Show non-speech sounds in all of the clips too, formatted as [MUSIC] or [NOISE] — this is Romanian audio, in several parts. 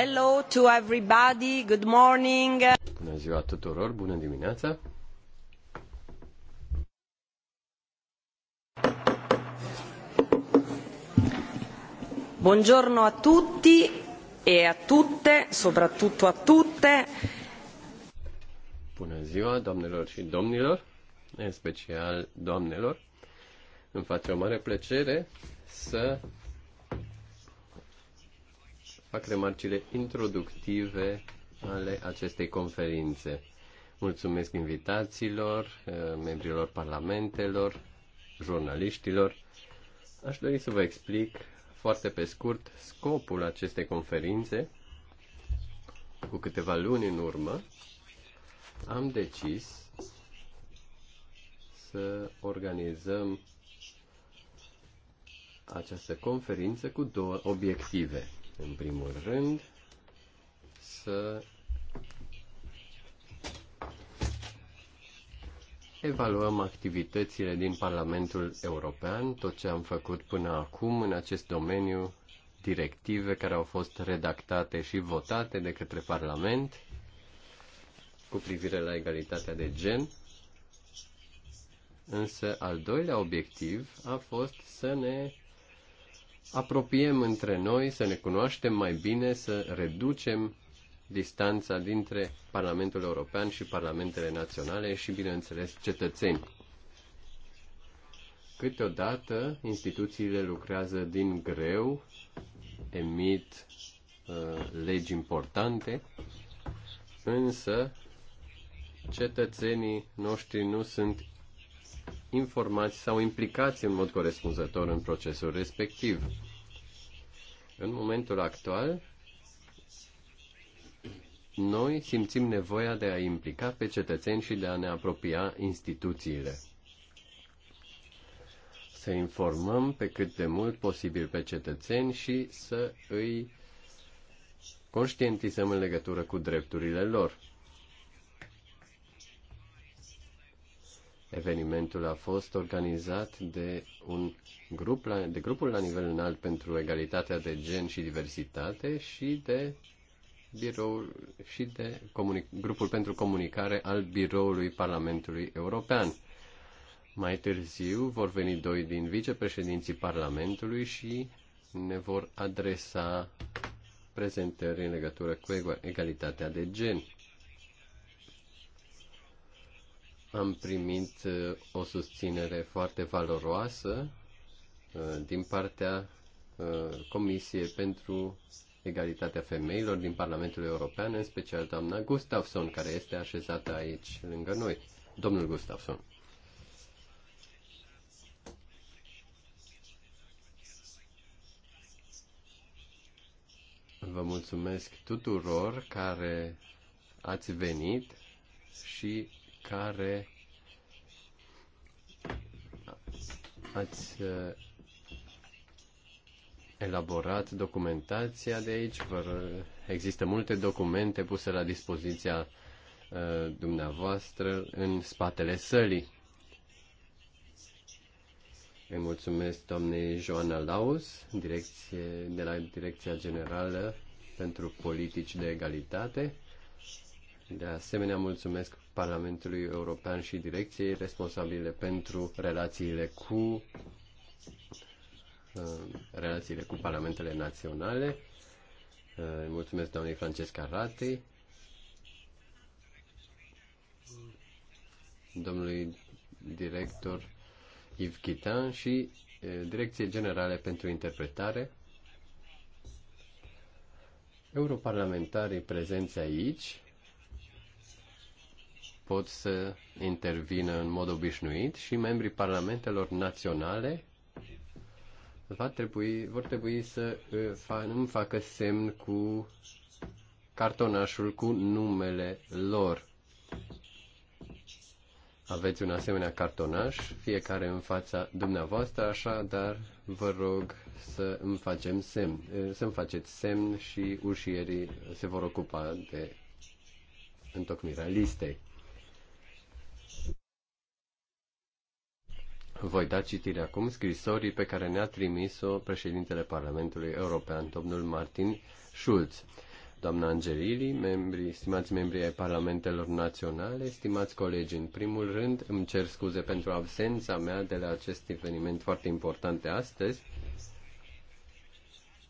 Hello to everybody, good morning. Bună ziua tuturor, bună dimineața. Buongiorno a tutti e a tutte, soprattutto a tutte. Bună ziua, doamnelor și domnilor, în special doamnelor. Îmi face o mare plăcere să fac remarcile introductive ale acestei conferințe. Mulțumesc invitațiilor, eh, membrilor parlamentelor, jurnaliștilor. Aș dori să vă explic foarte pe scurt scopul acestei conferințe. Cu câteva luni în urmă am decis să organizăm această conferință cu două obiective în primul rând, să evaluăm activitățile din Parlamentul European, tot ce am făcut până acum în acest domeniu, directive care au fost redactate și votate de către Parlament cu privire la egalitatea de gen. Însă al doilea obiectiv a fost să ne apropiem între noi, să ne cunoaștem mai bine, să reducem distanța dintre Parlamentul European și Parlamentele Naționale și, bineînțeles, cetățeni. Câteodată, instituțiile lucrează din greu, emit uh, legi importante, însă cetățenii noștri nu sunt informați sau implicați în mod corespunzător în procesul respectiv. În momentul actual, noi simțim nevoia de a implica pe cetățeni și de a ne apropia instituțiile. Să informăm pe cât de mult posibil pe cetățeni și să îi conștientizăm în legătură cu drepturile lor. Evenimentul a fost organizat de un grup la, de grupul la nivel înalt pentru egalitatea de gen și diversitate și de biroul și de grupul pentru comunicare al biroului Parlamentului European. Mai târziu vor veni doi din vicepreședinții Parlamentului și ne vor adresa prezentări în legătură cu egalitatea de gen. Am primit uh, o susținere foarte valoroasă uh, din partea uh, Comisiei pentru Egalitatea Femeilor din Parlamentul European, în special doamna Gustafsson, care este așezată aici lângă noi. Domnul Gustafsson. Vă mulțumesc tuturor care ați venit și care ați uh, elaborat documentația de aici. există multe documente puse la dispoziția uh, dumneavoastră în spatele sălii. Îi mulțumesc doamnei Joana Laus, direcție, de la Direcția Generală pentru Politici de Egalitate. De asemenea, mulțumesc Parlamentului European și direcției responsabile pentru relațiile cu uh, relațiile cu parlamentele naționale. Uh, îi mulțumesc doamnei Francesca Ratei, domnului director Yves Chitan și uh, Direcției Generale pentru Interpretare. Europarlamentarii prezenți aici pot să intervină în mod obișnuit și membrii parlamentelor naționale va trebui, vor trebui să uh, îmi facă semn cu cartonașul cu numele lor. Aveți un asemenea cartonaș, fiecare în fața dumneavoastră, așa, dar vă rog să îmi facem semn, uh, să-mi faceți semn și ușierii se vor ocupa de întocmirea listei. Voi da citire acum scrisorii pe care ne-a trimis-o președintele Parlamentului European, domnul Martin Schulz. Doamna Angelili, membri, stimați membri ai Parlamentelor Naționale, stimați colegi, în primul rând îmi cer scuze pentru absența mea de la acest eveniment foarte important de astăzi,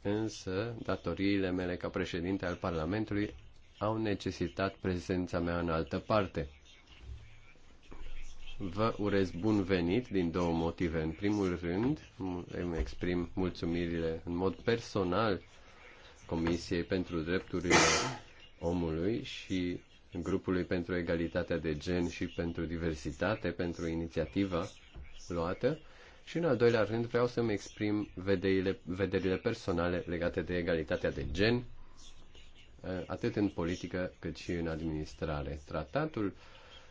însă datoriile mele ca președinte al Parlamentului au necesitat prezența mea în altă parte. Vă urez bun venit din două motive. În primul rând, îmi exprim mulțumirile în mod personal Comisiei pentru Drepturile Omului și grupului pentru egalitatea de gen și pentru diversitate, pentru inițiativa luată. Și în al doilea rând vreau să-mi exprim vederile, vederile personale legate de egalitatea de gen, eh, atât în politică cât și în administrare. Tratatul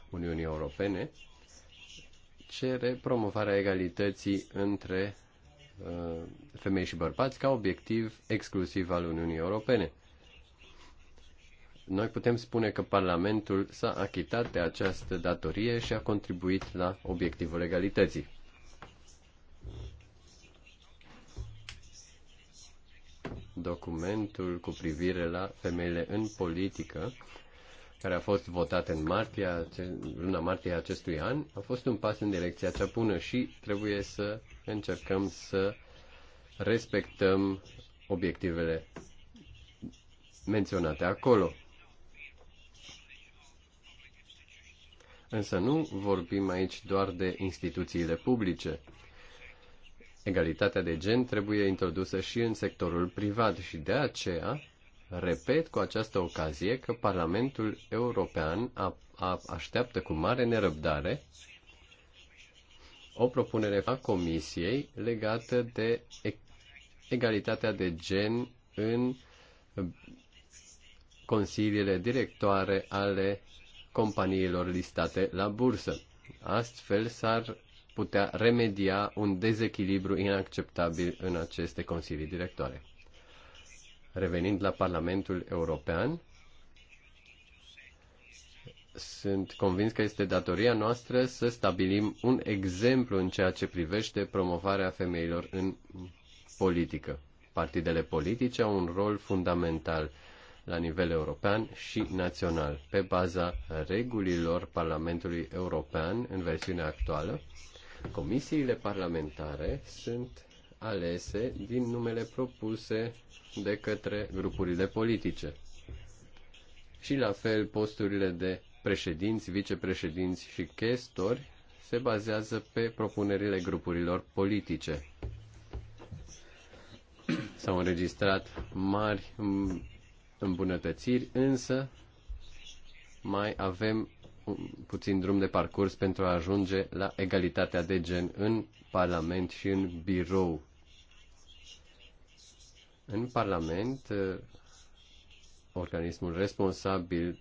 Uniunii Europene cere promovarea egalității între uh, femei și bărbați ca obiectiv exclusiv al Uniunii Europene. Noi putem spune că Parlamentul s-a achitat de această datorie și a contribuit la obiectivul egalității. Documentul cu privire la femeile în politică care a fost votat în martie, luna martie acestui an, a fost un pas în direcția cea bună și trebuie să încercăm să respectăm obiectivele menționate acolo. Însă nu vorbim aici doar de instituțiile publice. Egalitatea de gen trebuie introdusă și în sectorul privat și de aceea Repet cu această ocazie că Parlamentul European a, a, așteaptă cu mare nerăbdare o propunere a Comisiei legată de egalitatea de gen în uh, consiliile directoare ale companiilor listate la bursă. Astfel s-ar putea remedia un dezechilibru inacceptabil în aceste consilii directoare revenind la Parlamentul European, sunt convins că este datoria noastră să stabilim un exemplu în ceea ce privește promovarea femeilor în politică. Partidele politice au un rol fundamental la nivel european și național, pe baza regulilor Parlamentului European în versiunea actuală. Comisiile parlamentare sunt alese din numele propuse de către grupurile politice. Și la fel, posturile de președinți, vicepreședinți și chestori se bazează pe propunerile grupurilor politice. S-au înregistrat mari îmbunătățiri, însă mai avem puțin drum de parcurs pentru a ajunge la egalitatea de gen în Parlament și în birou. În Parlament, eh, organismul responsabil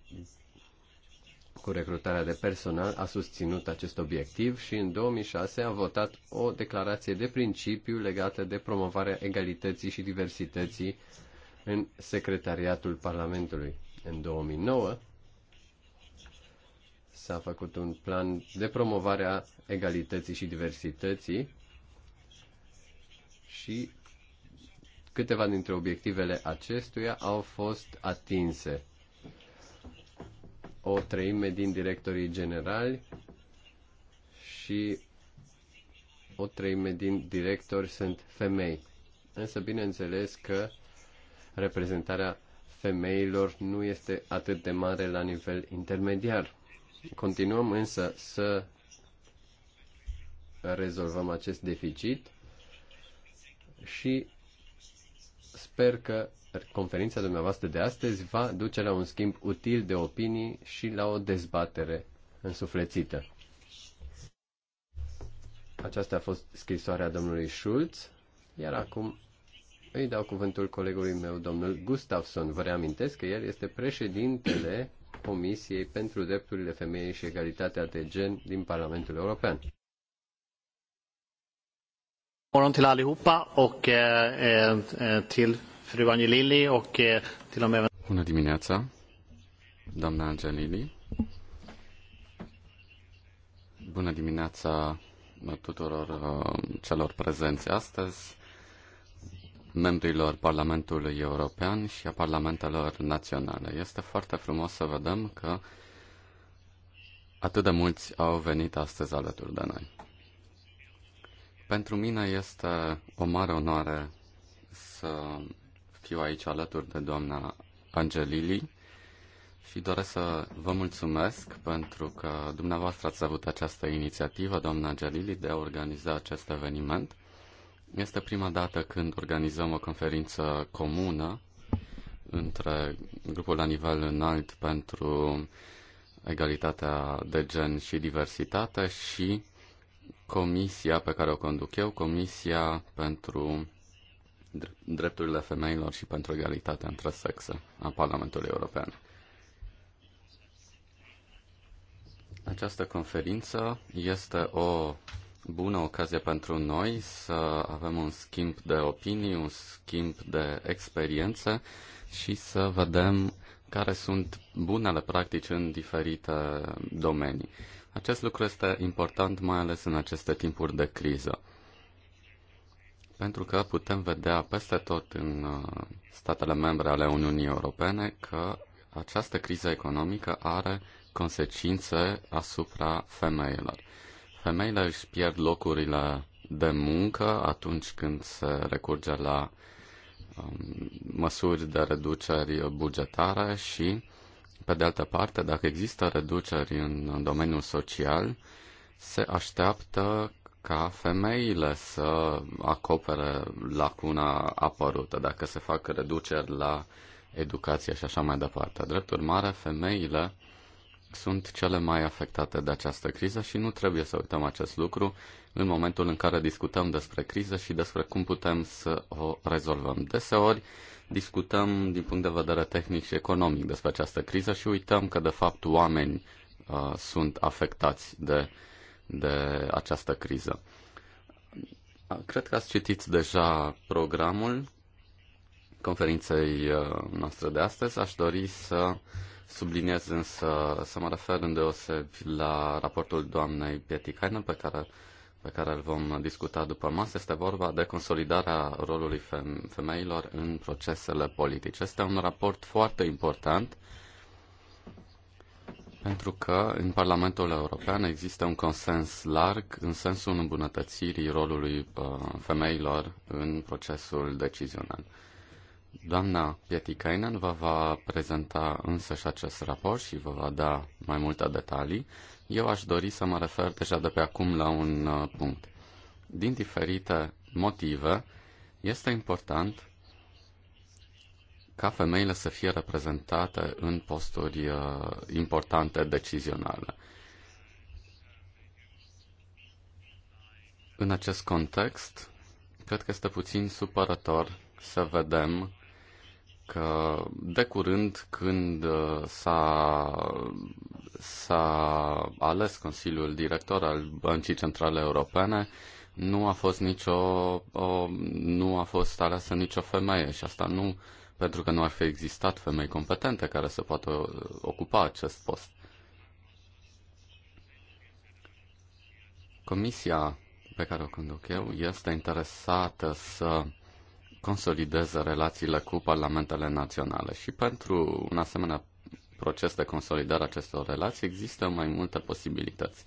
cu recrutarea de personal a susținut acest obiectiv și în 2006 a votat o declarație de principiu legată de promovarea egalității și diversității în secretariatul Parlamentului. În 2009, s-a făcut un plan de promovare a egalității și diversității și câteva dintre obiectivele acestuia au fost atinse. O treime din directorii generali și o treime din directori sunt femei. Însă, bineînțeles că reprezentarea femeilor nu este atât de mare la nivel intermediar. Continuăm însă să rezolvăm acest deficit și sper că conferința dumneavoastră de astăzi va duce la un schimb util de opinii și la o dezbatere însuflețită. Aceasta a fost scrisoarea domnului Schulz, iar acum îi dau cuvântul colegului meu, domnul Gustafsson. Vă reamintesc că el este președintele Comisiei pentru Drepturile Femeii și Egalitatea de Gen din Parlamentul European. Morgon till allihopa och eh, eh till fru Angelilli och eh, till och med... Bună dimineața, doamna Angelilli. Bună dimineața eh, tuturor uh, celor prezenți astăzi membrilor Parlamentului European și a Parlamentelor Naționale. Este foarte frumos să vedem că atât de mulți au venit astăzi alături de noi. Pentru mine este o mare onoare să fiu aici alături de doamna Angelili și doresc să vă mulțumesc pentru că dumneavoastră ați avut această inițiativă, doamna Angelili, de a organiza acest eveniment este prima dată când organizăm o conferință comună între grupul la nivel înalt pentru egalitatea de gen și diversitate și comisia pe care o conduc eu, Comisia pentru drepturile femeilor și pentru egalitatea între sexe a Parlamentului European. Această conferință este o bună ocazie pentru noi să avem un schimb de opinii, un schimb de experiențe și să vedem care sunt bunele practici în diferite domenii. Acest lucru este important mai ales în aceste timpuri de criză, pentru că putem vedea peste tot în uh, statele membre ale Uniunii Europene că această criză economică are consecințe asupra femeilor femeile își pierd locurile de muncă atunci când se recurge la um, măsuri de reduceri bugetare și, pe de altă parte, dacă există reduceri în, în domeniul social, se așteaptă ca femeile să acopere lacuna apărută, dacă se fac reduceri la educație și așa mai departe. Drept urmare, femeile sunt cele mai afectate de această criză și nu trebuie să uităm acest lucru în momentul în care discutăm despre criză și despre cum putem să o rezolvăm. Deseori discutăm din punct de vedere tehnic și economic despre această criză și uităm că de fapt oameni uh, sunt afectați de, de această criză. Cred că ați citit deja programul conferinței uh, noastre de astăzi. Aș dori să Subliniez însă să mă refer îndeosebi la raportul doamnei Pietikainen pe care, pe care îl vom discuta după masă. Este vorba de consolidarea rolului femeilor în procesele politice. Este un raport foarte important pentru că în Parlamentul European există un consens larg în sensul îmbunătățirii rolului uh, femeilor în procesul decizional. Doamna Pietikainen vă va prezenta însăși acest raport și vă va da mai multe detalii. Eu aș dori să mă refer deja de pe acum la un uh, punct. Din diferite motive, este important ca femeile să fie reprezentate în posturi uh, importante decizionale. În acest context, cred că este puțin supărător să vedem că de curând când uh, s-a, s-a ales Consiliul Director al Băncii Centrale Europene, nu a fost nicio, o, nu a fost aleasă nicio femeie și asta nu pentru că nu ar fi existat femei competente care să poată ocupa acest post. Comisia pe care o conduc eu este interesată să consolideze relațiile cu parlamentele naționale. Și pentru un asemenea proces de consolidare a acestor relații există mai multe posibilități.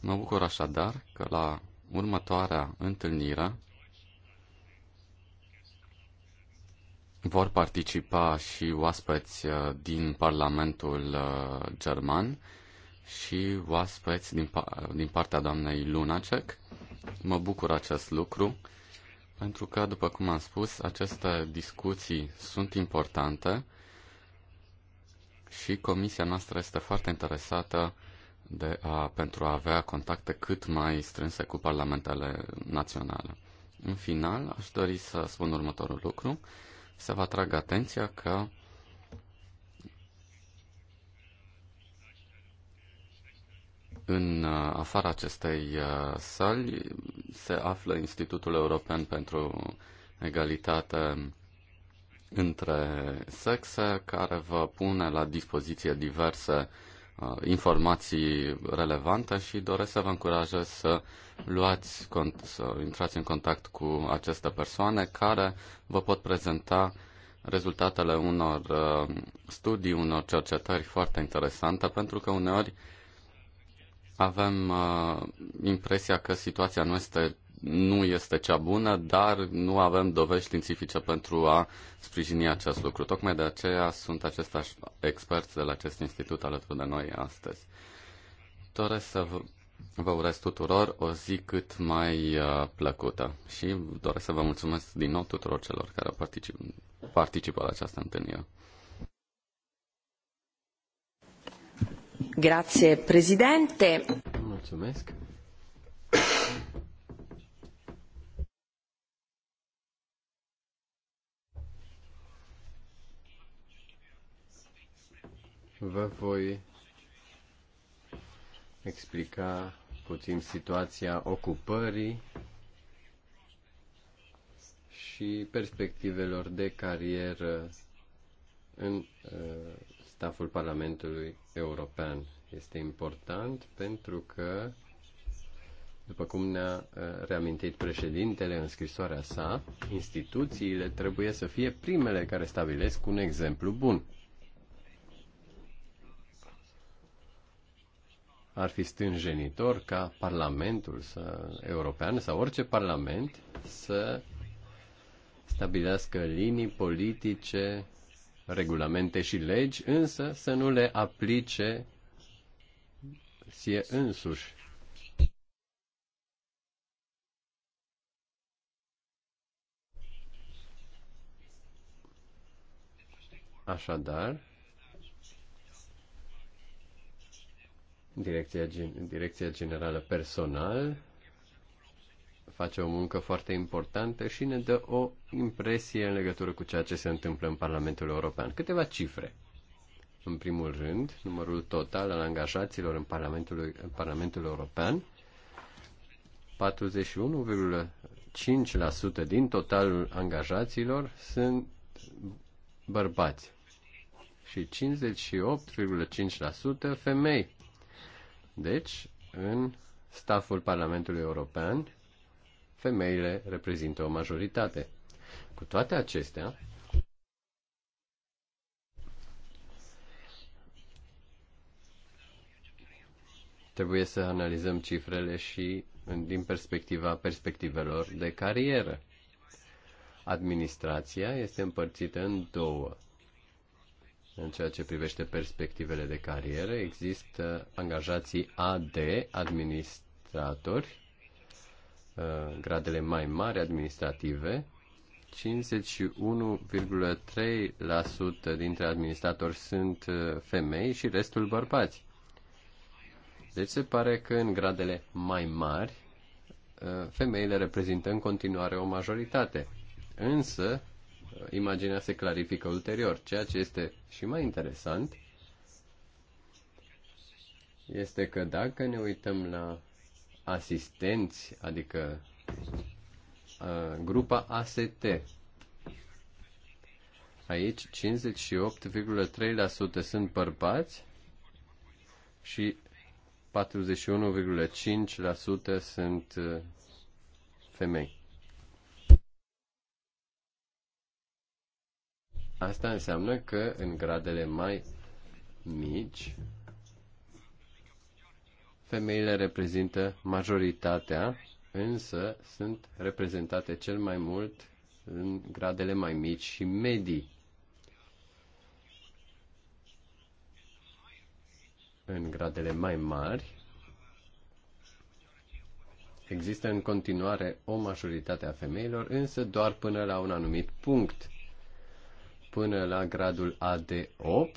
Mă bucur așadar că la următoarea întâlnire vor participa și oaspeți uh, din Parlamentul uh, German și oaspeți din, din partea doamnei Lunacek. Mă bucur acest lucru pentru că, după cum am spus, aceste discuții sunt importante și comisia noastră este foarte interesată de a, pentru a avea contacte cât mai strânse cu parlamentele naționale. În final, aș dori să spun următorul lucru. Să vă atrag atenția că în afara acestei săli se află Institutul European pentru Egalitate între sexe, care vă pune la dispoziție diverse uh, informații relevante și doresc să vă încurajez să luați, să intrați în contact cu aceste persoane care vă pot prezenta rezultatele unor uh, studii, unor cercetări foarte interesante, pentru că uneori uh, avem uh, impresia că situația nu este, nu este cea bună, dar nu avem dovești științifice pentru a sprijini acest lucru. Tocmai de aceea sunt acești experți de la acest institut alături de noi astăzi. Doresc să vă, urez tuturor o zi cât mai uh, plăcută și doresc să vă mulțumesc din nou tuturor celor care particip, participă la această întâlnire. Grazie, Presidente. Mulțumesc. Vă voi explica puțin situația ocupării și perspectivelor de carieră în uh, staful Parlamentului European. Este important pentru că, după cum ne-a uh, reamintit președintele în scrisoarea sa, instituțiile trebuie să fie primele care stabilesc un exemplu bun. ar fi stânjenitor ca Parlamentul să, european sau orice parlament să stabilească linii politice regulamente și legi, însă să nu le aplice sie însuși. Așadar, Direcția, Direcția Generală Personal face o muncă foarte importantă și ne dă o impresie în legătură cu ceea ce se întâmplă în Parlamentul European. Câteva cifre. În primul rând, numărul total al angajaților în Parlamentul, în Parlamentul European, 41,5% din totalul angajaților sunt bărbați și 58,5% femei. Deci, în staful Parlamentului European femeile reprezintă o majoritate. Cu toate acestea, trebuie să analizăm cifrele și din perspectiva perspectivelor de carieră. Administrația este împărțită în două. În ceea ce privește perspectivele de carieră, există angajații AD, administratori, Uh, gradele mai mari administrative, 51,3% dintre administratori sunt uh, femei și restul bărbați. Deci se pare că în gradele mai mari, uh, femeile reprezintă în continuare o majoritate. Însă, imaginea se clarifică ulterior. Ceea ce este și mai interesant este că dacă ne uităm la asistenți, adică grupa AST. Aici 58,3% sunt bărbați și 41,5% sunt femei. Asta înseamnă că în gradele mai mici Femeile reprezintă majoritatea, însă sunt reprezentate cel mai mult în gradele mai mici și medii. În gradele mai mari există în continuare o majoritate a femeilor, însă doar până la un anumit punct. Până la gradul AD8,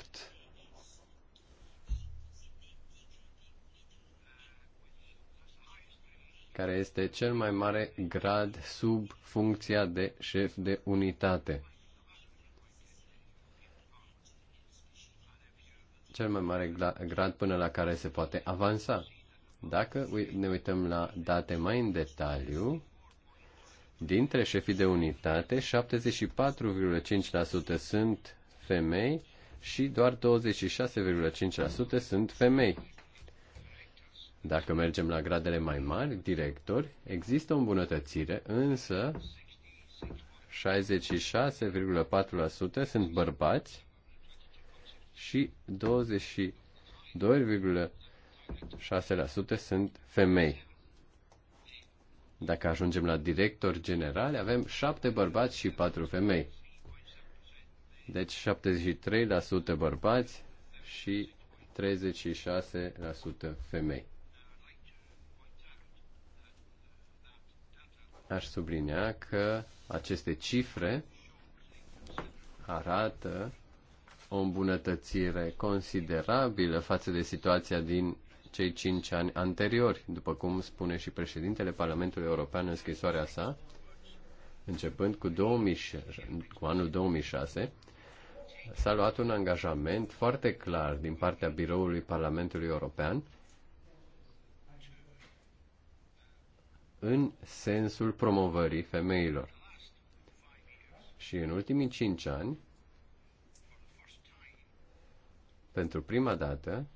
care este cel mai mare grad sub funcția de șef de unitate. Cel mai mare grad până la care se poate avansa. Dacă ne uităm la date mai în detaliu, dintre șefii de unitate, 74,5% sunt femei și doar 26,5% sunt femei. Dacă mergem la gradele mai mari, directori, există o îmbunătățire, însă 66,4% sunt bărbați și 22,6% sunt femei. Dacă ajungem la director general, avem 7 bărbați și 4 femei. Deci 73% bărbați și 36% femei. aș sublinea că aceste cifre arată o îmbunătățire considerabilă față de situația din cei cinci ani anteriori, după cum spune și președintele Parlamentului European în scrisoarea sa, începând cu, 2006, cu anul 2006, s-a luat un angajament foarte clar din partea biroului Parlamentului European în sensul promovării femeilor. Și în ultimii cinci ani, pentru prima dată,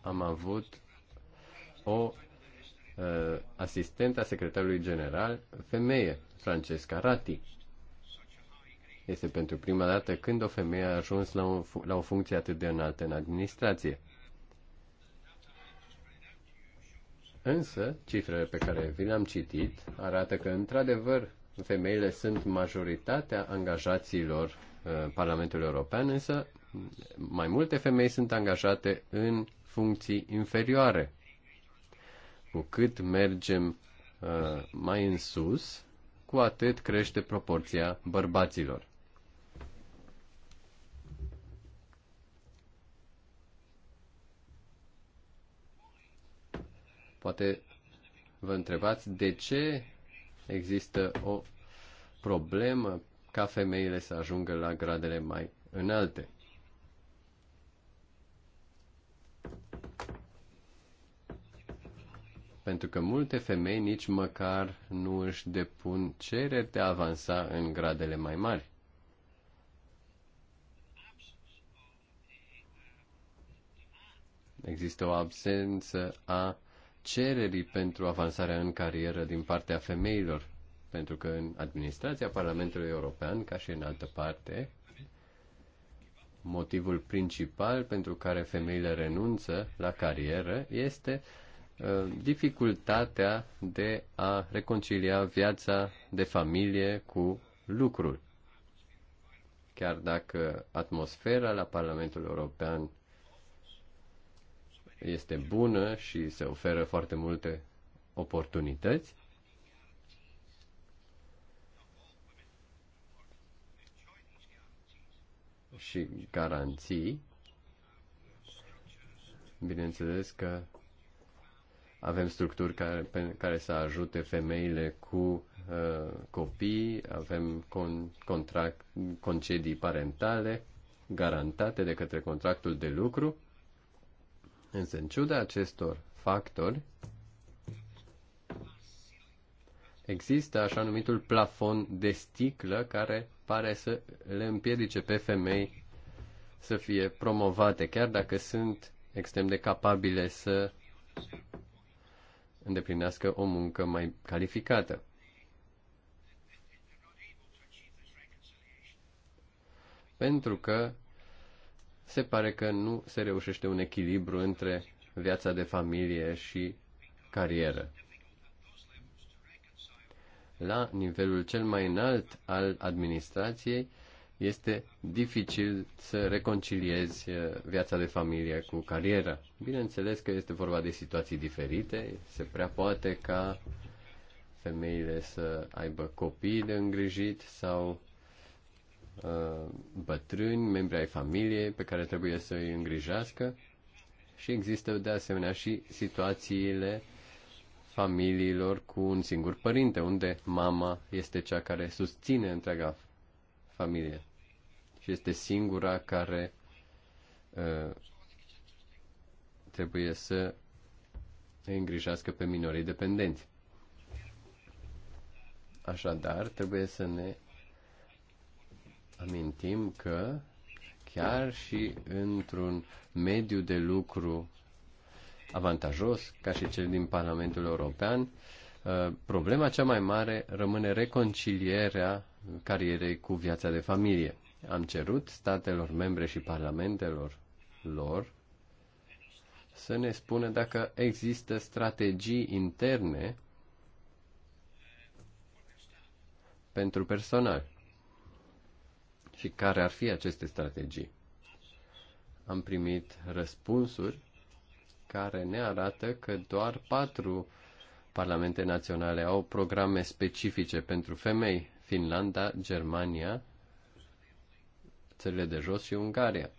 am avut o uh, asistentă a secretarului general femeie, Francesca Ratti. Este pentru prima dată când o femeie a ajuns la, un, la o funcție atât de înaltă în administrație. Însă, cifrele pe care vi le-am citit arată că, într-adevăr, femeile sunt majoritatea uh, Parlamentului European, însă mai multe femei sunt angajate în funcții inferioare. Cu cât mergem uh, mai în sus, cu atât crește proporția bărbaților. Poate vă întrebați de ce există o problemă ca femeile să ajungă la gradele mai înalte. Pentru că multe femei nici măcar nu își depun cereri de a avansa în gradele mai mari. Există o absență a cererii pentru avansarea în carieră din partea femeilor, pentru că în administrația Parlamentului European, ca și în altă parte, motivul principal pentru care femeile renunță la carieră este uh, dificultatea de a reconcilia viața de familie cu lucrul. Chiar dacă atmosfera la Parlamentul European este bună și se oferă foarte multe oportunități. și garanții. Bineînțeles că avem structuri care, pe, care să ajute femeile cu uh, copii, avem con, contract, concedii parentale garantate de către contractul de lucru. Însă, în ciuda acestor factori, există așa numitul plafon de sticlă care pare să le împiedice pe femei să fie promovate, chiar dacă sunt extrem de capabile să îndeplinească o muncă mai calificată. Pentru că se pare că nu se reușește un echilibru între viața de familie și carieră. La nivelul cel mai înalt al administrației este dificil să reconciliezi eh, viața de familie cu cariera. Bineînțeles că este vorba de situații diferite, se prea poate ca femeile să aibă copii de îngrijit sau Uh, bătrâni, membri ai familiei pe care trebuie să îi îngrijească și există de asemenea și situațiile familiilor cu un singur părinte, unde mama este cea care susține întreaga familie și este singura care uh, trebuie să îi îngrijească pe minorii dependenți. Așadar, trebuie să ne amintim că chiar și într-un mediu de lucru avantajos, ca și cel din Parlamentul European, uh, problema cea mai mare rămâne reconcilierea carierei cu viața de familie. Am cerut statelor membre și parlamentelor lor să ne spună dacă există strategii interne pentru personal și care ar fi aceste strategii. Am primit răspunsuri care ne arată că doar patru parlamente naționale au programe specifice pentru femei, Finlanda, Germania, țările de jos și Ungaria.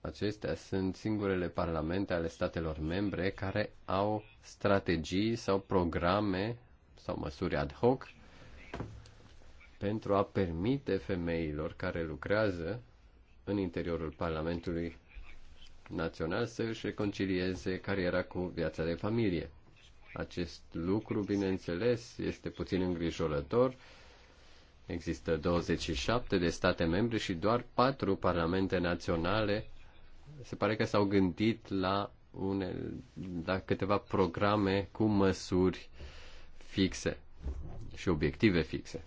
Acestea sunt singurele parlamente ale statelor membre care au strategii sau programe sau măsuri ad hoc pentru a permite femeilor care lucrează în interiorul Parlamentului Național să își reconcilieze cariera cu viața de familie. Acest lucru, bineînțeles, este puțin îngrijorător. Există 27 de state membre și doar 4 parlamente naționale se pare că s-au gândit la, une, la câteva programe cu măsuri fixe și obiective fixe.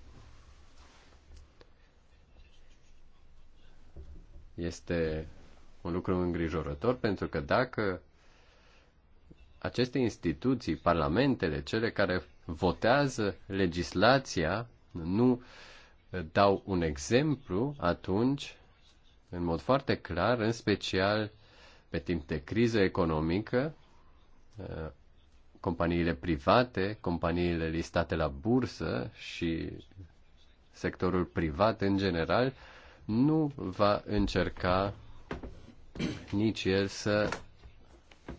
este un lucru îngrijorător pentru că dacă aceste instituții, parlamentele, cele care votează legislația, nu dau un exemplu, atunci, în mod foarte clar, în special pe timp de criză economică, companiile private, companiile listate la bursă și sectorul privat în general nu va încerca nici el să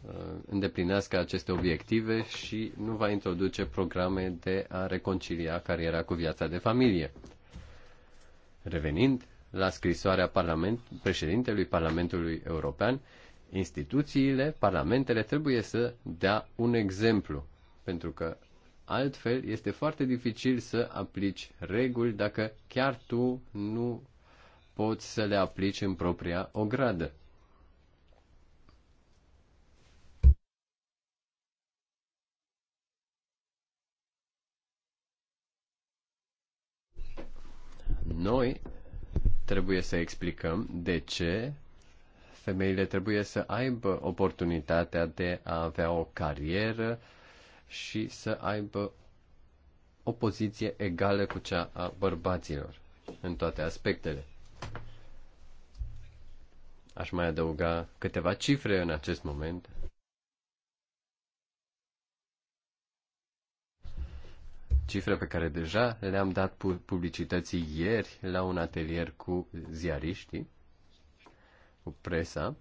uh, îndeplinească aceste obiective și nu va introduce programe de a reconcilia cariera cu viața de familie. Revenind la scrisoarea Parlament, președintelui Parlamentului European, instituțiile, parlamentele trebuie să dea un exemplu, pentru că altfel este foarte dificil să aplici reguli dacă chiar tu nu poți să le aplici în propria ogradă. Noi trebuie să explicăm de ce femeile trebuie să aibă oportunitatea de a avea o carieră și să aibă o poziție egală cu cea a bărbaților în toate aspectele. Aș mai adăuga câteva cifre în acest moment. Cifre pe care deja le-am dat publicității ieri la un atelier cu ziariștii, cu presa.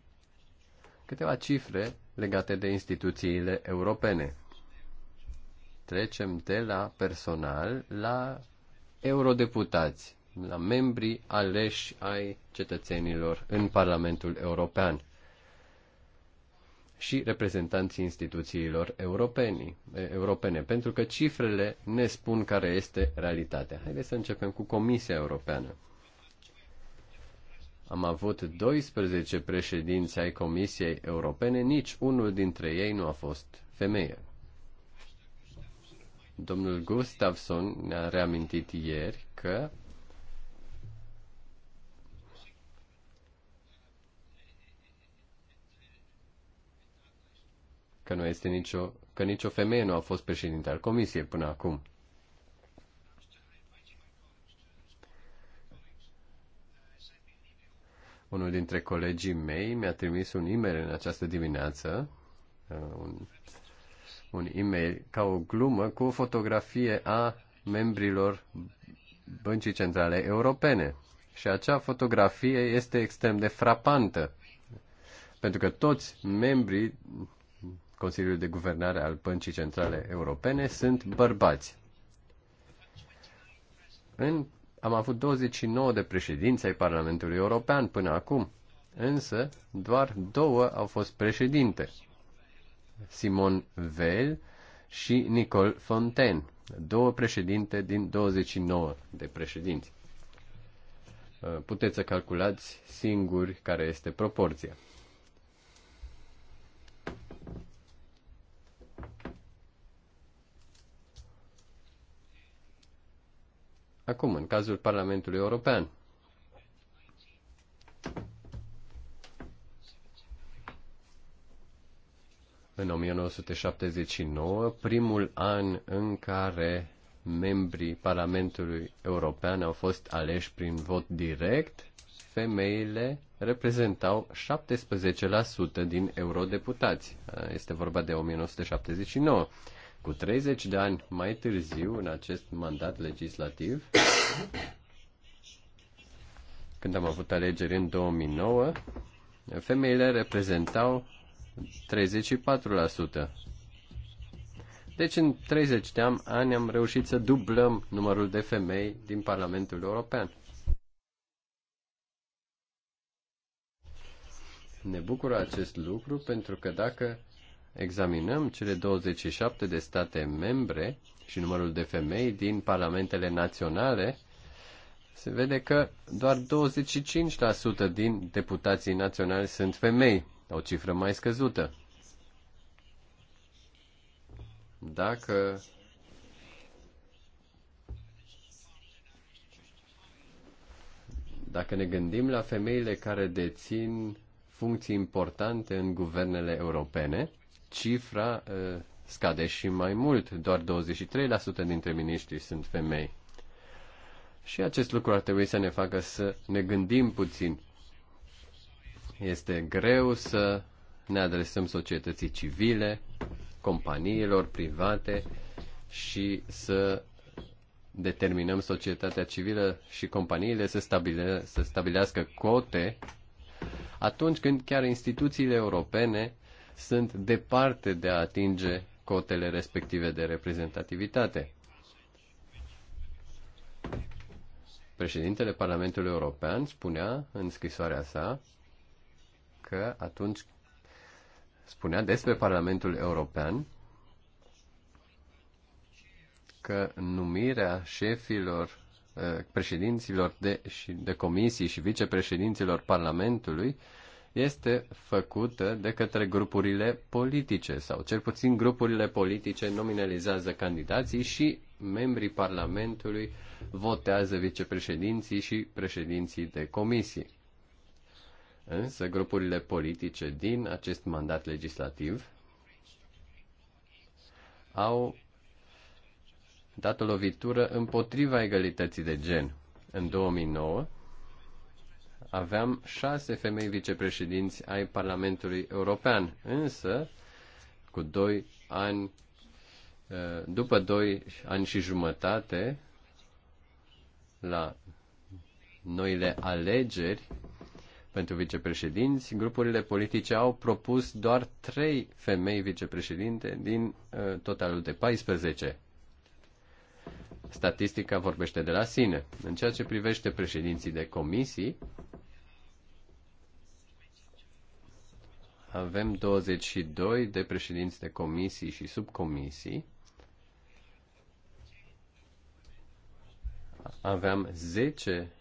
Câteva cifre legate de instituțiile europene. Trecem de la personal la eurodeputați la membrii aleși ai cetățenilor în Parlamentul European și reprezentanții instituțiilor europene, pentru că cifrele ne spun care este realitatea. Haideți să începem cu Comisia Europeană. Am avut 12 președinți ai Comisiei Europene, nici unul dintre ei nu a fost femeie. Domnul Gustafsson ne-a reamintit ieri că că nu este nicio, că nicio femeie nu a fost președinte al comisiei până acum. Unul dintre colegii mei mi-a trimis un e-mail în această dimineață, uh, un, un e-mail ca o glumă cu o fotografie a membrilor Băncii Centrale Europene. Și acea fotografie este extrem de frapantă, pentru că toți membrii Consiliul de Guvernare al Băncii Centrale Europene sunt bărbați. În, am avut 29 de președinți ai Parlamentului European până acum, însă doar două au fost președinte, Simon Veil și Nicole Fontaine, două președinte din 29 de președinți. Puteți să calculați singuri care este proporția. Acum, în cazul Parlamentului European. În 1979, primul an în care membrii Parlamentului European au fost aleși prin vot direct, femeile reprezentau 17% din eurodeputați. Este vorba de 1979. Cu 30 de ani mai târziu, în acest mandat legislativ, când am avut alegeri în 2009, femeile reprezentau 34%. Deci în 30 de ani am reușit să dublăm numărul de femei din Parlamentul European. Ne bucură acest lucru pentru că dacă examinăm cele 27 de state membre și numărul de femei din parlamentele naționale, se vede că doar 25% din deputații naționali sunt femei, o cifră mai scăzută. Dacă dacă ne gândim la femeile care dețin funcții importante în guvernele europene, cifra uh, scade și mai mult, doar 23% dintre miniștri sunt femei. Și acest lucru ar trebui să ne facă să ne gândim puțin. Este greu să ne adresăm societății civile, companiilor private și să determinăm societatea civilă și companiile să, stabile, să stabilească cote atunci când chiar instituțiile europene sunt departe de a atinge cotele respective de reprezentativitate. Președintele Parlamentului European spunea în scrisoarea sa că atunci spunea despre Parlamentul European că numirea șefilor, eh, președinților de, de comisii și vicepreședinților Parlamentului este făcută de către grupurile politice sau cel puțin grupurile politice nominalizează candidații și membrii Parlamentului votează vicepreședinții și președinții de comisii. Însă grupurile politice din acest mandat legislativ au dat o lovitură împotriva egalității de gen. În 2009, aveam șase femei vicepreședinți ai Parlamentului European, însă cu doi ani, eh, după doi ani și jumătate, la noile alegeri pentru vicepreședinți, grupurile politice au propus doar trei femei vicepreședinte din eh, totalul de 14. Statistica vorbește de la sine. În ceea ce privește președinții de comisii, avem 22 de președinți de comisii și subcomisii. Aveam 10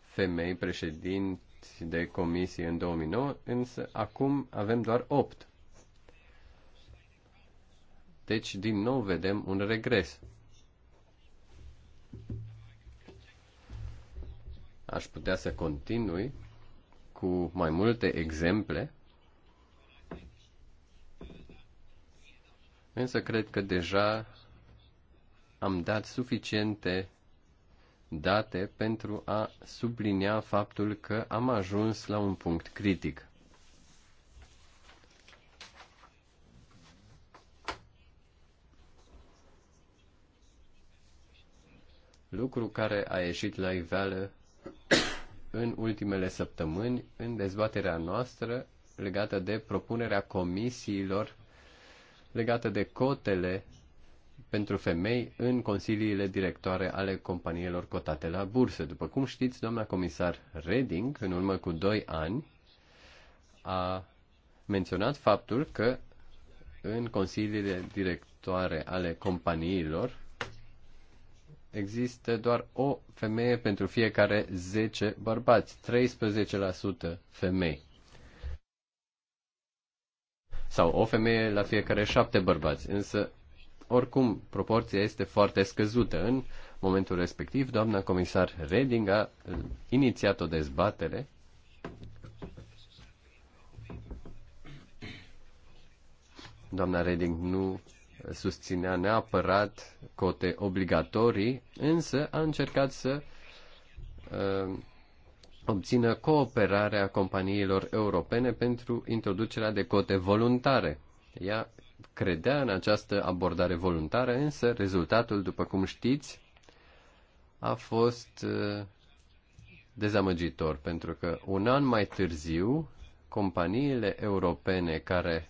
femei președinți de comisii în 2009, însă acum avem doar 8. Deci, din nou, vedem un regres. Aș putea să continui cu mai multe exemple Însă cred că deja am dat suficiente date pentru a sublinia faptul că am ajuns la un punct critic. Lucru care a ieșit la iveală în ultimele săptămâni în dezbaterea noastră legată de propunerea comisiilor legată de cotele pentru femei în consiliile directoare ale companiilor cotate la bursă. După cum știți, doamna comisar Reding, în urmă cu 2 ani, a menționat faptul că în consiliile directoare ale companiilor există doar o femeie pentru fiecare 10 bărbați, 13% femei sau o femeie la fiecare șapte bărbați. Însă, oricum, proporția este foarte scăzută. În momentul respectiv, doamna comisar Reding a uh, inițiat o dezbatere Doamna Reding nu susținea neapărat cote obligatorii, însă a încercat să uh, obțină cooperarea companiilor europene pentru introducerea de cote voluntare. Ea credea în această abordare voluntară, însă rezultatul, după cum știți, a fost uh, dezamăgitor, pentru că un an mai târziu, companiile europene care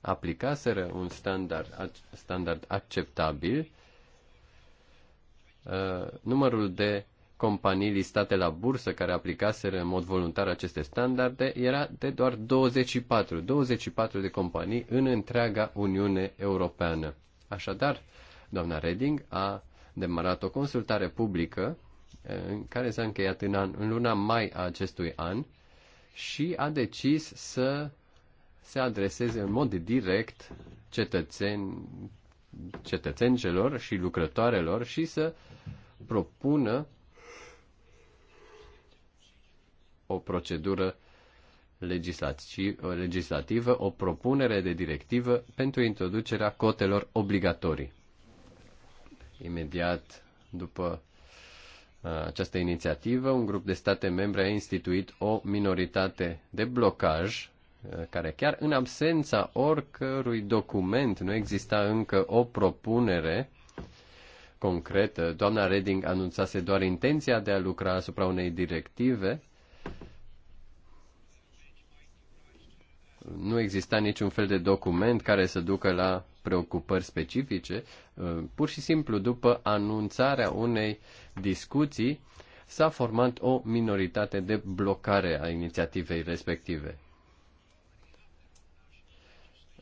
aplicaseră un standard, standard acceptabil, uh, numărul de companii listate la bursă care aplicaseră în mod voluntar aceste standarde era de doar 24, 24 de companii în întreaga Uniune Europeană. Așadar, doamna Reding a demarat o consultare publică eh, în care s-a încheiat în, an, în luna mai a acestui an și a decis să se adreseze în mod direct cetățeni, cetățenilor și lucrătoarelor și să propună o procedură legislativă, o propunere de directivă pentru introducerea cotelor obligatorii. Imediat după uh, această inițiativă, un grup de state membre a instituit o minoritate de blocaj uh, care chiar în absența oricărui document nu exista încă o propunere concretă. Doamna Reding anunțase doar intenția de a lucra asupra unei directive nu exista niciun fel de document care să ducă la preocupări specifice, uh, pur și simplu după anunțarea unei discuții s-a format o minoritate de blocare a inițiativei respective.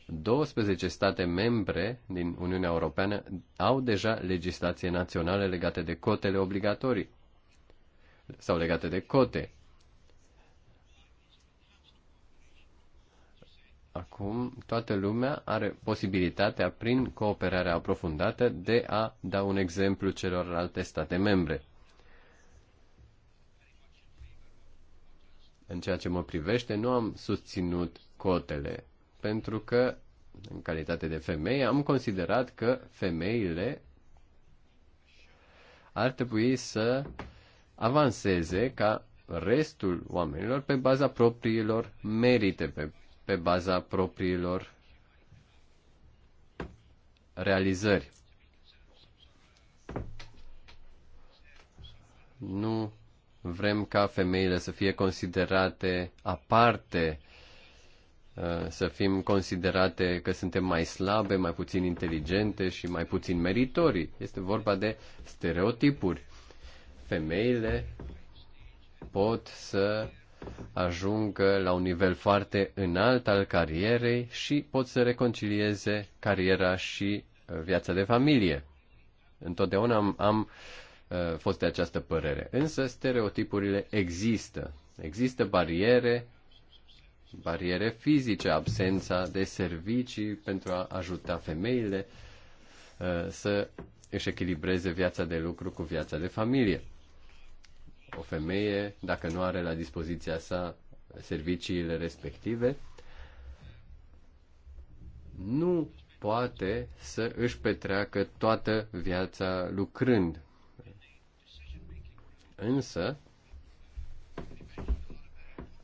12 state membre din Uniunea Europeană au deja legislație națională legate de cotele obligatorii sau legate de cote. acum toată lumea are posibilitatea, prin cooperarea aprofundată, de a da un exemplu celorlalte state membre. În ceea ce mă privește, nu am susținut cotele, pentru că, în calitate de femeie, am considerat că femeile ar trebui să avanseze ca restul oamenilor pe baza propriilor merite, pe pe baza propriilor realizări. Nu vrem ca femeile să fie considerate aparte, uh, să fim considerate că suntem mai slabe, mai puțin inteligente și mai puțin meritorii. Este vorba de stereotipuri. Femeile pot să ajungă la un nivel foarte înalt al carierei și pot să reconcilieze cariera și uh, viața de familie. Întotdeauna am, am uh, fost de această părere. Însă stereotipurile există. Există bariere, bariere fizice, absența de servicii pentru a ajuta femeile uh, să își echilibreze viața de lucru cu viața de familie o femeie, dacă nu are la dispoziția sa serviciile respective, nu poate să își petreacă toată viața lucrând. Însă,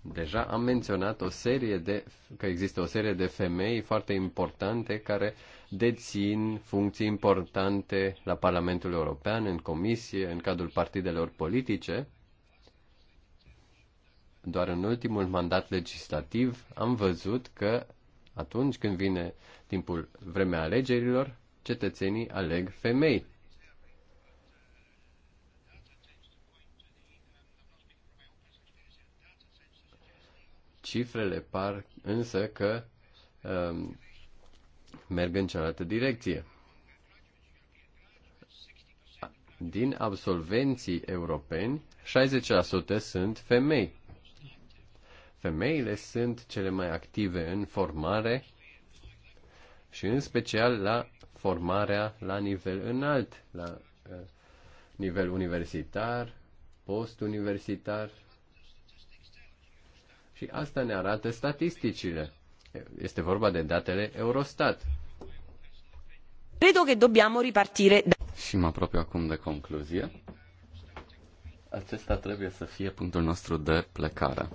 deja am menționat o serie de, că există o serie de femei foarte importante care dețin funcții importante la Parlamentul European, în comisie, în cadrul partidelor politice doar în ultimul mandat legislativ am văzut că atunci când vine timpul vremea alegerilor, cetățenii aleg femei. Cifrele par însă că um, merg în cealaltă direcție. Din absolvenții europeni, 60% sunt femei. Femeile sunt cele mai active în formare și în special la formarea la nivel înalt, la uh, nivel universitar, postuniversitar. Și asta ne arată statisticile. Este vorba de datele Eurostat. Credo că dobbiamo ripartire da... Și mă apropiu acum de concluzie. Acesta trebuie să fie punctul nostru de plecare.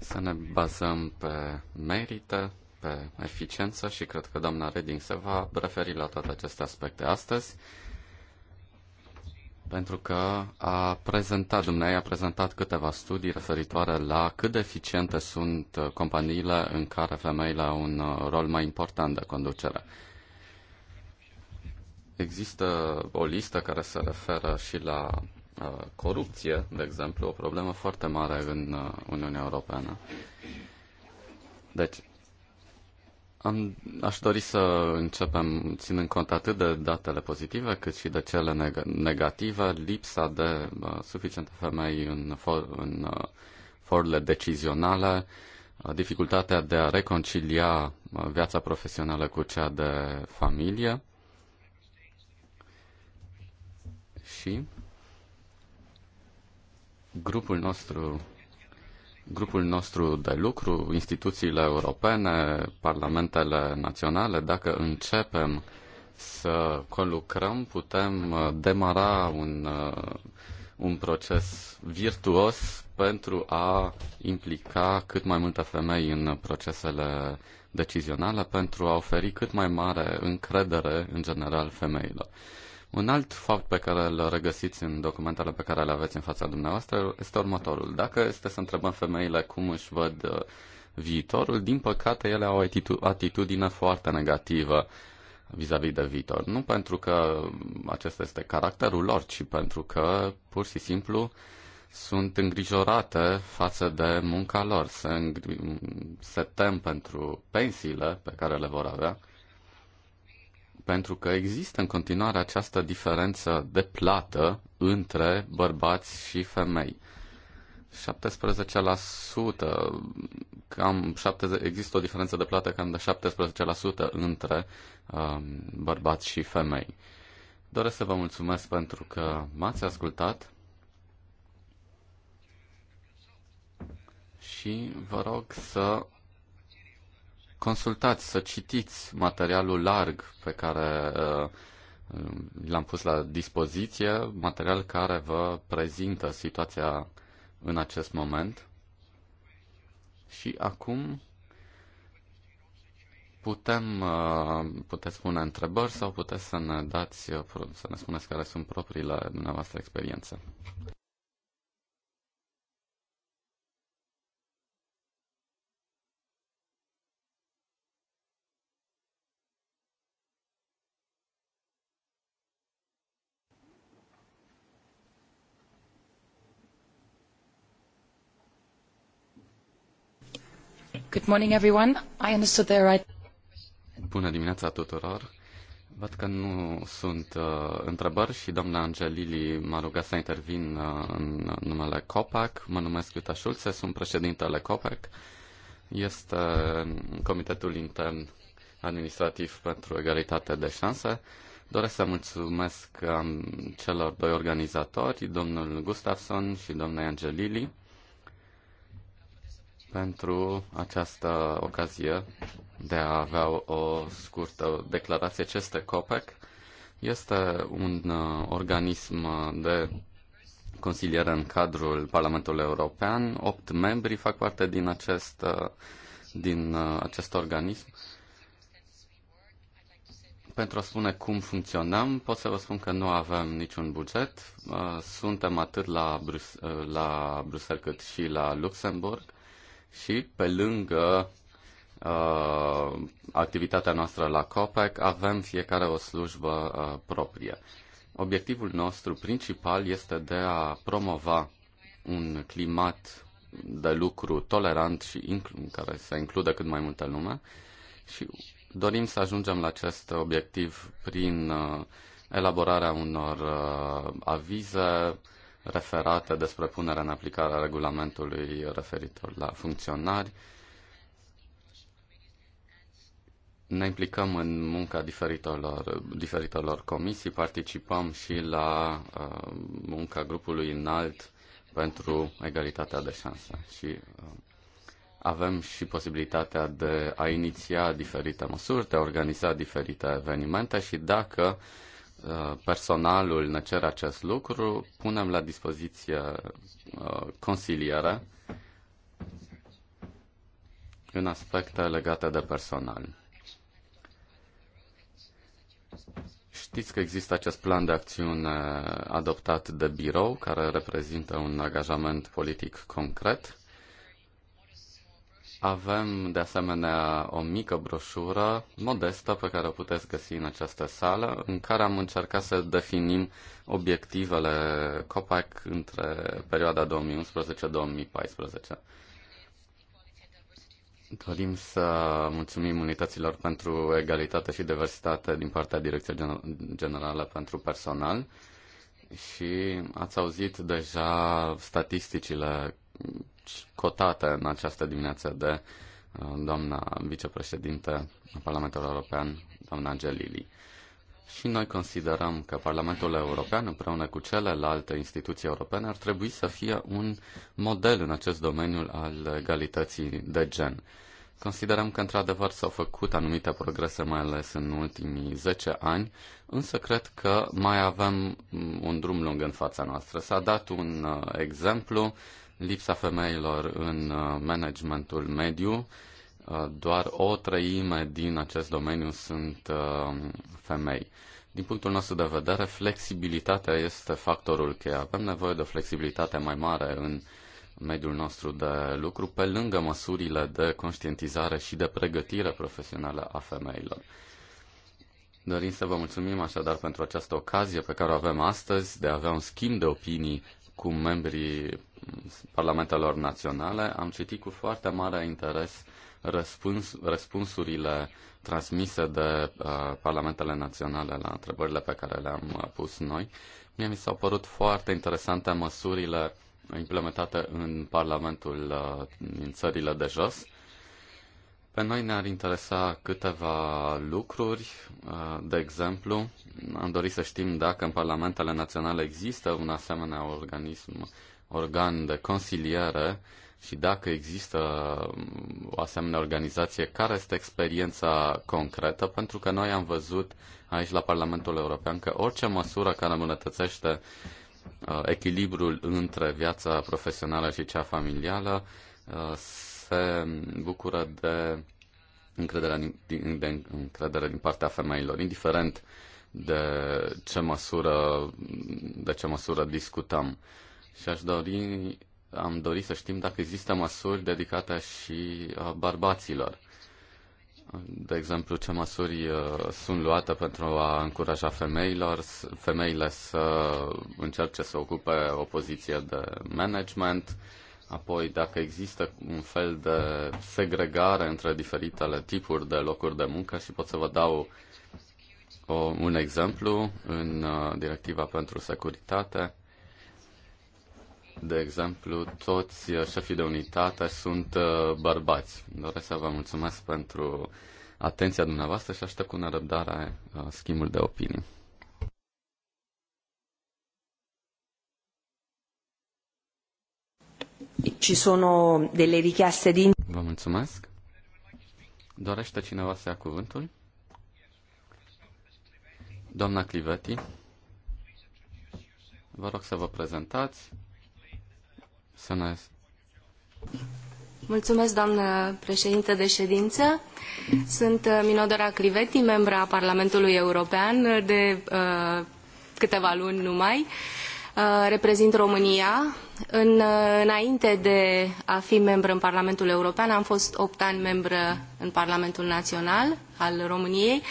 să ne bazăm pe merită, pe eficiență și cred că doamna Reding se va referi la toate aceste aspecte astăzi pentru că a prezentat, dumneai a prezentat câteva studii referitoare la cât de eficiente sunt companiile în care femeile au un rol mai important de conducere. Există o listă care se referă și la Uh, corupție, de exemplu, o problemă foarte mare în uh, Uniunea Europeană. Deci, am, aș dori să începem ținând cont atât de datele pozitive cât și de cele neg- negative, lipsa de uh, suficiente femei în, for- în uh, forurile decizionale, uh, dificultatea de a reconcilia uh, viața profesională cu cea de familie și Grupul nostru, grupul nostru de lucru, instituțiile europene, parlamentele naționale, dacă începem să colucrăm, putem uh, demara un, uh, un proces virtuos pentru a implica cât mai multe femei în procesele decizionale, pentru a oferi cât mai mare încredere în general femeilor. Un alt fapt pe care îl regăsiți în documentele pe care le aveți în fața dumneavoastră este următorul. Dacă este să întrebăm femeile cum își văd uh, viitorul, din păcate ele au o atitudine foarte negativă vis-a-vis -vis de viitor. Nu pentru că acesta este caracterul lor, ci pentru că pur și simplu sunt îngrijorate față de munca lor, se, îngri- se tem pentru pensiile pe care le vor avea pentru că există în continuare această diferență de plată între bărbați și femei. 17%, cam 70, există o diferență de plată cam de 17% între um, bărbați și femei. Doresc să vă mulțumesc pentru că m-ați ascultat și vă rog să consultați, să citiți materialul larg pe care uh, l-am pus la dispoziție, material care vă prezintă situația în acest moment. Și acum putem, uh, puteți pune întrebări sau puteți să ne dați, uh, să ne spuneți care sunt propriile dumneavoastră experiențe. Good morning, everyone. I understood there Bună dimineața tuturor. Văd că nu sunt uh, întrebări și doamna Angelili m-a rugat să intervin uh, în numele COPAC. Mă numesc Iuta Șulțe, sunt președintele COPAC. Este Comitetul Intern Administrativ pentru Egalitate de Șanse. Doresc să mulțumesc um, celor doi organizatori, domnul Gustafson și domnul Angelili pentru această ocazie de a avea o scurtă declarație. Ce este COPEC? Este un uh, organism de consiliere în cadrul Parlamentului European. Opt membri fac parte din acest, uh, din uh, acest organism. Pentru a spune cum funcționăm, pot să vă spun că nu avem niciun buget. Suntem atât la, Brus- la Bruxelles cât și la Luxemburg și pe lângă uh, activitatea noastră la COPEC avem fiecare o slujbă uh, proprie. Obiectivul nostru principal este de a promova un climat de lucru tolerant și care să includă cât mai multă lume și dorim să ajungem la acest obiectiv prin uh, elaborarea unor uh, avize, referate despre punerea în aplicare a regulamentului referitor la funcționari. Ne implicăm în munca diferitelor, diferitelor comisii, participăm și la uh, munca grupului înalt pentru egalitatea de șanse și uh, avem și posibilitatea de a iniția diferite măsuri, de a organiza diferite evenimente și dacă uh, Uh, personalul ne cere acest lucru, punem la dispoziție uh, consiliere în aspecte legate de personal. Știți că există acest plan de acțiune adoptat de birou, care reprezintă un angajament politic concret avem, de asemenea, o mică broșură modestă pe care o puteți găsi în această sală, în care am încercat să definim obiectivele COPAC între perioada 2011-2014. Dorim să mulțumim unităților pentru egalitate și diversitate din partea Direcției Generală pentru Personal și ați auzit deja statisticile cotată în această dimineață de uh, doamna vicepreședinte a Parlamentului European, doamna Angelili. Și noi considerăm că Parlamentul European, împreună cu celelalte instituții europene, ar trebui să fie un model în acest domeniu al egalității de gen. Considerăm că, într-adevăr, s-au făcut anumite progrese, mai ales în ultimii 10 ani, însă cred că mai avem un drum lung în fața noastră. S-a dat un uh, exemplu lipsa femeilor în uh, managementul mediu. Uh, doar o treime din acest domeniu sunt uh, femei. Din punctul nostru de vedere, flexibilitatea este factorul cheie. Avem nevoie de o flexibilitate mai mare în mediul nostru de lucru, pe lângă măsurile de conștientizare și de pregătire profesională a femeilor. Dorim să vă mulțumim așadar pentru această ocazie pe care o avem astăzi de a avea un schimb de opinii cu membrii parlamentelor naționale, am citit cu foarte mare interes răspuns, răspunsurile transmise de uh, parlamentele naționale la întrebările pe care le-am uh, pus noi. Mie mi s-au părut foarte interesante măsurile implementate în Parlamentul uh, din țările de jos. Pe noi ne-ar interesa câteva lucruri. Uh, de exemplu, am dorit să știm dacă în Parlamentele Naționale există un asemenea organism organ de consiliere și dacă există mm, o asemenea organizație, care este experiența concretă? Pentru că noi am văzut aici la Parlamentul European că orice măsură care îmbunătățește uh, echilibrul între viața profesională și cea familială uh, se bucură de încredere, de încredere din partea femeilor, indiferent de ce măsură, de ce măsură discutăm. Și aș dori, am dori să știm dacă există măsuri dedicate și uh, barbaților. De exemplu, ce măsuri uh, sunt luate pentru a încuraja femeilor, femeile să încerce să ocupe o poziție de management, apoi dacă există un fel de segregare între diferitele tipuri de locuri de muncă și pot să vă dau uh, un exemplu în directiva pentru securitate de exemplu, toți șefii de unitate sunt uh, bărbați. Doresc să vă mulțumesc pentru atenția dumneavoastră și aștept cu nerăbdare uh, schimbul de opinii. Ci sono delle richieste di... Vă mulțumesc. Dorește cineva să ia cuvântul? Doamna Clivetti, vă rog să vă prezentați. Mulțumesc, doamnă președinte de ședință. Sunt uh, Minodora Criveti, membra Parlamentului European de uh, câteva luni numai. Uh, reprezint România. În, uh, înainte de a fi membră în Parlamentul European, am fost opt ani membră în Parlamentul Național al României,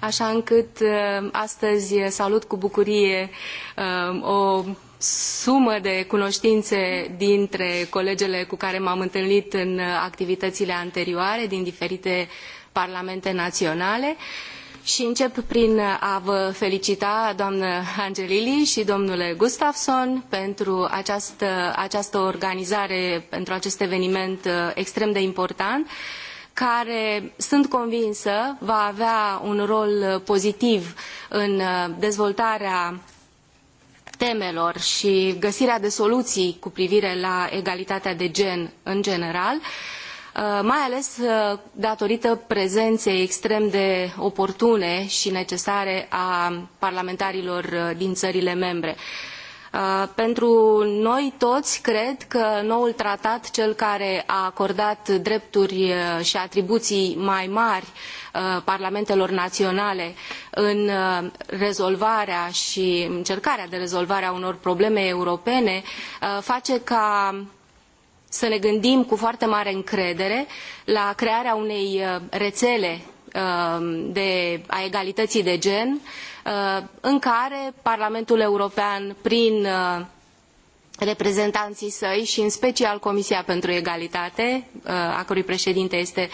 așa încât uh, astăzi salut cu bucurie uh, o sumă de cunoștințe dintre colegele cu care m-am întâlnit în activitățile anterioare din diferite parlamente naționale și încep prin a vă felicita, doamnă Angelili și domnule Gustafsson, pentru această, această organizare, pentru acest eveniment uh, extrem de important, care, sunt convinsă, va avea un rol uh, pozitiv în uh, dezvoltarea temelor și găsirea de soluții cu privire la egalitatea de gen în general, uh, mai ales uh, datorită prezenței extrem de oportune și necesare a parlamentarilor uh, din țările membre. Pentru noi toți, cred că noul tratat, cel care a acordat drepturi și atribuții mai mari uh, Uh, parlamentelor naționale în uh, rezolvarea și încercarea de rezolvare a unor probleme europene uh, face ca să ne gândim cu foarte mare încredere la crearea unei rețele de, a egalității de gen în care Parlamentul European prin reprezentanții săi și în special Comisia pentru Egalitate, uh, a cărui președinte este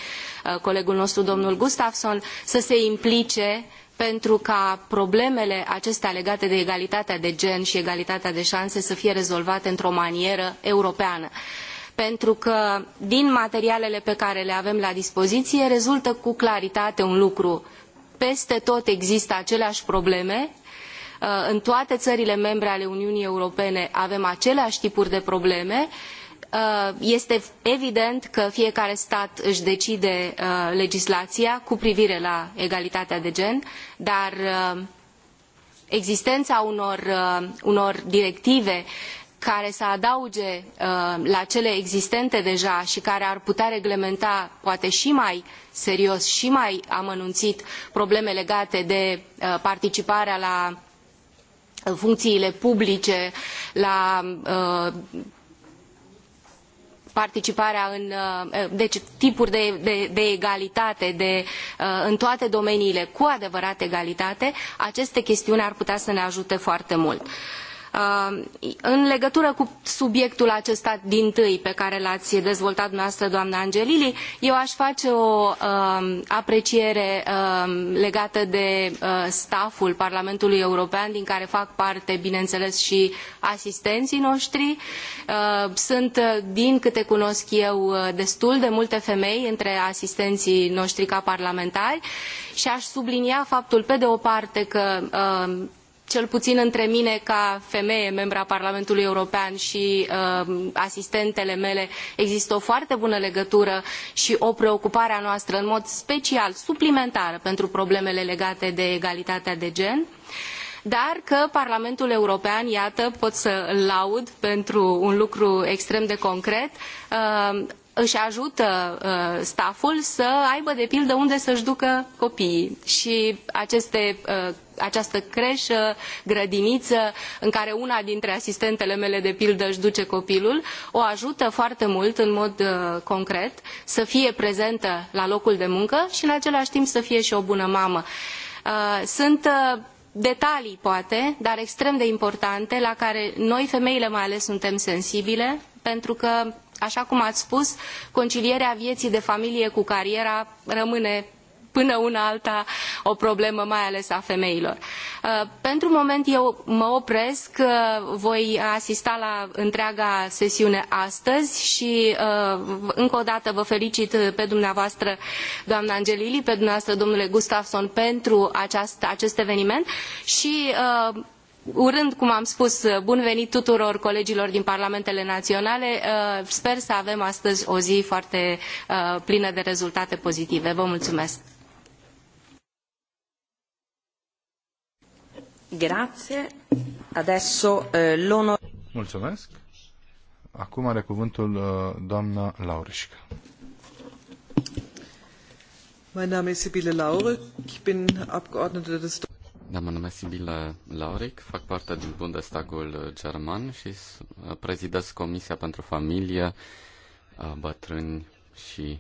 uh, colegul nostru domnul Gustafsson, să se implice pentru ca problemele acestea legate de egalitatea de gen și egalitatea de șanse să fie rezolvate într-o manieră europeană pentru că din materialele pe care le avem la dispoziție rezultă cu claritate un lucru. Peste tot există aceleași probleme Uh, în toate țările membre ale Uniunii Europene avem aceleași tipuri de probleme, uh, este evident că fiecare stat îi decide uh, legislația cu privire la egalitatea de gen, dar existența unor, unor directive care să adauge la cele existente deja și care ar putea reglementa poate și mai serios și mai amănunțit probleme legate de participarea la funcțiile publice, la uh, participarea în uh, deci tipuri de, de, de egalitate de, uh, în toate domeniile cu adevărat egalitate, aceste chestiuni ar putea să ne ajute foarte mult. Uh, în legătură cu subiectul acesta din tâi pe care l-ați dezvoltat dumneavoastră, doamna Angelili, eu aș face o uh, apreciere uh, legată de stafful Parlamentului European, din care fac parte, bineînțeles, și asistenții noștri. Sunt, din câte cunosc eu, destul de multe femei între asistenții noștri ca parlamentari și aș sublinia faptul, pe de o parte, că cel puțin între mine ca femeie, membra Parlamentului European și uh, asistentele mele, există o foarte bună legătură și o preocupare a noastră în mod special, suplimentară pentru problemele legate de egalitatea de gen. Dar că Parlamentul European, iată, pot să îl laud pentru un lucru extrem de concret, uh, își ajută uh, staful să aibă de pildă unde să-și ducă copiii. Și aceste uh, această creșă, grădiniță, în care una dintre asistentele mele, de pildă, își duce copilul, o ajută foarte mult, în mod uh, concret, să fie prezentă la locul de muncă și, în același timp, să fie și o bună mamă. Uh, sunt uh, detalii, poate, dar extrem de importante, la care noi, femeile, mai ales, suntem sensibile, pentru că, așa cum ați spus, concilierea vieții de familie cu cariera rămâne până una alta o problemă mai ales a femeilor. Uh, pentru moment eu mă opresc, uh, voi asista la întreaga sesiune astăzi și uh, încă o dată vă felicit pe dumneavoastră, doamna Angelili, pe dumneavoastră, domnule Gustafsson, pentru aceast, acest eveniment și urând, cum am spus, bun venit tuturor colegilor din parlamentele naționale, sper să avem astăzi o zi foarte plină de rezultate pozitive. Vă mulțumesc! Eh, Mulțumesc. Acum are cuvântul eh, doamna Laurișca. Mein Name ist Sibylle Laurik, ich bin Abgeordnete des da, mă numesc Sibila Lauric, fac parte din Bundestagul eh, german și prezidez Comisia pentru Familie, Bătrâni și,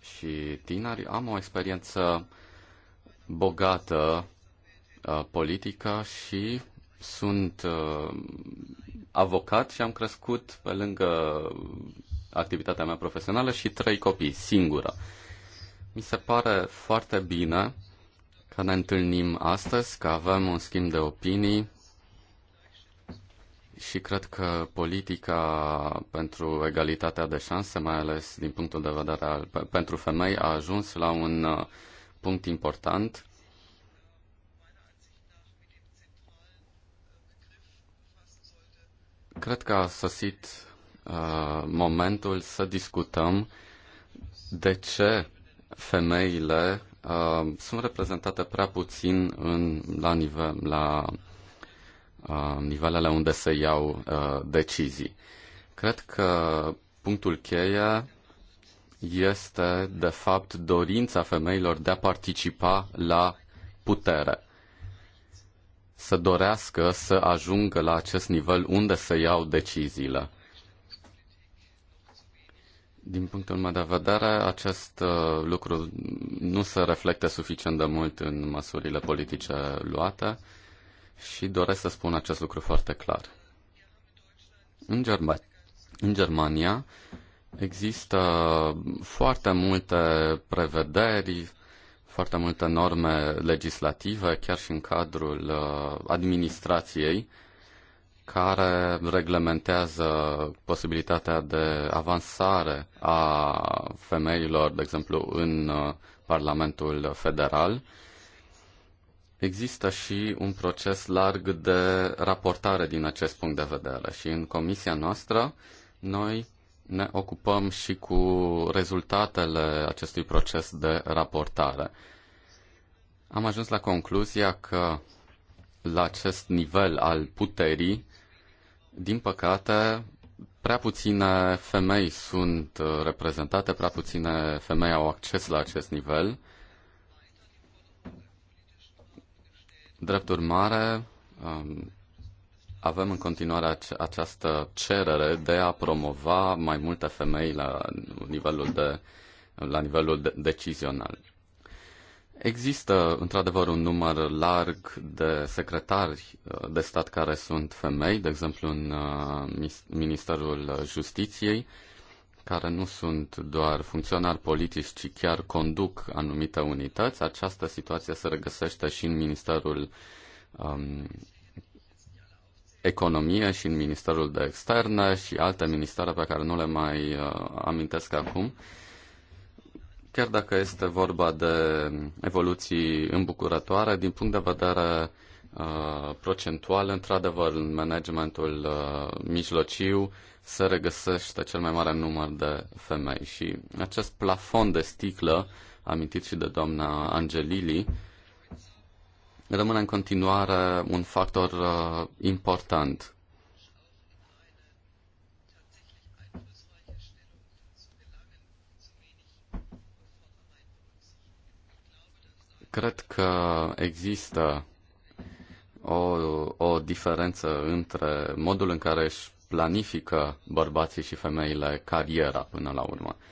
și Tineri. Am o experiență bogată Uh, politică și sunt uh, avocat și am crescut pe lângă activitatea mea profesională și trei copii, singură. Mi se pare foarte bine că ne întâlnim astăzi, că avem un schimb de opinii și cred că politica pentru egalitatea de șanse, mai ales din punctul de vedere al, pentru femei, a ajuns la un uh, punct important Cred că a sosit uh, momentul să discutăm de ce femeile uh, sunt reprezentate prea puțin în, la, nivel, la uh, nivelele unde se iau uh, decizii. Cred că punctul cheie este, de fapt, dorința femeilor de a participa la putere să dorească să ajungă la acest nivel unde să iau deciziile. Din punctul meu de vedere, acest uh, lucru nu se reflectă suficient de mult în măsurile politice luate și doresc să spun acest lucru foarte clar. În, Germa- în Germania există foarte multe prevederi foarte multe norme legislative, chiar și în cadrul uh, administrației, care reglementează posibilitatea de avansare a femeilor, de exemplu, în uh, Parlamentul Federal. Există și un proces larg de raportare din acest punct de vedere și în comisia noastră noi ne ocupăm și cu rezultatele acestui proces de raportare. Am ajuns la concluzia că la acest nivel al puterii, din păcate, prea puține femei sunt uh, reprezentate, prea puține femei au acces la acest nivel. Drept urmare, um, avem în continuare această cerere de a promova mai multe femei la nivelul, de, la nivelul de, decizional. Există, într-adevăr, un număr larg de secretari uh, de stat care sunt femei, de exemplu în uh, Ministerul Justiției, care nu sunt doar funcționari politici, ci chiar conduc anumite unități. Această situație se regăsește și în Ministerul um, economie și în Ministerul de Externe și alte ministere pe care nu le mai uh, amintesc acum. Chiar dacă este vorba de evoluții îmbucurătoare, din punct de vedere uh, procentual, într-adevăr, în managementul uh, mijlociu se regăsește cel mai mare număr de femei și acest plafon de sticlă, amintit și de doamna Angelili, rămâne în continuare un factor uh, important. Cred că există o, o diferență între modul în care își planifică bărbații și femeile cariera până la urmă. Uh,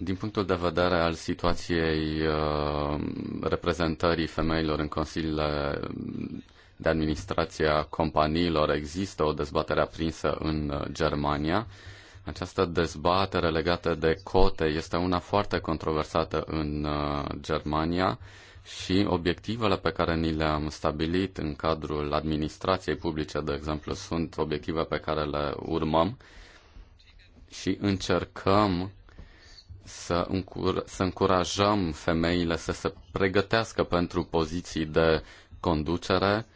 Din punctul de vedere al situației uh, reprezentării femeilor în consiliile de administrație a companiilor, există o dezbatere aprinsă în uh, Germania. Această dezbatere legată de cote este una foarte controversată în uh, Germania și obiectivele pe care ni le-am stabilit în cadrul administrației publice, de exemplu, sunt obiective pe care le urmăm și încercăm să, încur- să încurajăm femeile să se pregătească pentru poziții de conducere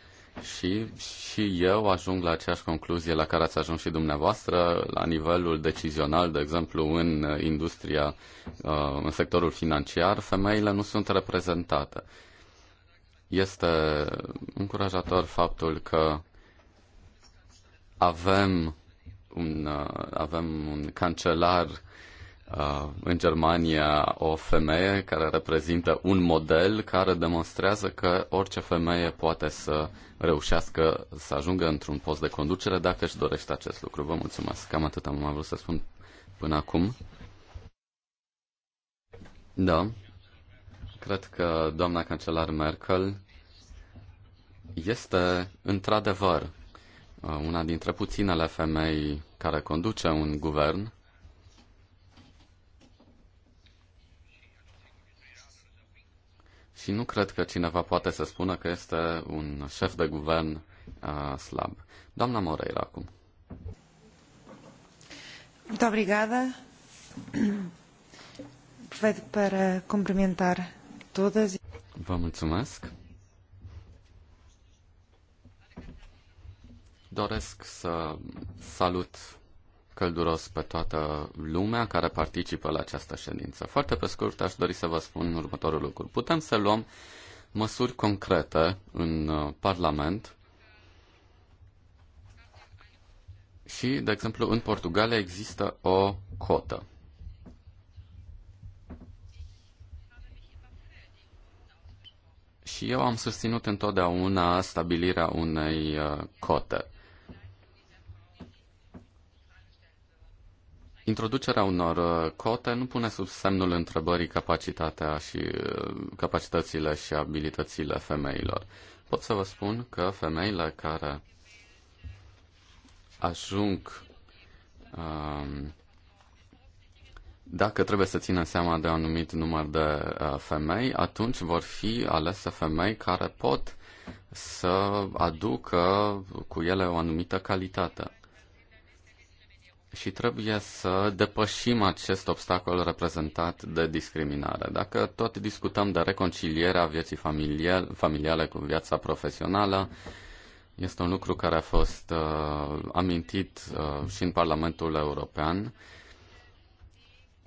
și, și eu ajung la aceeași concluzie la care ați ajuns și dumneavoastră, la nivelul decizional, de exemplu, în industria, uh, în sectorul financiar, femeile nu sunt reprezentate. Este încurajator faptul că avem un, uh, avem un cancelar Uh, în Germania o femeie care reprezintă un model care demonstrează că orice femeie poate să reușească să ajungă într-un post de conducere dacă își dorește acest lucru. Vă mulțumesc. Cam atât am vrut să spun până acum. Da. Cred că doamna cancelar Merkel este într-adevăr uh, una dintre puținele femei care conduce un guvern Și nu cred că cineva poate să spună că este un șef de guvern uh, slab. Doamna Moreira acum. Muito obrigada. Aproveito [CLEARS THROAT] para cumprimentar todas. Vă mulțumesc. Doresc să salut călduros pe toată lumea care participă la această ședință. Foarte pe scurt aș dori să vă spun următorul lucru. Putem să luăm măsuri concrete în uh, Parlament și, de exemplu, în Portugalia există o cotă. Și eu am susținut întotdeauna stabilirea unei uh, cote. Introducerea unor uh, cote nu pune sub semnul întrebării capacitatea și uh, capacitățile și abilitățile femeilor. Pot să vă spun că femeile care ajung um, dacă trebuie să țină seama de un anumit număr de uh, femei, atunci vor fi alese femei care pot să aducă cu ele o anumită calitate și trebuie să depășim acest obstacol reprezentat de discriminare. Dacă tot discutăm de reconcilierea vieții familiale, familiale cu viața profesională, este un lucru care a fost uh, amintit uh, și în Parlamentul European.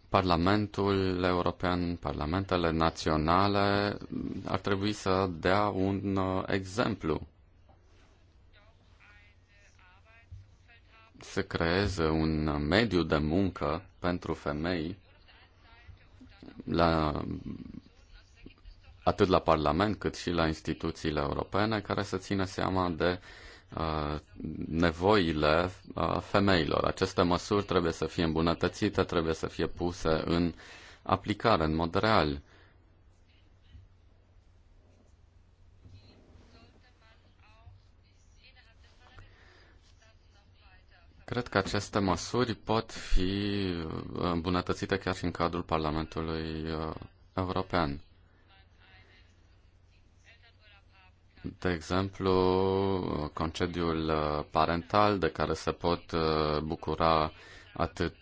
Parlamentul European, parlamentele naționale ar trebui să dea un uh, exemplu să creeze un mediu de muncă pentru femei la, atât la Parlament cât și la instituțiile europene care să țină seama de uh, nevoile uh, femeilor. Aceste măsuri trebuie să fie îmbunătățite, trebuie să fie puse în aplicare, în mod real. Cred că aceste măsuri pot fi uh, îmbunătățite chiar și în cadrul Parlamentului uh, European. De exemplu, concediul uh, parental de care se pot bucura atât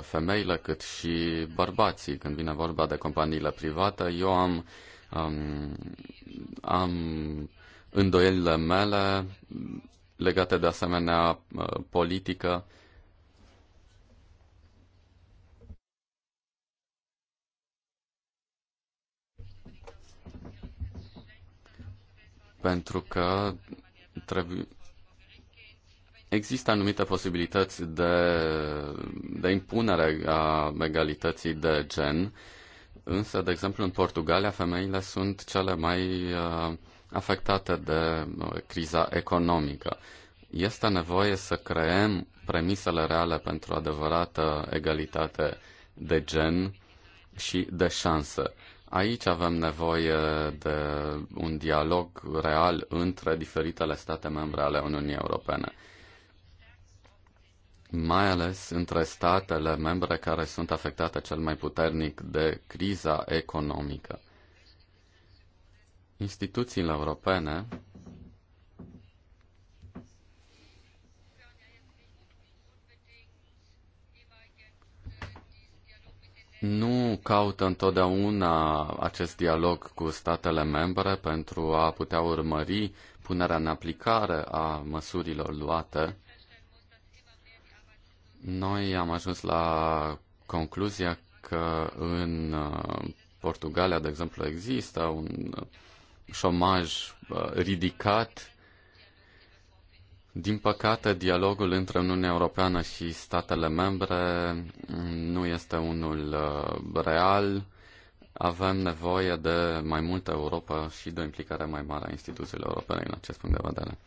femeile cât și bărbații. Când vine vorba de companiile private, eu am, am, um, am îndoielile mele legate de asemenea uh, politică. Pentru că trebuie, Există anumite posibilități de, de impunere a egalității de gen, însă, de exemplu, în Portugalia, femeile sunt cele mai uh, afectate de uh, criza economică. Este nevoie să creăm premisele reale pentru adevărată egalitate de gen și de șanse. Aici avem nevoie de un dialog real între diferitele state membre ale Uniunii Europene, mai ales între statele membre care sunt afectate cel mai puternic de criza economică. Instituțiile europene nu caută întotdeauna acest dialog cu statele membre pentru a putea urmări punerea în aplicare a măsurilor luate. Noi am ajuns la concluzia că în uh, Portugalia, de exemplu, există un șomaj uh, ridicat. Din păcate, dialogul între Uniunea Europeană și statele membre mm, nu este unul uh, real. Avem nevoie de mai multă Europa și de o implicare mai mare a instituțiilor europene în acest punct de vedere.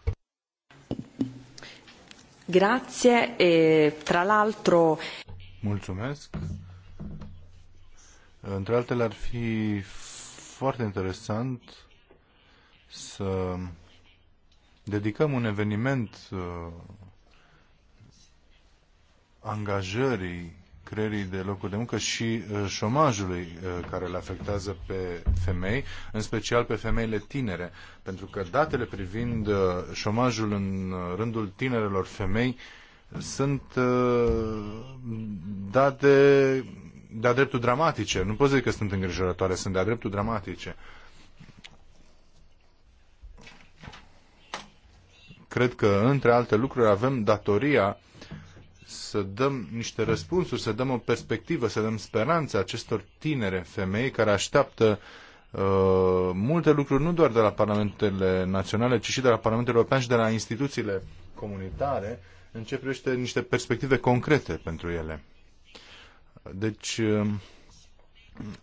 Grazie e tra l'altro Mulțumesc. Între altele ar fi foarte interesant să dedicăm un eveniment uh, angajării creierii de locuri de muncă și uh, șomajului uh, care le afectează pe femei, în special pe femeile tinere, pentru că datele privind șomajul în rândul tinerelor femei sunt date de-a dreptul dramatice. Nu pot zic că sunt îngrijorătoare, sunt de-a dreptul dramatice. cred că, între alte lucruri, avem datoria să dăm niște răspunsuri, să dăm o perspectivă, să dăm speranță acestor tinere femei care așteaptă uh, multe lucruri nu doar de la parlamentele naționale, ci și de la parlamentele europene și de la instituțiile comunitare, începește niște perspective concrete pentru ele. Deci, uh,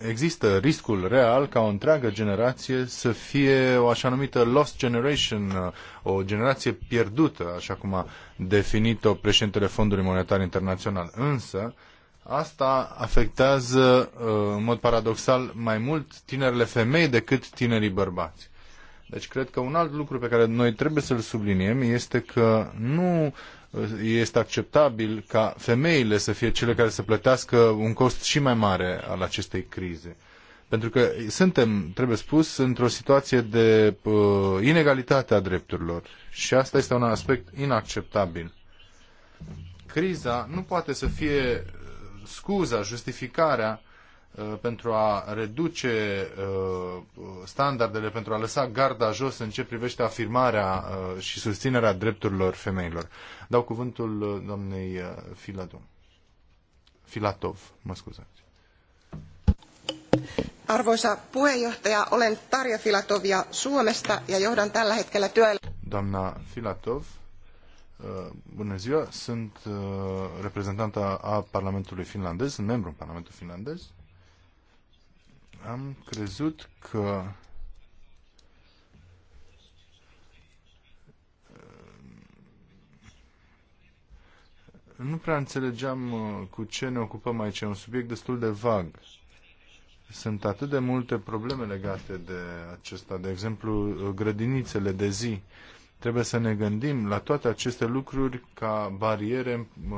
există riscul real ca o întreagă generație să fie o așa numită lost generation, o generație pierdută, așa cum a definit-o președintele Fondului Monetar Internațional. Însă, asta afectează uh, în mod paradoxal mai mult tinerile femei decât tinerii bărbați. Deci cred că un alt lucru pe care noi trebuie să-l subliniem este că nu este acceptabil ca femeile să fie cele care să plătească un cost și mai mare al acestei crize. Pentru că suntem, trebuie spus, într-o situație de uh, inegalitate a drepturilor și asta este un aspect inacceptabil. Criza nu poate să fie uh, scuza, justificarea uh, pentru a reduce uh, standardele, pentru a lăsa garda jos în ce privește afirmarea și susținerea drepturilor femeilor. Dau cuvântul uh, doamnei uh, Filadu. Filatov, mă scuzați. Arvoisa puheenjohtaja, olen Tarja Filatovia Suomesta ja johdan tällä hetkellä työelämä. Doamna Filatov, uh, bună ziua, sunt reprezentanta a Parlamentului finlandez, sunt membru în Parlamentul finlandez. Am crezut că nu prea înțelegeam uh, cu ce ne ocupăm aici. E un subiect destul de vag. Sunt atât de multe probleme legate de acesta. De exemplu, grădinițele de zi. Trebuie să ne gândim la toate aceste lucruri ca bariere uh,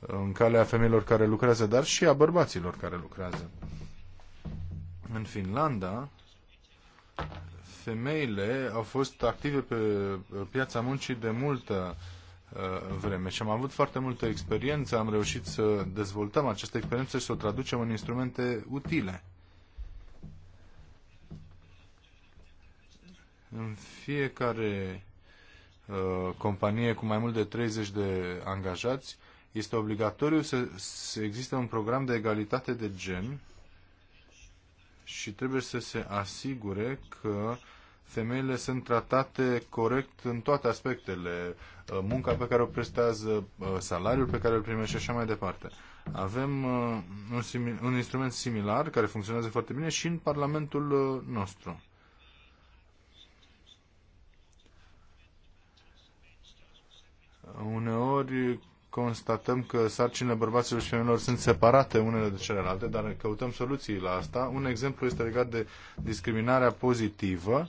în calea femeilor care lucrează, dar și a bărbaților care lucrează. În Finlanda, femeile au fost active pe piața muncii de multă Uh, vreme și am avut foarte multă experiență, am reușit să dezvoltăm această experiență și să o traducem în instrumente utile. În fiecare uh, companie cu mai mult de 30 de angajați este obligatoriu să, să existe un program de egalitate de gen și trebuie să se asigure că femeile sunt tratate corect în toate aspectele Uh, munca pe care o prestează, uh, salariul pe care îl primește și așa mai departe. Avem uh, un, simil, un instrument similar care funcționează foarte bine și în Parlamentul nostru. Uneori constatăm că sarcinile bărbaților și femeilor sunt separate unele de celelalte, dar căutăm soluții la asta. Un exemplu este legat de discriminarea pozitivă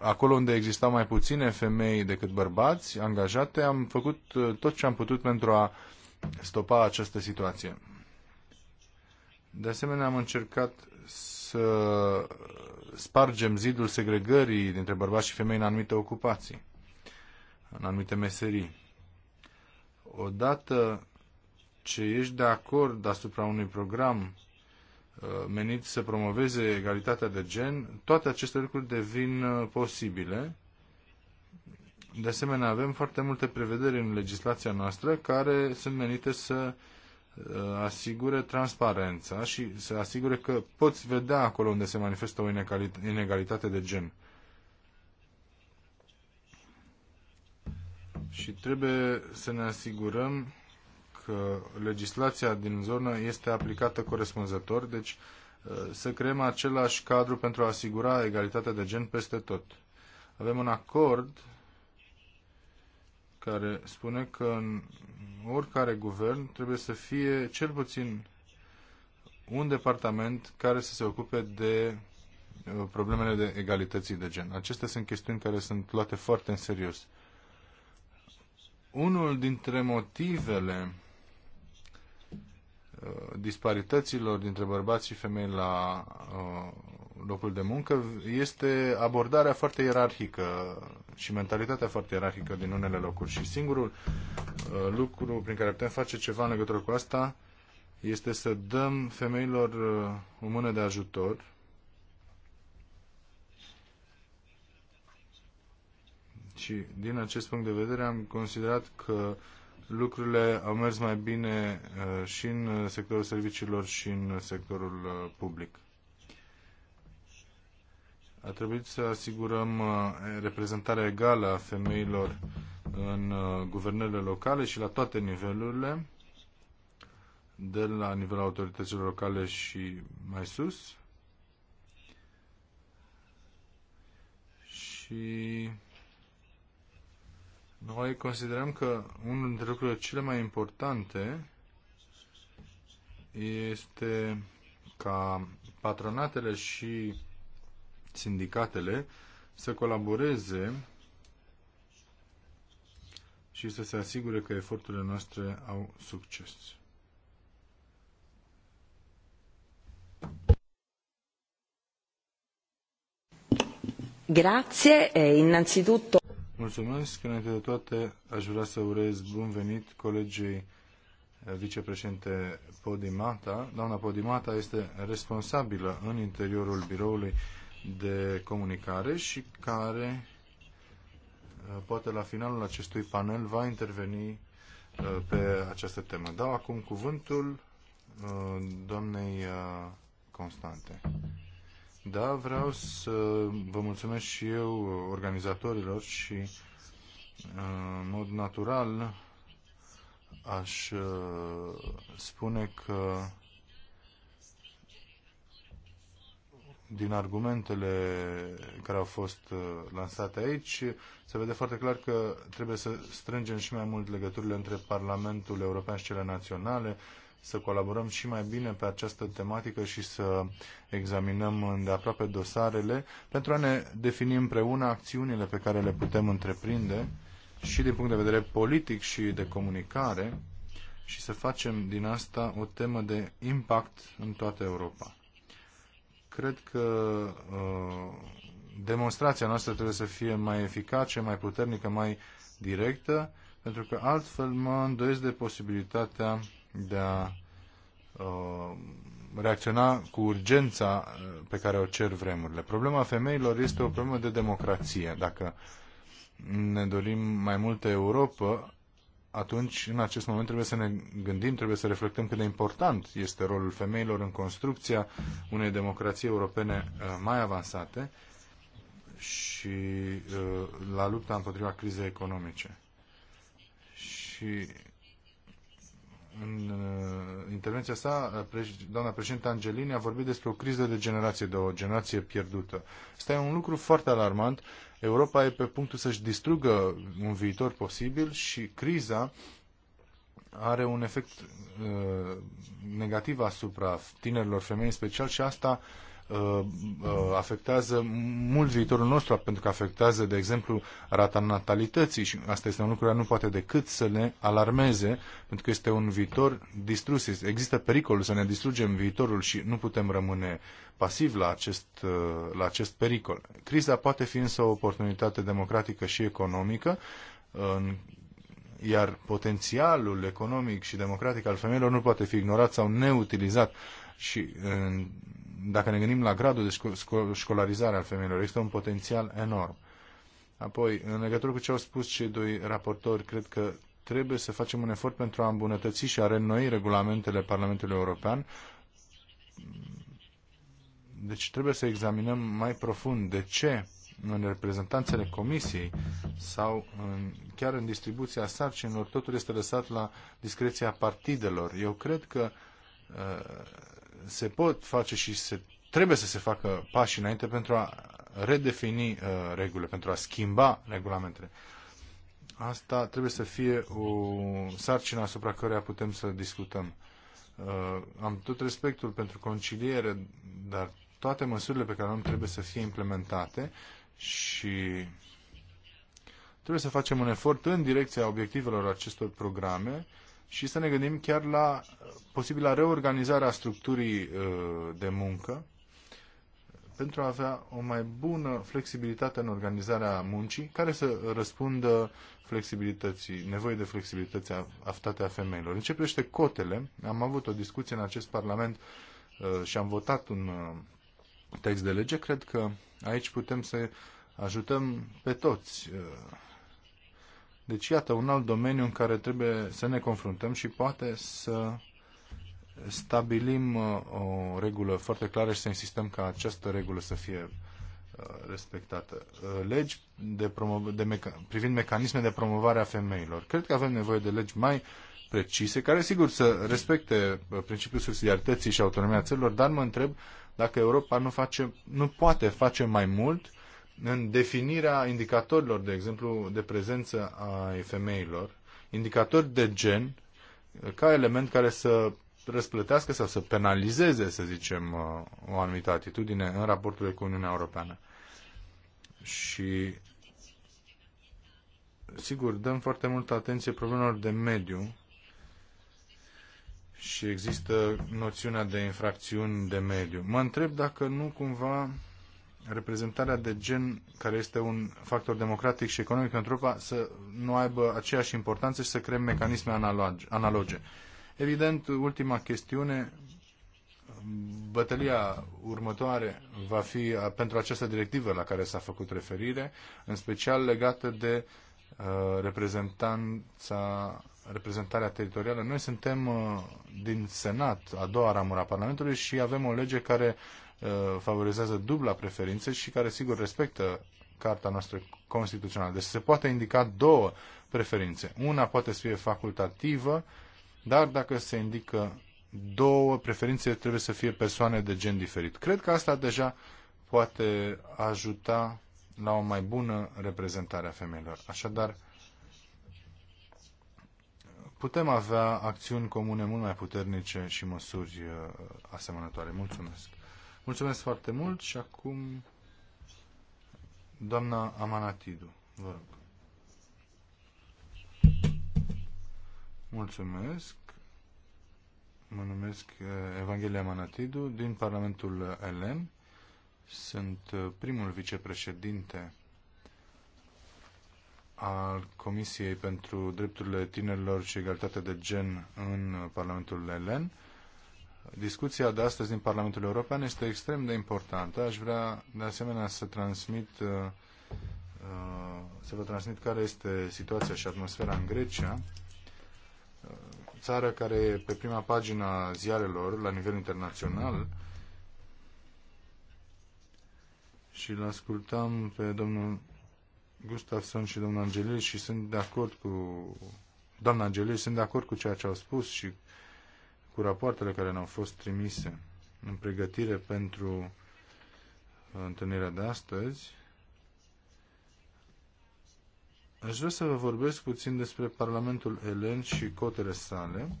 acolo unde existau mai puține femei decât bărbați angajate, am făcut uh, tot ce am putut pentru a stopa această situație. De asemenea, am încercat să spargem zidul segregării dintre bărbați și femei în anumite ocupații, în anumite meserii. Odată ce ești de acord asupra unui program Uh, menit să promoveze egalitatea de gen, toate aceste lucruri devin uh, posibile. De asemenea, avem foarte multe prevederi în legislația noastră care sunt menite să uh, asigure transparența și să asigure că poți vedea acolo unde se manifestă o inegalitate de gen. Și trebuie să ne asigurăm că legislația din zonă este aplicată corespunzător, deci uh, să creăm același cadru pentru a asigura egalitatea de gen peste tot. Avem un acord care spune că în oricare guvern trebuie să fie cel puțin un departament care să se ocupe de uh, problemele de egalității de gen. Acestea sunt chestiuni care sunt luate foarte în serios. Unul dintre motivele Uh, disparităților dintre bărbați și femei la uh, locul de muncă este abordarea foarte ierarhică și mentalitatea foarte ierarhică din unele locuri. Și singurul uh, lucru prin care putem face ceva în legătură cu asta este să dăm femeilor o mână de ajutor. Și din acest punct de vedere am considerat că lucrurile au mers mai bine uh, și în uh, sectorul serviciilor și în sectorul uh, public. A trebuit să asigurăm reprezentarea egală a femeilor în guvernele locale și la toate nivelurile, de la nivelul autorităților locale și mai sus. Și noi considerăm că unul dintre lucrurile cele mai importante este ca patronatele și sindicatele să colaboreze și să se asigure că eforturile noastre au succes. Grazie, innanzitutto Mulțumesc. Înainte de toate, aș vrea să urez bun venit colegii vicepreședinte Podimata. Doamna Podimata este responsabilă în interiorul biroului de comunicare și care uh, poate la finalul acestui panel va interveni uh, pe această temă. Dau acum cuvântul uh, doamnei Constante. Da, vreau să vă mulțumesc și eu organizatorilor și uh, în mod natural aș uh, spune că din argumentele care au fost uh, lansate aici, se vede foarte clar că trebuie să strângem și mai mult legăturile între Parlamentul European și cele naționale, să colaborăm și mai bine pe această tematică și să examinăm îndeaproape dosarele pentru a ne defini împreună acțiunile pe care le putem întreprinde și din punct de vedere politic și de comunicare și să facem din asta o temă de impact în toată Europa. Cred că uh, demonstrația noastră trebuie să fie mai eficace, mai puternică, mai directă, pentru că altfel mă îndoiesc de posibilitatea de a uh, reacționa cu urgența uh, pe care o cer vremurile. Problema femeilor este o problemă de democrație. Dacă ne dorim mai multă Europa, atunci, în acest moment, trebuie să ne gândim, trebuie să reflectăm cât de important este rolul femeilor în construcția unei democrații europene uh, mai avansate și uh, la lupta împotriva crizei economice. Și intervenția sa, eh, doamna președinte Angelini a vorbit despre o criză de generație, de o generație pierdută. Asta e un lucru foarte alarmant. Europa e pe punctul să-și distrugă un viitor posibil și criza are un efect uh, negativ asupra tinerilor femei în special și asta uh, Uh, uh, afectează mult viitorul nostru, pentru că afectează, de exemplu, rata natalității și asta este un lucru care nu poate decât să ne alarmeze, pentru că este un viitor distrus. Există pericolul să ne distrugem viitorul și nu putem rămâne pasiv la acest, uh, la acest pericol. Criza poate fi însă o oportunitate democratică și economică, în iar potențialul economic și democratic al femeilor nu poate fi ignorat sau neutilizat și în dacă ne gândim la gradul de școlarizare al femeilor, există un potențial enorm. Apoi, în legătură cu ce au spus cei doi raportori, cred că trebuie să facem un efort pentru a îmbunătăți și a renoi regulamentele Parlamentului European. Deci trebuie să examinăm mai profund de ce în reprezentanțele comisiei sau în, chiar în distribuția sarcinilor, totul este lăsat la discreția partidelor. Eu cred că uh, se pot face și se, trebuie să se facă pași înainte pentru a redefini uh, regulile, pentru a schimba regulamentele. Asta trebuie să fie o sarcină asupra căreia putem să discutăm. Uh, am tot respectul pentru conciliere, dar toate măsurile pe care am trebuie să fie implementate și trebuie să facem un efort în direcția obiectivelor acestor programe și să ne gândim chiar la posibila reorganizare a structurii uh, de muncă pentru a avea o mai bună flexibilitate în organizarea muncii, care să răspundă flexibilității, nevoie de flexibilitate aftate a femeilor. În ce privește cotele, am avut o discuție în acest Parlament uh, și am votat un uh, text de lege. Cred că aici putem să ajutăm pe toți deci, iată, un alt domeniu în care trebuie să ne confruntăm și poate să stabilim uh, o regulă foarte clară și să insistăm ca această regulă să fie uh, respectată. Uh, legi de promo- de meca- privind mecanisme de promovare a femeilor. Cred că avem nevoie de legi mai precise, care sigur să respecte principiul subsidiarității și autonomia țărilor, dar mă întreb dacă Europa nu, face, nu poate face mai mult în definirea indicatorilor, de exemplu, de prezență a femeilor, indicatori de gen ca element care să răsplătească sau să penalizeze, să zicem, o anumită atitudine în raporturile cu Uniunea Europeană. Și sigur, dăm foarte multă atenție problemelor de mediu și există noțiunea de infracțiuni de mediu. Mă întreb dacă nu cumva reprezentarea de gen, care este un factor democratic și economic în Europa, să nu aibă aceeași importanță și să creăm mecanisme analoge. Evident, ultima chestiune, bătălia următoare va fi pentru această directivă la care s-a făcut referire, în special legată de uh, reprezentanța reprezentarea teritorială. Noi suntem uh, din Senat, a doua ramură a Parlamentului și avem o lege care Uh, favorizează dubla preferință și care, sigur, respectă Carta noastră constituțională. Deci se poate indica două preferințe. Una poate să fie facultativă, dar dacă se indică două preferințe, trebuie să fie persoane de gen diferit. Cred că asta deja poate ajuta la o mai bună reprezentare a femeilor. Așadar, putem avea acțiuni comune mult mai puternice și măsuri uh, asemănătoare. Mulțumesc! Mulțumesc foarte mult și acum doamna Amanatidu, vă rog. Mulțumesc. Mă numesc eh, Evanghelia Amanatidu din Parlamentul Elen. Sunt eh, primul vicepreședinte al Comisiei pentru Drepturile Tinerilor și Egalitatea de Gen în eh, Parlamentul Elen Discuția de astăzi din Parlamentul European este extrem de importantă. Aș vrea de asemenea să transmit uh, uh, să vă transmit care este situația și atmosfera în Grecia, uh, țară care e pe prima pagina ziarelor la nivel internațional. Și îl ascultam pe domnul Gustafsson și domnul Angelis și sunt de acord cu doamna Angelis, sunt de acord cu ceea ce au spus și cu rapoartele care ne-au fost trimise în pregătire pentru uh, întâlnirea de astăzi, aș vrea să vă vorbesc puțin despre Parlamentul Elen și cotele sale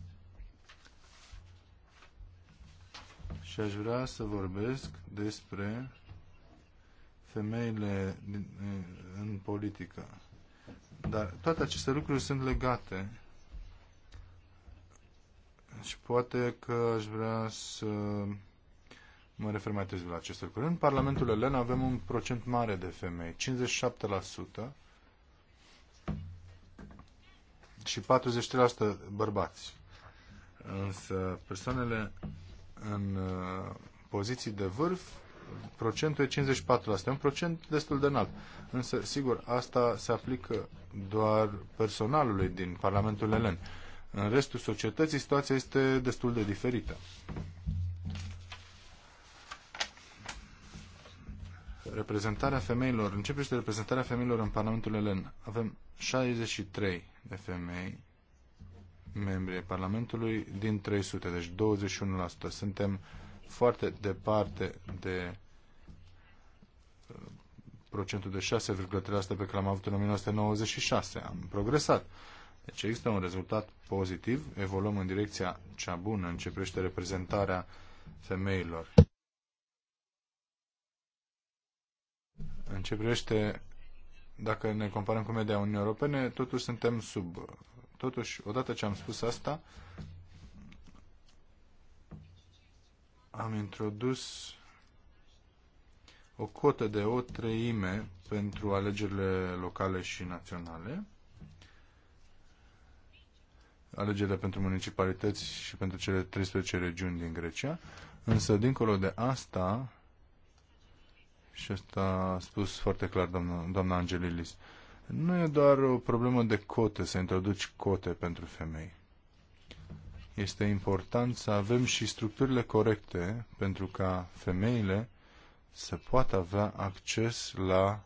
și aș vrea să vorbesc despre femeile din, în politică. Dar toate aceste lucruri sunt legate și poate că aș vrea să mă refer mai târziu la acest lucru. În Parlamentul Elen avem un procent mare de femei, 57% și 43% bărbați. Însă persoanele în uh, poziții de vârf, procentul e 54%, un procent destul de înalt. Însă, sigur, asta se aplică doar personalului din Parlamentul Elen. În restul societății situația este destul de diferită. Reprezentarea femeilor. Începe și reprezentarea femeilor în Parlamentul Elen. Avem 63 de femei membri Parlamentului din 300, deci 21%. Suntem foarte departe de uh, procentul de 6,3% pe care l-am avut în 1996. Am progresat. Deci există un rezultat pozitiv, evoluăm în direcția cea bună, începește reprezentarea femeilor. În ce privește, dacă ne comparăm cu media Uniunii Europene, totuși suntem sub. Totuși, odată ce am spus asta, am introdus o cotă de o treime pentru alegerile locale și naționale alegerile pentru municipalități și pentru cele 13 regiuni din Grecia. Însă, dincolo de asta, și asta a spus foarte clar doamna, doamna Angelilis, nu e doar o problemă de cote, să introduci cote pentru femei. Este important să avem și structurile corecte pentru ca femeile să poată avea acces la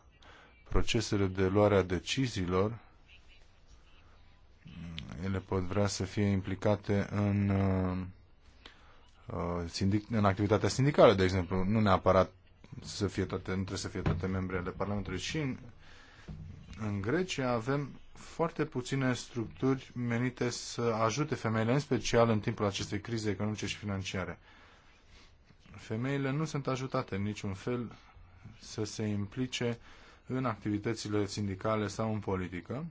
procesele de luare a deciziilor ele pot vrea să fie implicate în, uh, uh, în activitatea sindicală, de exemplu. Nu neapărat să fie toate, nu trebuie să fie toate ale Parlamentului. Și în, în Grecia avem foarte puține structuri menite să ajute femeile, în special în timpul acestei crize economice și financiare. Femeile nu sunt ajutate în niciun fel să se implice în activitățile sindicale sau în politică,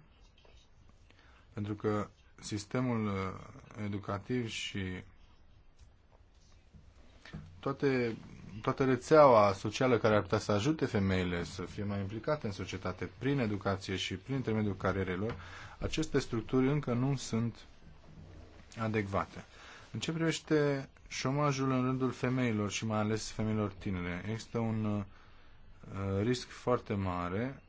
pentru că sistemul uh, educativ și toate, toată rețeaua socială care ar putea să ajute femeile să fie mai implicate în societate prin educație și prin intermediul carierelor, aceste structuri încă nu sunt adecvate. În ce privește șomajul în rândul femeilor și mai ales femeilor tinere, există un uh, risc foarte mare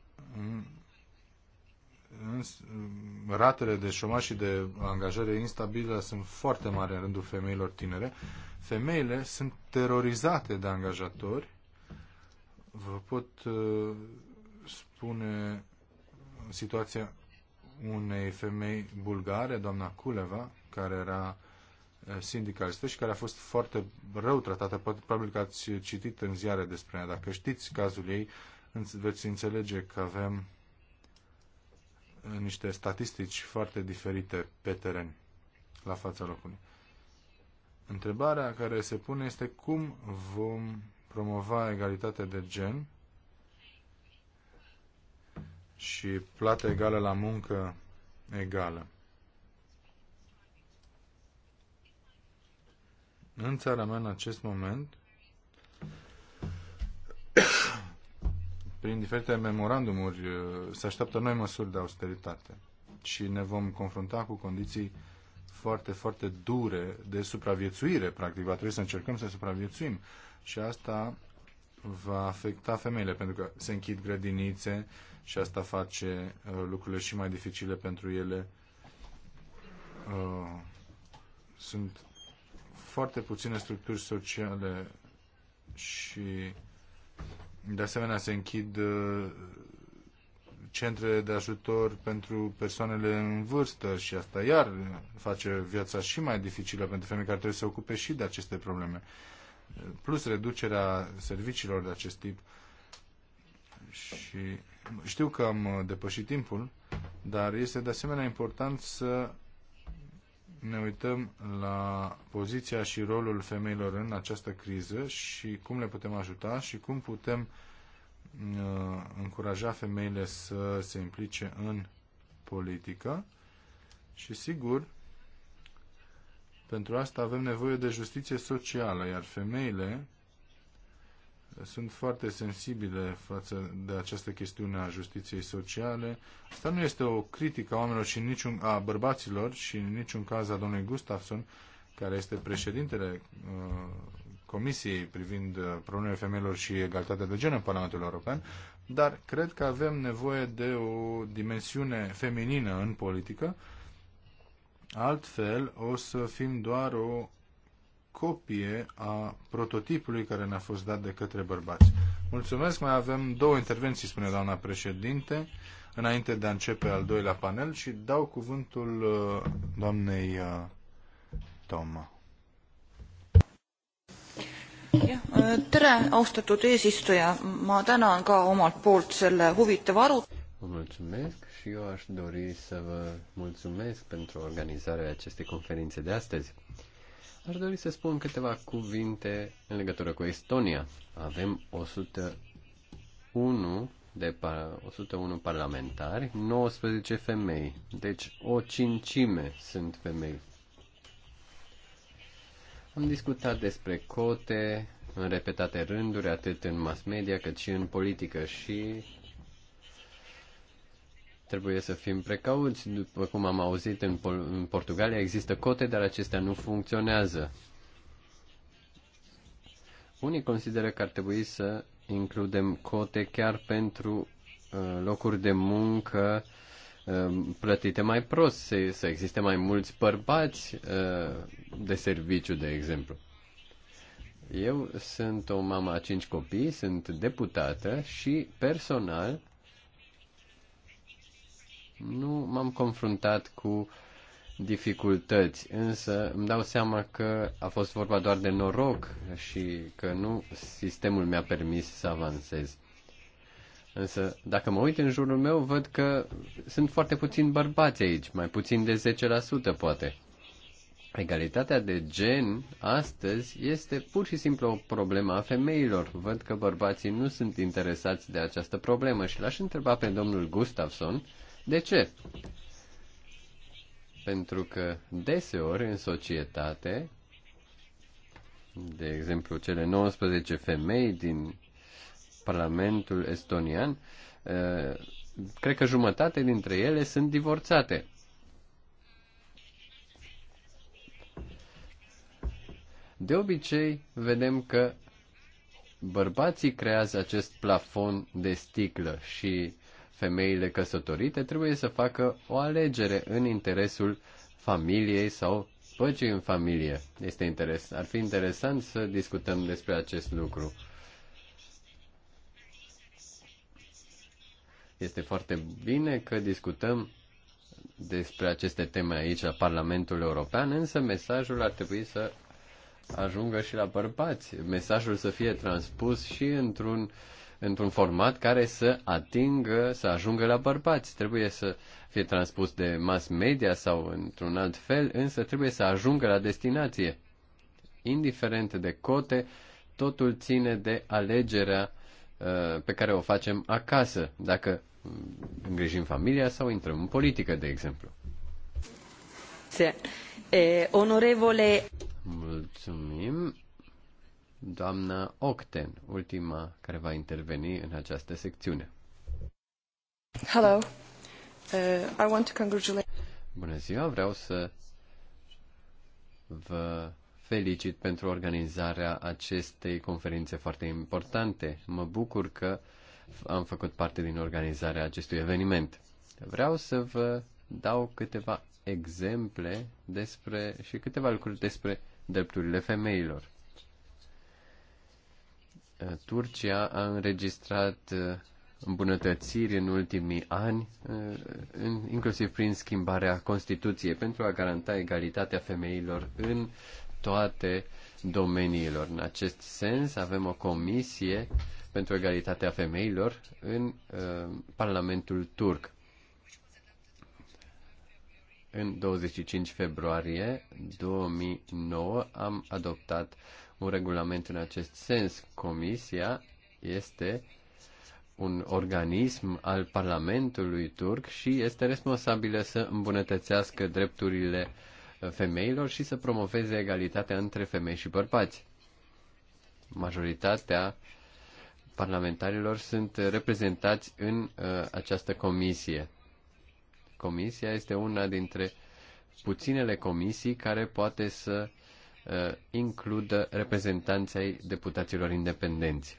ratele de șomaj și de angajare instabilă sunt foarte mari în rândul femeilor tinere. Femeile sunt terorizate de angajatori. Vă pot uh, spune situația unei femei bulgare, doamna Culeva, care era uh, sindicalistă și care a fost foarte rău tratată. Probabil că ați citit în ziare despre ea. Dacă știți cazul ei, veți înțelege că avem niște statistici foarte diferite pe teren, la fața locului. Întrebarea care se pune este cum vom promova egalitatea de gen și plată egală la muncă egală. În țara mea, în acest moment, prin diferite memorandumuri, uh, se așteaptă noi măsuri de austeritate și ne vom confrunta cu condiții foarte, foarte dure de supraviețuire, practic. Va trebui să încercăm să supraviețuim și asta va afecta femeile, pentru că se închid grădinițe și asta face uh, lucrurile și mai dificile pentru ele. Uh, sunt foarte puține structuri sociale și de asemenea, se închid uh, centre de ajutor pentru persoanele în vârstă și asta iar face viața și mai dificilă pentru femei care trebuie să se ocupe și de aceste probleme. Plus reducerea serviciilor de acest tip. Și știu că am uh, depășit timpul, dar este de asemenea important să ne uităm la poziția și rolul femeilor în această criză și cum le putem ajuta și cum putem uh, încuraja femeile să se implice în politică. Și sigur, pentru asta avem nevoie de justiție socială, iar femeile sunt foarte sensibile față de această chestiune a justiției sociale. Asta nu este o critică a oamenilor și niciun, a bărbaților și în niciun caz a domnului Gustafsson, care este președintele uh, Comisiei privind uh, problemele femeilor și egalitatea de gen în Parlamentul European, dar cred că avem nevoie de o dimensiune feminină în politică. Altfel, o să fim doar o copie a prototipului care ne-a fost dat de către bărbați. Mulțumesc, mai avem două intervenții, spune doamna președinte, înainte de a începe al doilea panel și dau cuvântul uh, doamnei uh, Toma. Äh, tere, austatud eesistuja, ma tänan ka omalt poolt selle huvitava arut-. Vă mulțumesc și eu aș dori să vă mulțumesc pentru organizarea acestei conferințe de astăzi. Aș dori să spun câteva cuvinte în legătură cu Estonia. Avem 101 de 101 parlamentari, 19 femei. Deci o cincime sunt femei. Am discutat despre cote în repetate rânduri, atât în mass media cât și în politică și Trebuie să fim precauți, după cum am auzit în, Pol- în Portugalia există cote, dar acestea nu funcționează. Unii consideră că ar trebui să includem cote chiar pentru uh, locuri de muncă uh, plătite mai prost, să, să existe mai mulți bărbați uh, de serviciu, de exemplu. Eu sunt o mamă a cinci copii, sunt deputată și personal nu m-am confruntat cu dificultăți, însă îmi dau seama că a fost vorba doar de noroc și că nu sistemul mi-a permis să avansez. Însă, dacă mă uit în jurul meu, văd că sunt foarte puțini bărbați aici, mai puțin de 10% poate. Egalitatea de gen astăzi este pur și simplu o problemă a femeilor. Văd că bărbații nu sunt interesați de această problemă și l-aș întreba pe domnul Gustafson de ce? Pentru că deseori în societate, de exemplu cele 19 femei din Parlamentul estonian, eh, cred că jumătate dintre ele sunt divorțate. De obicei, vedem că bărbații creează acest plafon de sticlă și femeile căsătorite trebuie să facă o alegere în interesul familiei sau păcii în familie. Este interes, ar fi interesant să discutăm despre acest lucru. Este foarte bine că discutăm despre aceste teme aici la Parlamentul European, însă mesajul ar trebui să ajungă și la bărbați. Mesajul să fie transpus și într-un uh, într-un format care să atingă, să ajungă la bărbați. Trebuie să fie transpus de mass media sau într-un alt fel, însă trebuie să ajungă la destinație. Indiferent de cote, totul ține de alegerea uh, pe care o facem acasă, dacă îngrijim familia sau intrăm în politică, de exemplu. Eh, onorevole. Mulțumim doamna Octen, ultima care va interveni în această secțiune. Hello. Uh, I want to congratulate... Bună ziua, vreau să vă felicit pentru organizarea acestei conferințe foarte importante. Mă bucur că am făcut parte din organizarea acestui eveniment. Vreau să vă dau câteva exemple despre și câteva lucruri despre drepturile femeilor. Eh, Turcia a înregistrat eh, îmbunătățiri în ultimii ani, eh, inclusiv prin schimbarea Constituției, pentru a garanta egalitatea femeilor în toate domeniilor. În acest sens, avem o comisie pentru egalitatea femeilor în Parlamentul turc. În 25 februarie 2009 am adoptat uh, un regulament în acest sens. Comisia este un organism al Parlamentului turc și este responsabilă să îmbunătățească drepturile femeilor și să promoveze egalitatea între femei și bărbați. Majoritatea parlamentarilor sunt reprezentați în uh, această comisie. Comisia este una dintre puținele comisii care poate să uh, Uh, includă reprezentanții deputaților independenți.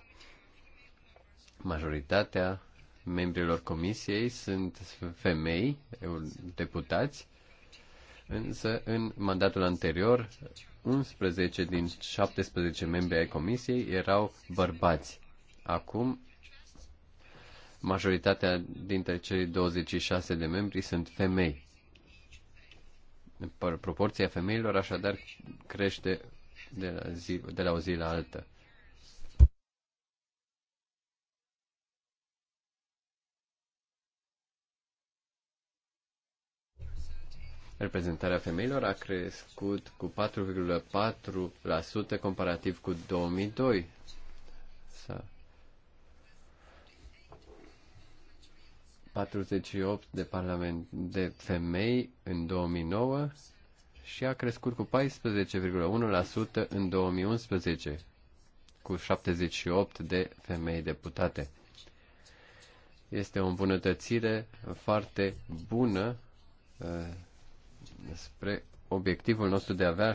Majoritatea membrilor comisiei sunt femei, deputați, însă în mandatul anterior 11 din 17 membri ai comisiei erau bărbați. Acum majoritatea dintre cei 26 de membri sunt femei. Proporția femeilor așadar crește de la, zi, de la o zi la alta. Reprezentarea femeilor a crescut cu 4,4% comparativ cu 2002. S-a 48 de, parlament, de femei în 2009 și a crescut cu 14,1% în 2011, cu 78 de femei deputate. Este o îmbunătățire foarte bună uh, spre obiectivul nostru de a avea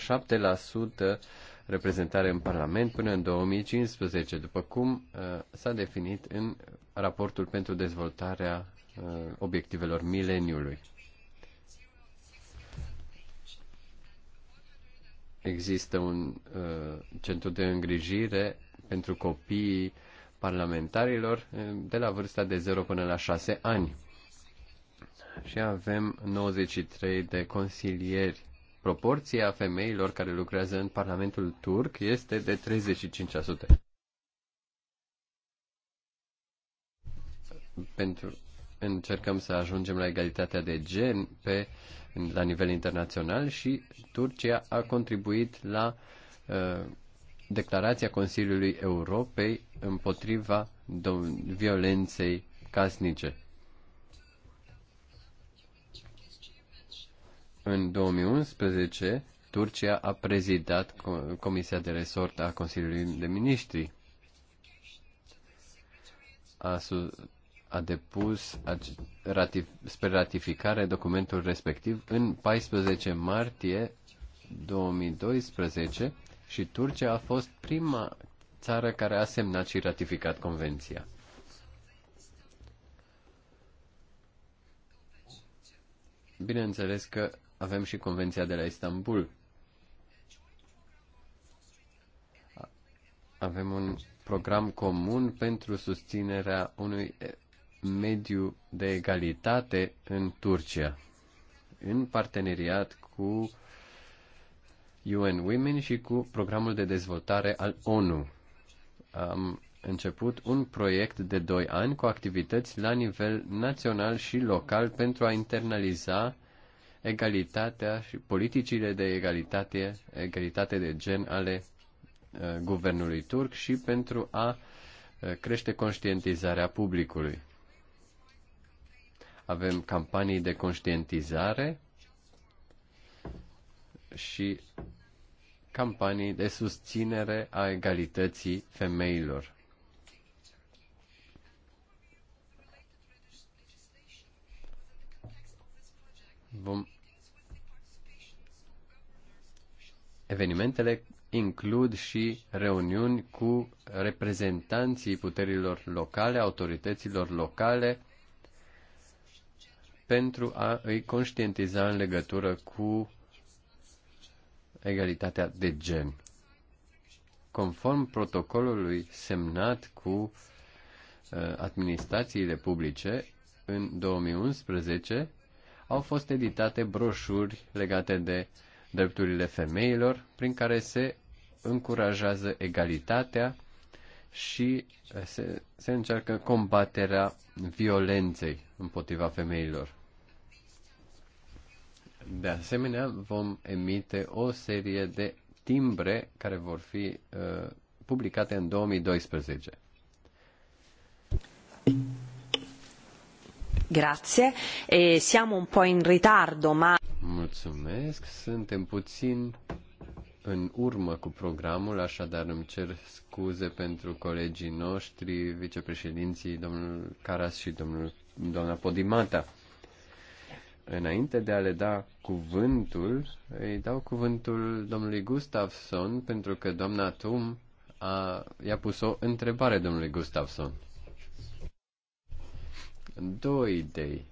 7% reprezentare în Parlament până în 2015, după cum uh, s-a definit în raportul pentru dezvoltarea Uh, obiectivelor mileniului. Există un uh, centru de îngrijire pentru copiii parlamentarilor uh, de la vârsta de 0 până la 6 ani. Și avem 93 de consilieri. Proporția femeilor care lucrează în Parlamentul turc este de 35%. Pentru încercăm să ajungem la egalitatea de gen pe, la nivel internațional și Turcia a contribuit la uh, declarația Consiliului Europei împotriva violenței casnice. În 2011, Turcia a prezidat Comisia de Resort a Consiliului de Ministri. A a depus ratif, spre ratificare documentul respectiv în 14 martie 2012 și Turcia a fost prima țară care a semnat și ratificat convenția. Bineînțeles că avem și convenția de la Istanbul. Avem un program comun pentru susținerea unui mediu de egalitate în Turcia, în parteneriat cu UN Women și cu programul de dezvoltare al ONU. Am început un proiect de 2 ani cu activități la nivel național și local pentru a internaliza egalitatea și politicile de egalitate, egalitate de gen ale uh, guvernului turc și pentru a uh, crește conștientizarea publicului avem campanii de conștientizare și campanii de susținere a egalității femeilor. Vom... Evenimentele includ și reuniuni cu reprezentanții puterilor locale, autorităților locale, pentru a îi conștientiza în legătură cu egalitatea de gen. Conform protocolului semnat cu uh, administrațiile publice, în 2011 au fost editate broșuri legate de drepturile femeilor, prin care se încurajează egalitatea și se, se încearcă combaterea violenței împotriva femeilor. De asemenea, vom emite o serie de timbre care vor fi uh, publicate în 2012. Grazie. E, siamo un po' in ritardo, ma... Mulțumesc. Suntem puțin în urmă cu programul, așadar îmi cer scuze pentru colegii noștri, vicepreședinții, domnul Caras și domnul, doamna Podimata. Înainte de a le da cuvântul, îi dau cuvântul domnului Gustafsson, pentru că doamna Tum a, i-a pus o întrebare domnului Gustafsson. Două idei.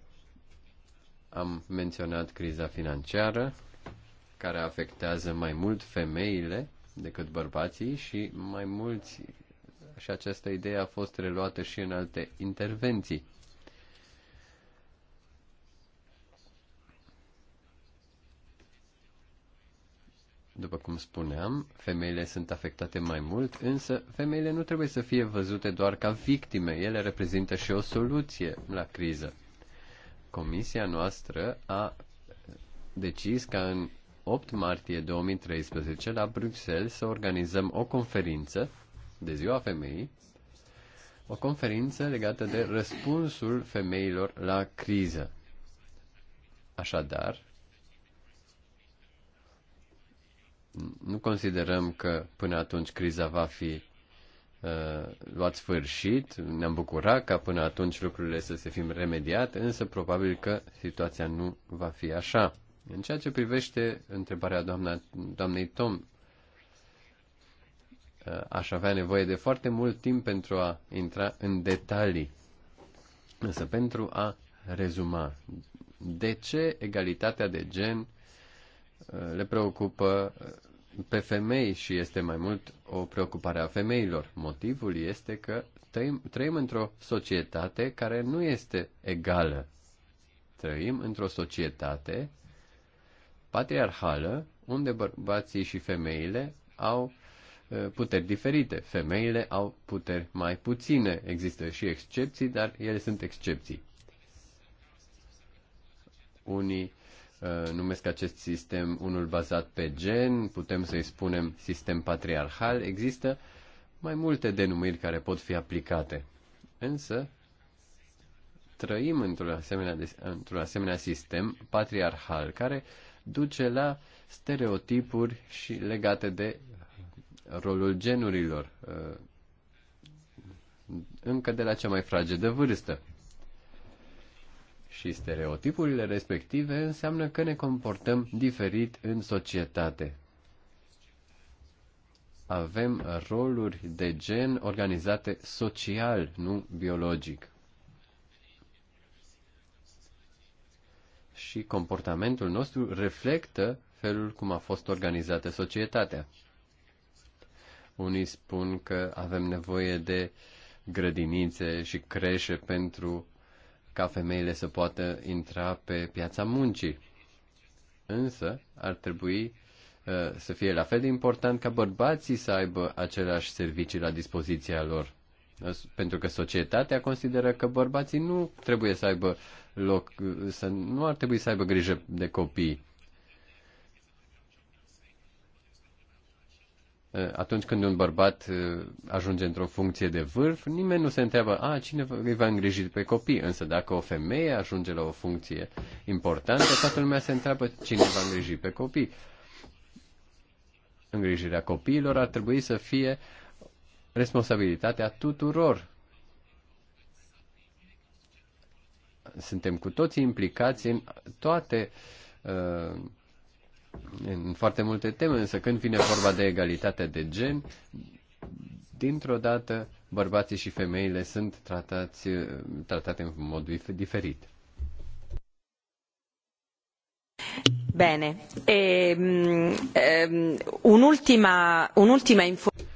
Am menționat criza financiară, care afectează mai mult femeile decât bărbații și mai mulți și această idee a fost reluată și în alte intervenții. După cum spuneam, femeile sunt afectate mai mult, însă femeile nu trebuie să fie văzute doar ca victime, ele reprezintă și o soluție la criză. Comisia noastră a decis ca în 8 martie 2013 la Bruxelles să organizăm o conferință de Ziua Femeii, o conferință legată de răspunsul femeilor la criză. Așadar, nu considerăm că până atunci criza va fi uh, luat sfârșit, ne-am bucurat ca până atunci lucrurile să se fim remediate, însă probabil că situația nu va fi așa. În ceea ce privește întrebarea doamna, doamnei Tom, uh, aș avea nevoie de foarte mult timp pentru a intra în detalii. Însă pentru a rezuma, de ce egalitatea de gen le preocupă pe femei și este mai mult o preocupare a femeilor. Motivul este că trăim, trăim într-o societate care nu este egală. Trăim într-o societate patriarhală unde bărbații și femeile au uh, puteri diferite. Femeile au puteri mai puține. Există și excepții, dar ele sunt excepții. Unii Uh, numesc acest sistem unul bazat pe gen, putem să-i spunem sistem patriarhal, există mai multe denumiri care pot fi aplicate. Însă, trăim într-un asemenea, într asemenea sistem patriarhal care duce la stereotipuri și legate de rolul genurilor uh, încă de la cea mai fragedă vârstă și stereotipurile respective înseamnă că ne comportăm diferit în societate. Avem roluri de gen organizate social, nu biologic. Și comportamentul nostru reflectă felul cum a fost organizată societatea. Unii spun că avem nevoie de grădinițe și creșe pentru ca femeile să poată intra pe piața muncii. Însă, ar trebui uh, să fie la fel de important ca bărbații să aibă aceleași servicii la dispoziția lor. Pentru că societatea consideră că bărbații nu trebuie să aibă loc, uh, să nu ar trebui să aibă grijă de copii. Eh, atunci când un bărbat eh, ajunge într-o funcție de vârf, nimeni nu se întreabă, a, cine îi va îngriji pe copii? Însă dacă o femeie ajunge la o funcție importantă, toată lumea se întreabă cine va îngriji pe copii. Îngrijirea copiilor ar trebui să fie responsabilitatea tuturor. Suntem cu toții implicați în toate uh, în foarte multe teme, însă când vine vorba de egalitate de gen, dintr-o dată bărbații și femeile sunt tratați, tratate în mod diferit. Bine. E, um, ehm, un'ultima, un'ultima informație.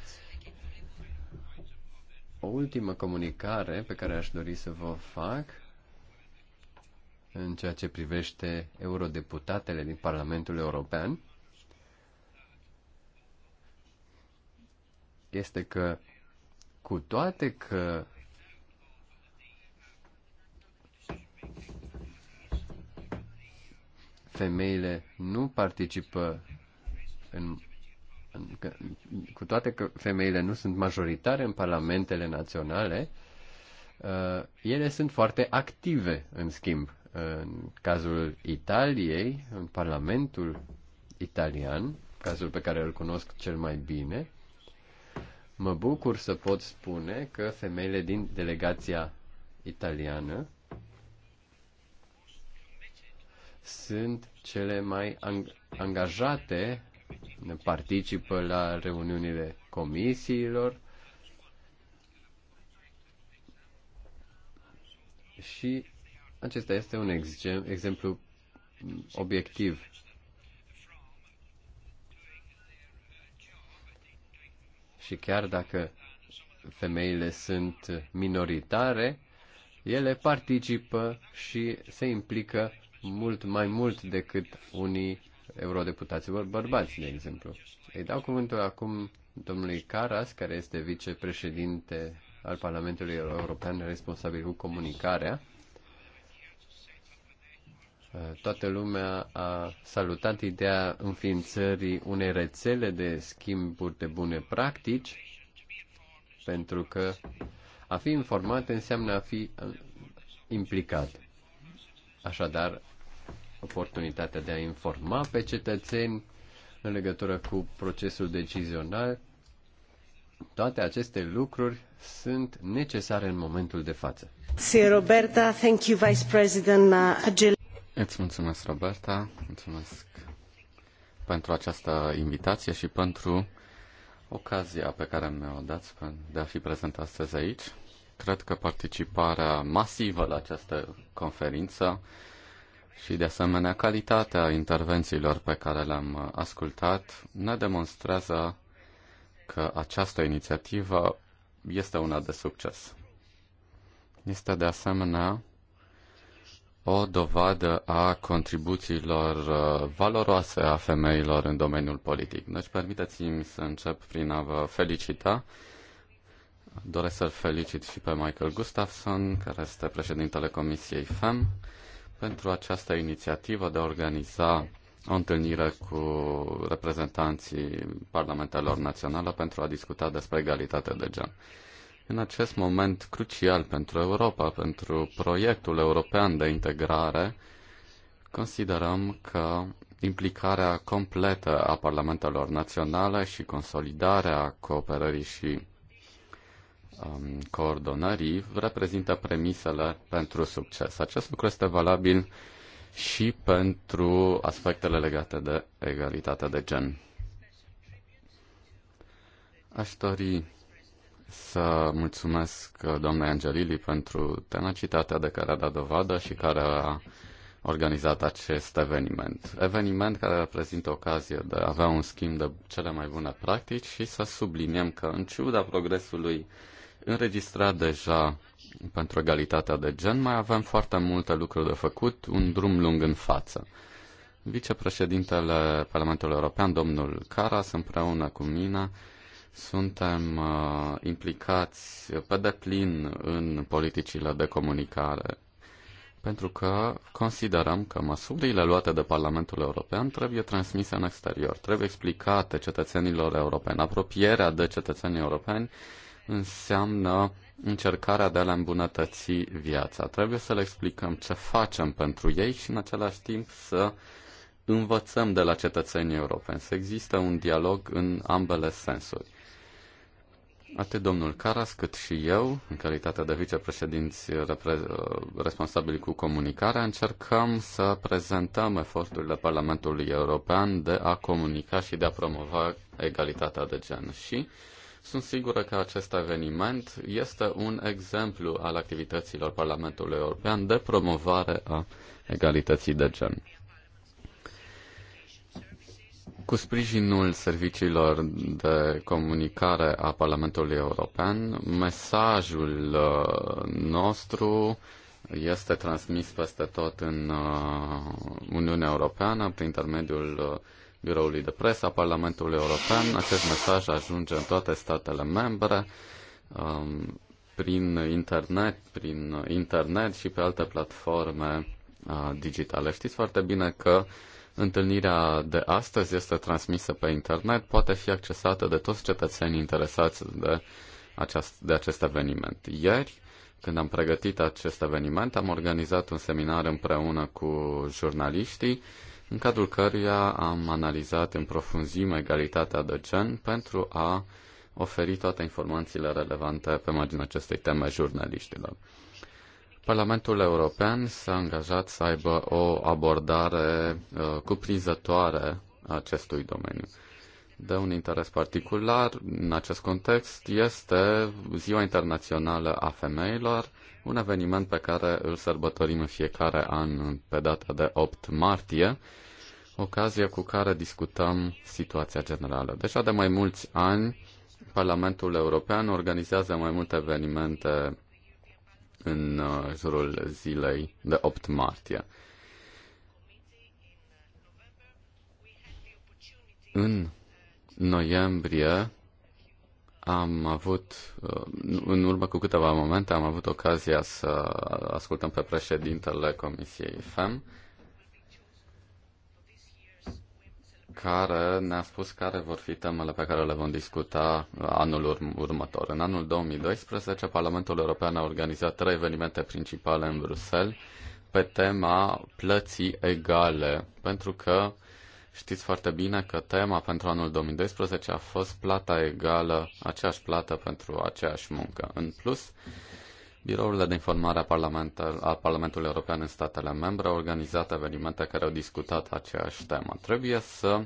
O ultimă comunicare pe care aș dori să vă fac în ceea ce privește eurodeputatele din Parlamentul European este că cu toate că femeile nu participă în, în cu toate că femeile nu sunt majoritare în parlamentele naționale, uh, ele sunt foarte active, în schimb, în cazul Italiei, în Parlamentul italian, cazul pe care îl cunosc cel mai bine, mă bucur să pot spune că femeile din delegația italiană sunt cele mai angajate, participă la reuniunile comisiilor și acesta este un exemplu obiectiv. Și chiar dacă femeile sunt minoritare, ele participă și se implică mult mai mult decât unii eurodeputați bărbați, de exemplu. Îi dau cuvântul acum domnului Caras, care este vicepreședinte al Parlamentului European responsabil cu comunicarea Toată lumea a salutat ideea înființării unei rețele de schimburi de bune practici, pentru că a fi informat înseamnă a fi uh, implicat. Așadar, oportunitatea de a informa pe cetățeni în legătură cu procesul decizional, toate aceste lucruri sunt necesare în momentul de față. Roberta, thank you, Vice President uh, Agile. Îți mulțumesc, Roberta, mulțumesc pentru această invitație și pentru ocazia pe care mi-o dați de a fi prezent astăzi aici. Cred că participarea masivă la această conferință și, de asemenea, calitatea intervențiilor pe care le-am ascultat ne demonstrează că această inițiativă este una de succes. Este, de asemenea, o dovadă a contribuțiilor uh, valoroase a femeilor în domeniul politic. Deci permiteți-mi să încep prin a vă felicita. Doresc să-l felicit și pe Michael Gustafson, care este președintele Comisiei FEM, pentru această inițiativă de a organiza o întâlnire cu reprezentanții parlamentelor naționale pentru a discuta despre egalitatea de gen. În acest moment crucial pentru Europa, pentru proiectul european de integrare, considerăm că implicarea completă a parlamentelor naționale și consolidarea cooperării și um, coordonării reprezintă premisele pentru succes. Acest lucru este valabil și pentru aspectele legate de egalitatea de gen. Aș dori să mulțumesc uh, doamnei Angelili pentru tenacitatea de care a dat dovadă și care a organizat acest eveniment. Eveniment care reprezintă ocazie de a avea un schimb de cele mai bune practici și să subliniem că, în ciuda progresului înregistrat deja pentru egalitatea de gen, mai avem foarte multe lucruri de făcut, un drum lung în față. Vicepreședintele Parlamentului European, domnul Caras, împreună cu mine, suntem uh, implicați pe deplin în politicile de comunicare, pentru că considerăm că măsurile luate de Parlamentul European trebuie transmise în exterior, trebuie explicate cetățenilor europeni. Apropierea de cetățenii europeni înseamnă încercarea de a le îmbunătăți viața. Trebuie să le explicăm ce facem pentru ei și în același timp să învățăm de la cetățenii europeni, să există un dialog în ambele sensuri. Atât domnul Caras cât și eu, în calitatea de vicepreședinți responsabili cu comunicarea, încercăm să prezentăm eforturile Parlamentului European de a comunica și de a promova egalitatea de gen. Și sunt sigură că acest eveniment este un exemplu al activităților Parlamentului European de promovare a egalității de gen. Cu sprijinul serviciilor de comunicare a Parlamentului European, mesajul uh, nostru este transmis peste tot în uh, Uniunea Europeană prin intermediul uh, biroului de presă a Parlamentului European. Acest mesaj ajunge în toate statele membre um, prin internet, prin internet și pe alte platforme digitale. Știți foarte bine că uh, Întâlnirea de astăzi este transmisă pe internet, poate fi accesată de toți cetățenii interesați de, aceast, de acest eveniment. Ieri, când am pregătit acest eveniment, am organizat un seminar împreună cu jurnaliștii, în cadrul căruia am analizat în profunzime egalitatea de gen pentru a oferi toate informațiile relevante pe marginea acestei teme jurnaliștilor. Parlamentul European s-a angajat să aibă o abordare uh, cuprinzătoare a acestui domeniu. De un interes particular în acest context este Ziua Internațională a Femeilor, un eveniment pe care îl sărbătorim în fiecare an pe data de 8 martie, ocazie cu care discutăm situația generală. Deja de mai mulți ani, Parlamentul European organizează mai multe evenimente în uh, jurul zilei de 8 martie. În noiembrie am avut, uh, în urmă cu câteva momente, am avut ocazia să ascultăm pe președintele Comisiei FEM care ne-a spus care vor fi temele pe care le vom discuta anul urm- următor. În anul 2012, Parlamentul European a organizat trei evenimente principale în Bruxelles pe tema plății egale, pentru că știți foarte bine că tema pentru anul 2012 a fost plata egală, aceeași plată pentru aceeași muncă. În plus, Birourile de informare a, Parlament, a Parlamentului European în statele membre au organizat evenimente care au discutat aceeași temă. Trebuie să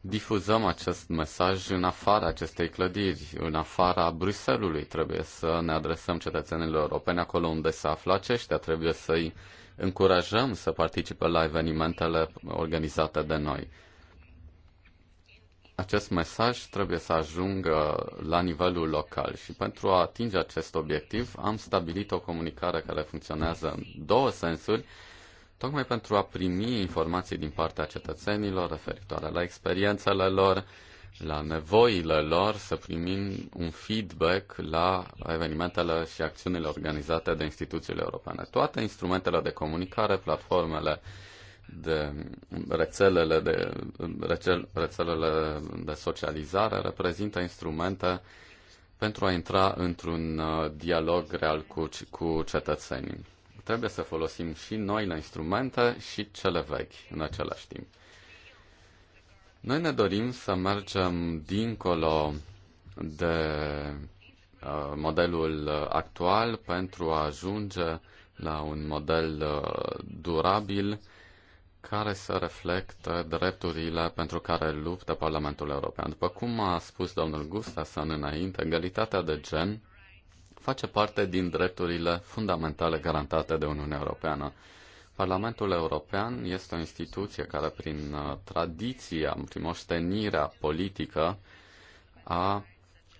difuzăm acest mesaj în afara acestei clădiri, în afara Bruselului. Trebuie să ne adresăm cetățenilor europeni acolo unde se află aceștia. Trebuie să-i încurajăm să participe la evenimentele organizate de noi acest mesaj trebuie să ajungă la nivelul local și pentru a atinge acest obiectiv am stabilit o comunicare care funcționează în două sensuri, tocmai pentru a primi informații din partea cetățenilor referitoare la experiențele lor, la nevoile lor, să primim un feedback la evenimentele și acțiunile organizate de instituțiile europene. Toate instrumentele de comunicare, platformele uh, de rețelele de, rețelele de socializare reprezintă instrumente pentru a intra într-un uh, dialog real cu, cu cetățenii. Trebuie să folosim și noile instrumente și cele vechi în același timp. Noi ne dorim să mergem dincolo de uh, modelul uh, actual pentru a ajunge la un model durabil care să reflecte drepturile pentru care luptă Parlamentul European. După cum a spus domnul Gustafsson înainte, egalitatea de gen face parte din drepturile fundamentale garantate de Uniunea Europeană. Parlamentul European este o instituție care, prin uh, tradiția, prin moștenirea politică, a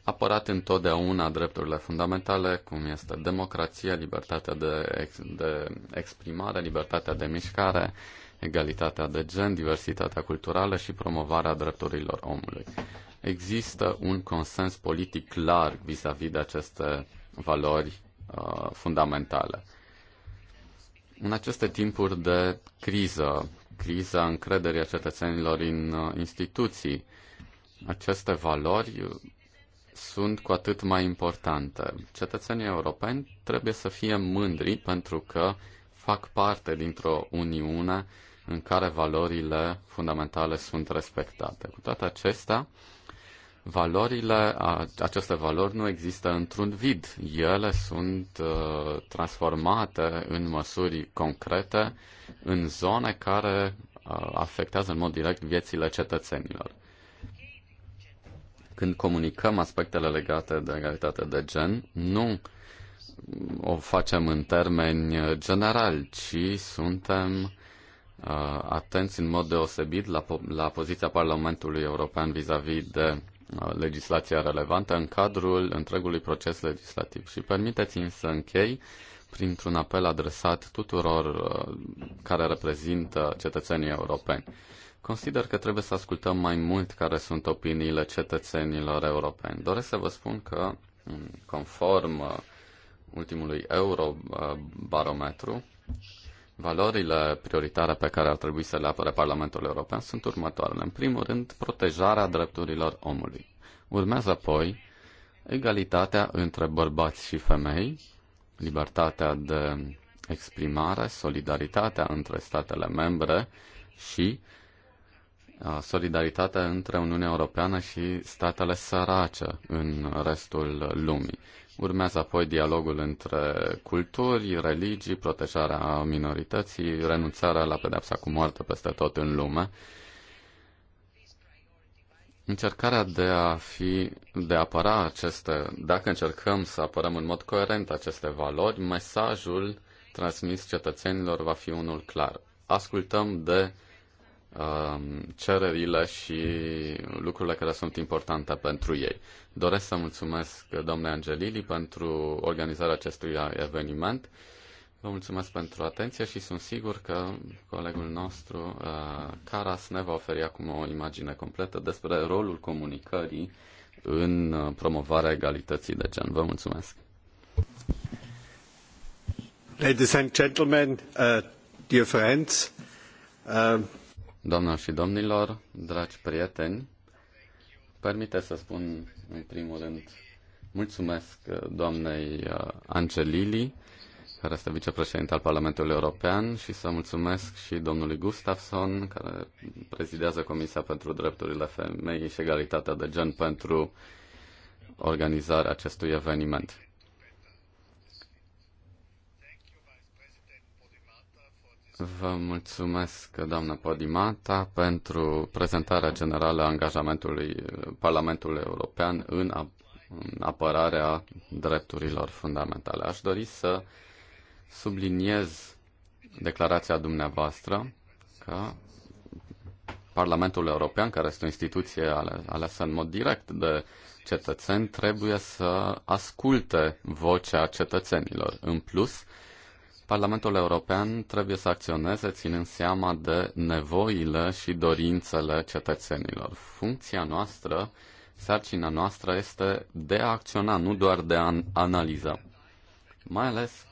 apărat întotdeauna drepturile fundamentale, cum este democrația, libertatea de, ex- de exprimare, libertatea de mișcare, egalitatea de gen, diversitatea culturală și promovarea drepturilor omului. Există un consens politic clar vis-a-vis -vis de aceste valori uh, fundamentale. În aceste timpuri de criză, criza încrederii cetățenilor în uh, instituții, aceste valori sunt cu atât mai importante. Cetățenii europeni trebuie să fie mândri pentru că fac parte dintr-o uniune în care valorile fundamentale sunt respectate. Cu toate acestea, valorile, aceste valori nu există într-un vid. Ele sunt uh, transformate în măsuri concrete în zone care uh, afectează în mod direct viețile cetățenilor. Când comunicăm aspectele legate de egalitate de gen, nu o facem în termeni generali, ci suntem uh, atenți în mod deosebit la, la poziția Parlamentului European vis-a-vis -vis de uh, legislația relevantă în cadrul întregului proces legislativ. Și permiteți-mi să închei printr-un apel adresat tuturor uh, care reprezintă cetățenii europeni. Consider că trebuie să ascultăm mai mult care sunt opiniile cetățenilor europeni. Doresc să vă spun că, conform ultimului eurobarometru, valorile prioritare pe care ar trebui să le apere Parlamentul European sunt următoarele. În primul rând, protejarea drepturilor omului. Urmează apoi egalitatea între bărbați și femei, libertatea de exprimare, solidaritatea între statele membre și solidaritatea între Uniunea Europeană și statele sărace în restul lumii. Urmează apoi dialogul între culturi, religii, protejarea minorității, renunțarea la pedepsa cu moarte peste tot în lume. Încercarea de a fi, de a apăra aceste, dacă încercăm să apărăm în mod coerent aceste valori, mesajul transmis cetățenilor va fi unul clar. Ascultăm de Um, cererile și lucrurile care sunt importante pentru ei. Doresc să mulțumesc domnule Angelili pentru organizarea acestui eveniment. Vă mulțumesc pentru atenție și sunt sigur că colegul nostru, uh, Caras, ne va oferi acum o imagine completă despre rolul comunicării în uh, promovarea egalității de gen. Vă mulțumesc! Ladies and gentlemen, uh, dear friends, uh, Doamnelor și domnilor, dragi prieteni, permite să spun în primul rând mulțumesc uh, doamnei uh, Angelili, care este vicepreședinte al Parlamentului European, și să mulțumesc și domnului Gustafsson, care prezidează Comisia pentru Drepturile Femeii și Egalitatea de Gen pentru organizarea acestui eveniment. Vă mulțumesc, doamnă Podimata, pentru prezentarea generală a angajamentului Parlamentului European în, apărarea drepturilor fundamentale. Aș dori să subliniez declarația dumneavoastră că Parlamentul European, care este o instituție aleasă în mod direct de cetățeni, trebuie să asculte vocea cetățenilor. În plus, Parlamentul European trebuie să acționeze ținând seama de nevoile și dorințele cetățenilor. Funcția noastră, sarcina noastră este de a acționa, nu doar de a analiza. Mai ales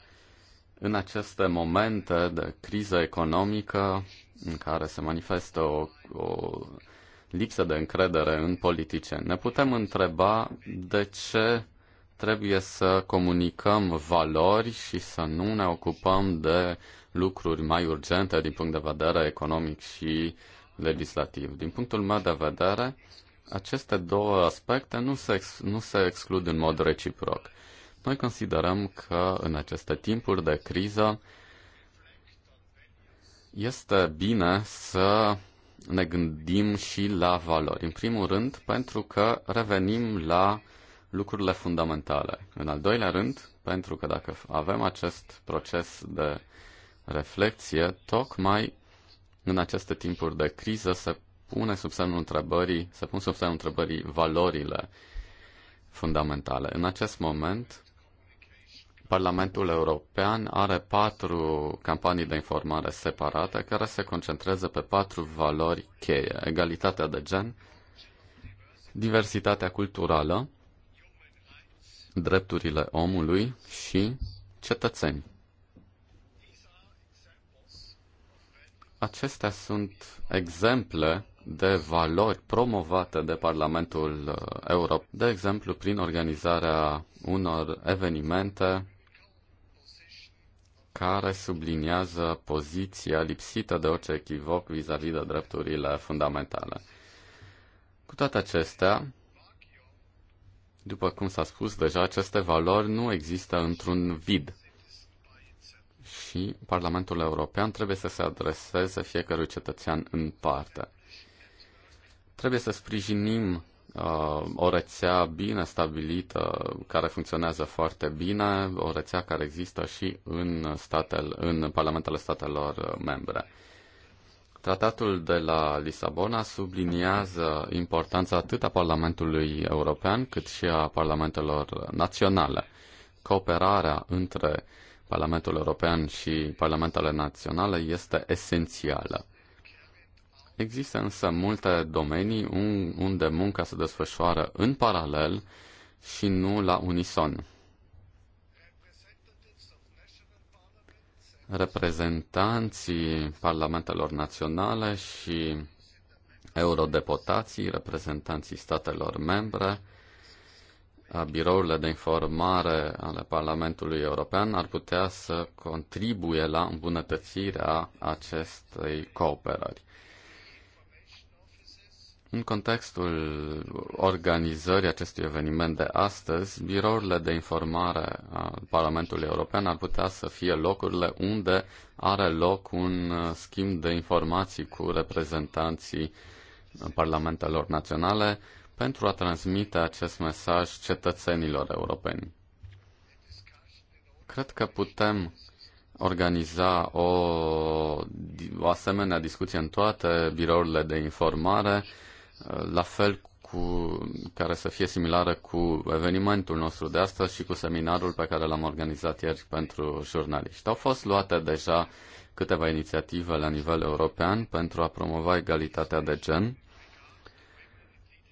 în aceste momente de criză economică în care se manifestă o, o lipsă de încredere în politice. Ne putem întreba de ce trebuie să comunicăm valori și să nu ne ocupăm de lucruri mai urgente din punct de vedere economic și legislativ. Din punctul meu de vedere, aceste două aspecte nu se, ex- nu se exclud în mod reciproc. Noi considerăm că în aceste timpuri de criză este bine să ne gândim și la valori. În primul rând, pentru că revenim la lucrurile fundamentale. În al doilea rând, pentru că dacă avem acest proces de reflexie, tocmai în aceste timpuri de criză se pune sub semnul întrebării, se pun sub semnul întrebării valorile fundamentale. În acest moment, Parlamentul European are patru campanii de informare separate care se concentrează pe patru valori cheie. Egalitatea de gen, diversitatea culturală, drepturile omului și cetățeni. Acestea sunt exemple de valori promovate de Parlamentul uh, Europei, de exemplu prin organizarea unor evenimente care subliniază poziția lipsită de orice echivoc vis-a-vis -vis de drepturile fundamentale. Cu toate acestea, după cum s-a spus deja, aceste valori nu există într-un vid. Și Parlamentul European trebuie să se adreseze fiecărui cetățean în parte. Trebuie să sprijinim uh, o rețea bine stabilită, care funcționează foarte bine, o rețea care există și în, statele, în Parlamentele statelor membre. Tratatul de la Lisabona subliniază importanța atât a Parlamentului European cât și a Parlamentelor naționale. Cooperarea între Parlamentul European și Parlamentele naționale este esențială. Există însă multe domenii unde munca se desfășoară în paralel și nu la unison. reprezentanții parlamentelor naționale și eurodeputații, reprezentanții statelor membre, birourile de informare ale Parlamentului European ar putea să contribuie la îmbunătățirea acestei cooperări. În contextul organizării acestui eveniment de astăzi, birourile de informare a Parlamentului European ar putea să fie locurile unde are loc un uh, schimb de informații cu reprezentanții parlamentelor naționale pentru a transmite acest mesaj cetățenilor europeni. Cred că putem organiza o, o asemenea discuție în toate birourile de informare la fel cu, care să fie similară cu evenimentul nostru de astăzi și cu seminarul pe care l-am organizat ieri pentru jurnaliști. Au fost luate deja câteva inițiative la nivel european pentru a promova egalitatea de gen,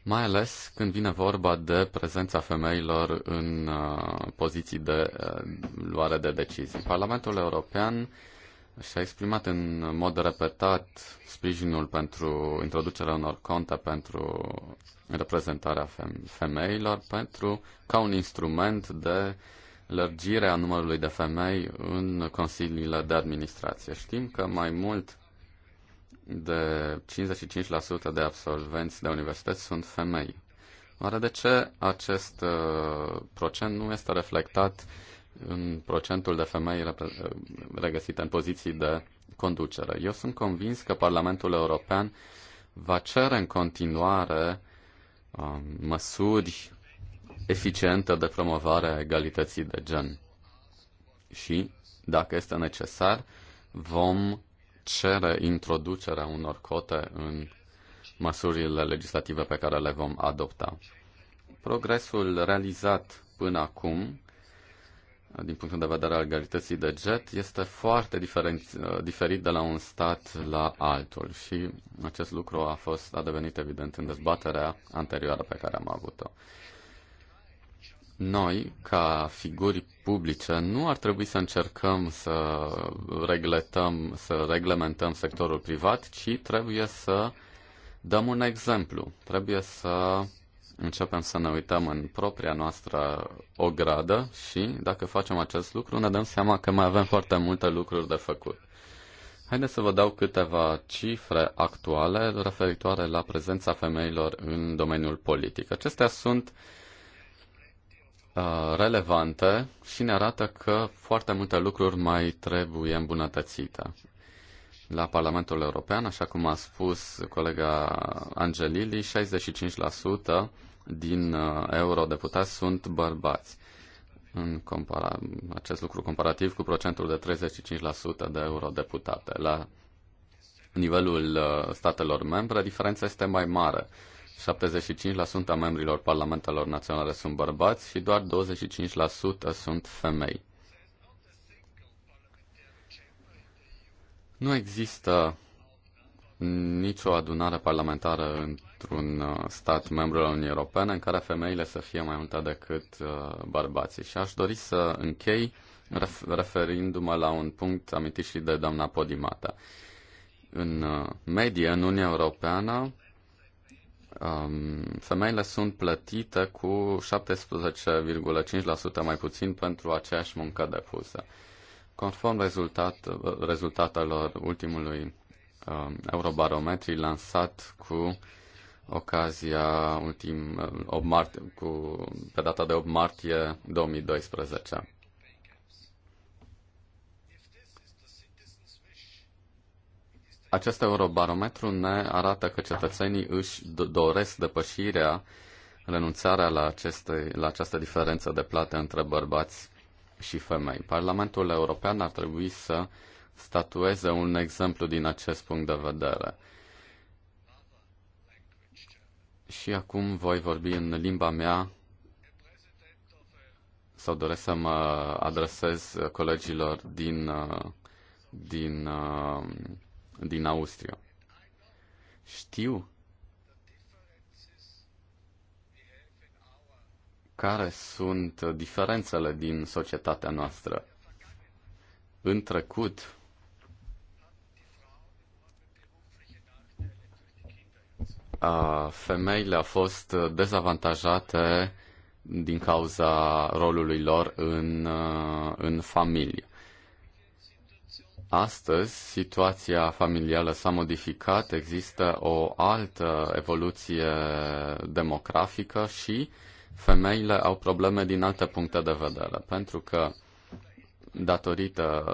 mai ales când vine vorba de prezența femeilor în uh, poziții de uh, luare de decizii. Parlamentul European și-a exprimat în mod repetat sprijinul pentru introducerea unor conte pentru reprezentarea femeilor, pentru ca un instrument de lărgire a numărului de femei în consiliile de administrație. Știm că mai mult de 55% de absolvenți de universități sunt femei. Oare de ce acest uh, procent nu este reflectat uh, în procentul de femei regăsite în poziții de conducere. Eu sunt convins că Parlamentul European va cere în continuare um, măsuri eficientă de promovare a egalității de gen. Și, dacă este necesar, vom cere introducerea unor cote în măsurile legislative pe care le vom adopta. Progresul realizat până acum din punctul de vedere al egalității de jet, este foarte diferit diferit de la un stat la altul și acest lucru a fost a devenit evident în dezbaterea anterioară pe care am avut-o. Noi, ca figuri publice, nu ar trebui să încercăm să regletăm, să reglementăm sectorul privat, ci trebuie să dăm un exemplu. Trebuie să începem să ne uităm în propria noastră ogradă și dacă facem acest lucru ne dăm seama că mai avem foarte multe lucruri de făcut. Haideți să vă dau câteva cifre actuale referitoare la prezența femeilor în domeniul politic. Acestea sunt uh, relevante și ne arată că foarte multe lucruri mai trebuie îmbunătățite. La Parlamentul European, așa cum a spus colega Angelili, 65% din uh, eurodeputați sunt bărbați. În compara- acest lucru comparativ cu procentul de 35% de eurodeputate. La nivelul uh, statelor membre, diferența este mai mare. 75% a membrilor parlamentelor naționale sunt bărbați și doar 25% sunt femei. Nu există nicio adunare parlamentară într-un uh, stat membru al Uniunii Europene în care femeile să fie mai multe decât uh, bărbații. Și aș dori să închei referindu-mă la un punct amintit și de doamna Podimata. În uh, medie, în Uniunea Europeană, um, femeile sunt plătite cu 17,5% mai puțin pentru aceeași muncă depusă. Conform rezultat, rezultatelor ultimului Um, Eurobarometri lansat cu ocazia ultim, 8 uh, martie, cu, pe data de 8 martie 2012. Acest eurobarometru ne arată că cetățenii își doresc depășirea, renunțarea la, aceste, la această diferență de plată între bărbați și femei. Parlamentul European ar trebui să uh, statueze un exemplu din acest punct de vedere. Și acum voi vorbi în limba mea sau doresc să mă adresez colegilor din, din, din Austria. Știu care sunt diferențele din societatea noastră. În trecut, femeile au fost dezavantajate din cauza rolului lor în, în familie. Astăzi, situația familială s-a modificat, există o altă evoluție demografică și femeile au probleme din alte puncte de vedere, pentru că datorită.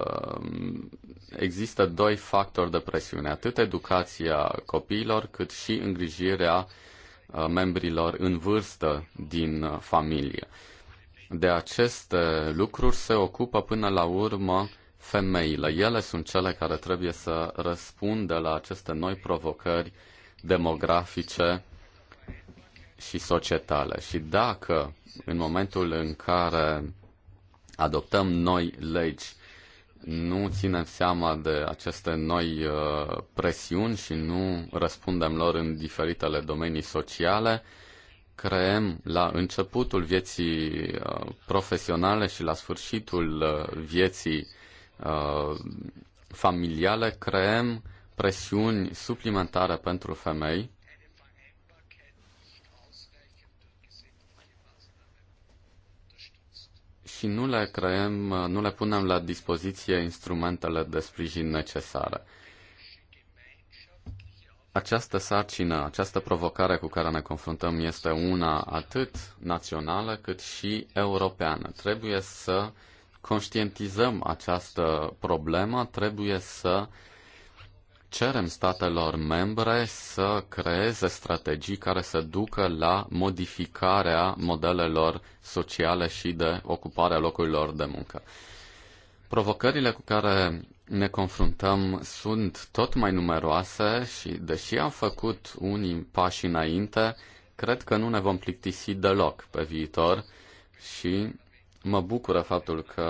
Mm, există doi factori de presiune, atât educația copiilor, cât și îngrijirea uh, membrilor în vârstă din uh, familie. De aceste lucruri se ocupă până la urmă femeile. Ele sunt cele care trebuie să răspundă la aceste noi provocări demografice și societale. Și dacă în momentul în care adoptăm noi legi, nu ținem seama de aceste noi uh, presiuni și nu răspundem lor în diferitele domenii sociale, creăm la începutul vieții uh, profesionale și la sfârșitul uh, vieții familiale, creăm presiuni suplimentare pentru femei și nu le creăm, nu le punem la dispoziție instrumentele de sprijin necesare. Această sarcină, această provocare cu care ne confruntăm este una atât națională cât și europeană. Trebuie să conștientizăm această problemă, trebuie să uh, cerem statelor membre să creeze strategii care să ducă la modificarea modelelor sociale și de ocupare a locurilor de muncă. Provocările cu care ne confruntăm sunt tot mai numeroase și, deși am făcut unii pași înainte, cred că nu ne vom plictisi deloc pe viitor și Mă bucură faptul că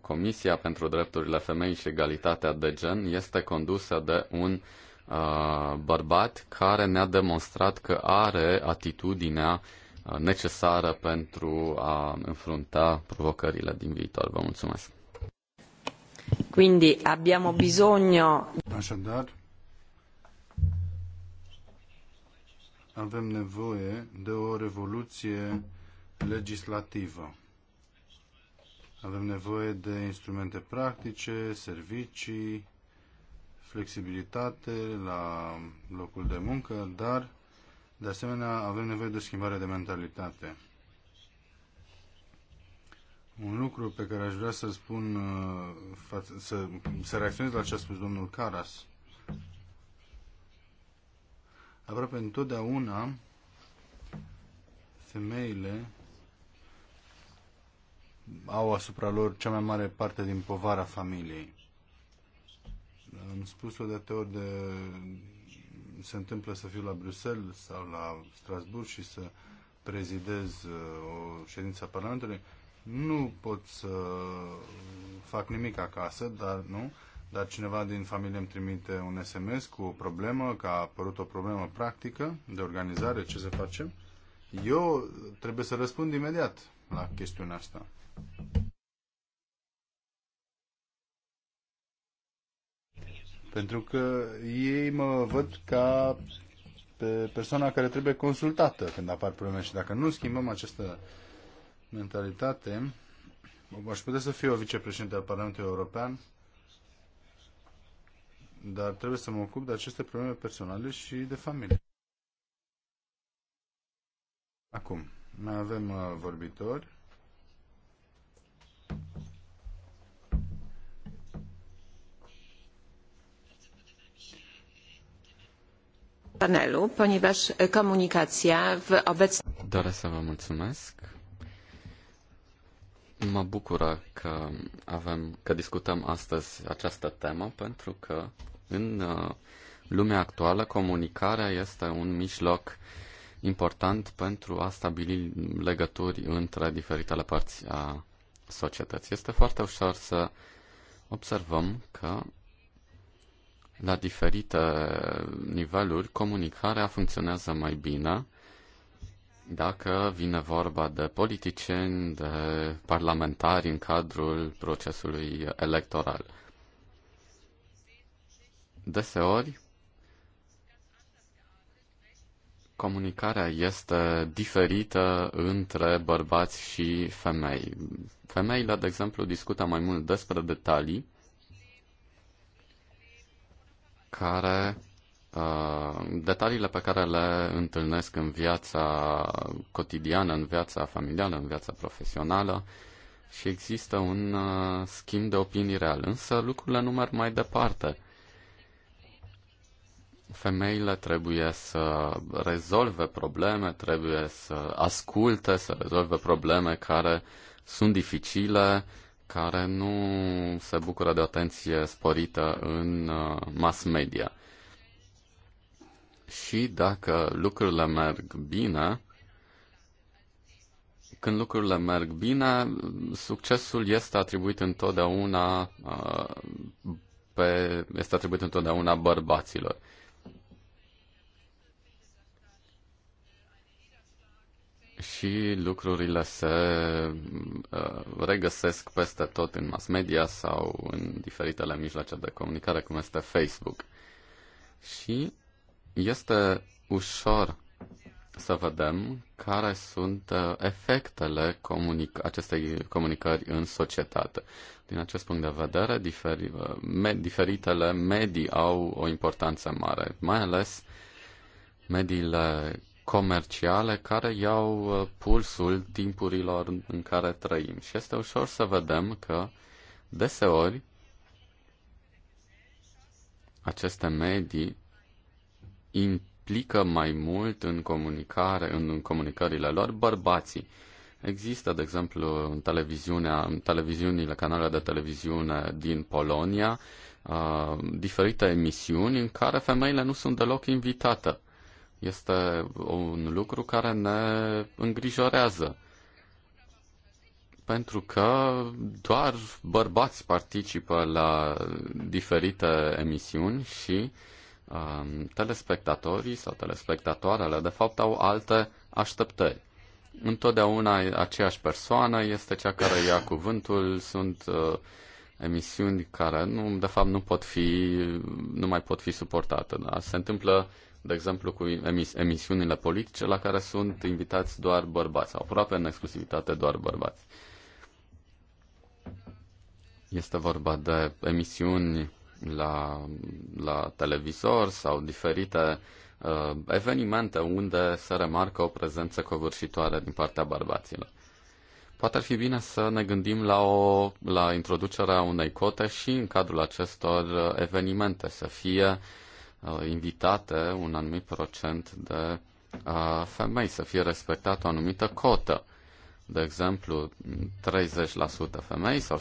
Comisia pentru Drepturile Femei și Egalitatea de Gen este condusă de un uh, bărbat care ne-a demonstrat că are atitudinea uh, necesară pentru a înfrunta provocările din viitor. Vă mulțumesc. Quindi abbiamo bisogno. Așadar, avem nevoie de o revoluție legislativă. Avem nevoie de instrumente practice, servicii, flexibilitate la locul de muncă, dar de asemenea avem nevoie de o schimbare de mentalitate. Un lucru pe care aș vrea să spun, uh, să, să reacționez la ce a spus domnul Caras. Aproape întotdeauna femeile au asupra lor cea mai mare parte din povara familiei. Am spus-o de ori de se întâmplă să fiu la Bruxelles sau la Strasburg și să prezidez uh, o ședință a Parlamentului, nu pot să fac nimic acasă, dar nu, dar cineva din familie îmi trimite un SMS cu o problemă, că a apărut o problemă practică de organizare, ce se face? eu trebuie să răspund imediat la chestiunea asta. Pentru că ei mă văd ca pe persoana care trebuie consultată când apar probleme și dacă nu schimbăm această mentalitate, aș putea să fiu vicepreședinte al Parlamentului European, dar trebuie să mă ocup de aceste probleme personale și de familie. Acum. Mai avem uh, vorbitori. panelu, ponieważ komunikacja w obecnym... Doresc să vă mulțumesc. Mă bucură că, avem, că discutăm astăzi această temă, pentru că în uh, lumea actuală comunicarea este un mijloc uh, important pentru a stabili legături între diferitele părți a societății. Este foarte ușor să observăm că la diferite niveluri comunicarea funcționează mai bine dacă vine vorba de politicieni, de parlamentari în cadrul procesului electoral. Deseori, comunicarea este diferită între bărbați și femei. Femeile, de exemplu, discută mai mult despre detalii care uh, detaliile pe care le întâlnesc în viața cotidiană, în viața familială, în viața profesională și există un uh, schimb de opinii real. Însă lucrurile nu merg mai departe femeile trebuie să rezolve probleme, trebuie să asculte, să rezolve probleme care sunt dificile, care nu se bucură de atenție sporită în uh, mass media. Și dacă lucrurile merg bine, când lucrurile merg bine, succesul este atribuit întotdeauna uh, pe, este atribuit întotdeauna bărbaților. și lucrurile se uh, regăsesc peste tot în mass media sau în diferitele mijloace de comunicare, cum este Facebook. Și este ușor să vedem care sunt uh, efectele comunic- acestei comunicări în societate. Din acest punct de vedere, diferi- uh, me- diferitele medii au o importanță mare, mai ales mediile comerciale care iau uh, pulsul timpurilor în care trăim. Și este ușor să vedem că deseori aceste medii implică mai mult în comunicare, în comunicările lor bărbații. Există, de exemplu, în televiziunea, în televiziunile, canalele de televiziune din Polonia, uh, diferite emisiuni în care femeile nu sunt deloc invitate este un lucru care ne îngrijorează. Pentru că doar bărbați participă la diferite emisiuni și um, telespectatorii sau telespectatoarele, de fapt, au alte așteptări. Întotdeauna aceeași persoană este cea care ia cuvântul, sunt uh, emisiuni care, nu, de fapt, nu pot fi, nu mai pot fi suportate. Da? Se întâmplă de exemplu cu emis- emisiunile politice la care sunt invitați doar bărbați, sau aproape în exclusivitate doar bărbați. Este vorba de emisiuni la, la televizor sau diferite uh, evenimente unde se remarcă o prezență covârșitoare din partea bărbaților. Poate ar fi bine să ne gândim la, o, la introducerea unei cote și în cadrul acestor uh, evenimente, să fie uh, Uh, invitate un anumit procent de uh, femei, să fie respectată o anumită cotă. De exemplu, 30% femei sau 70%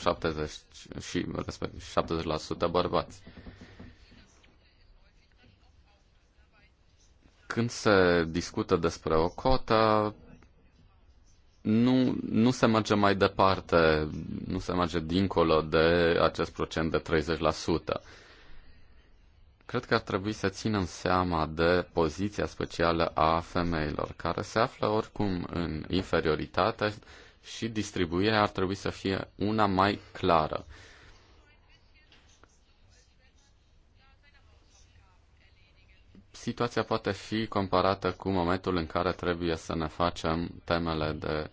și respect, 70% bărbați. Când se discută despre o cotă, nu, nu se merge mai departe, nu se merge dincolo de acest procent de 30%. Cred că ar trebui să ținem seama de poziția specială a femeilor, care se află oricum în inferioritate și distribuirea ar trebui să fie una mai clară. Situația poate fi comparată cu momentul în care trebuie să ne facem temele de uh,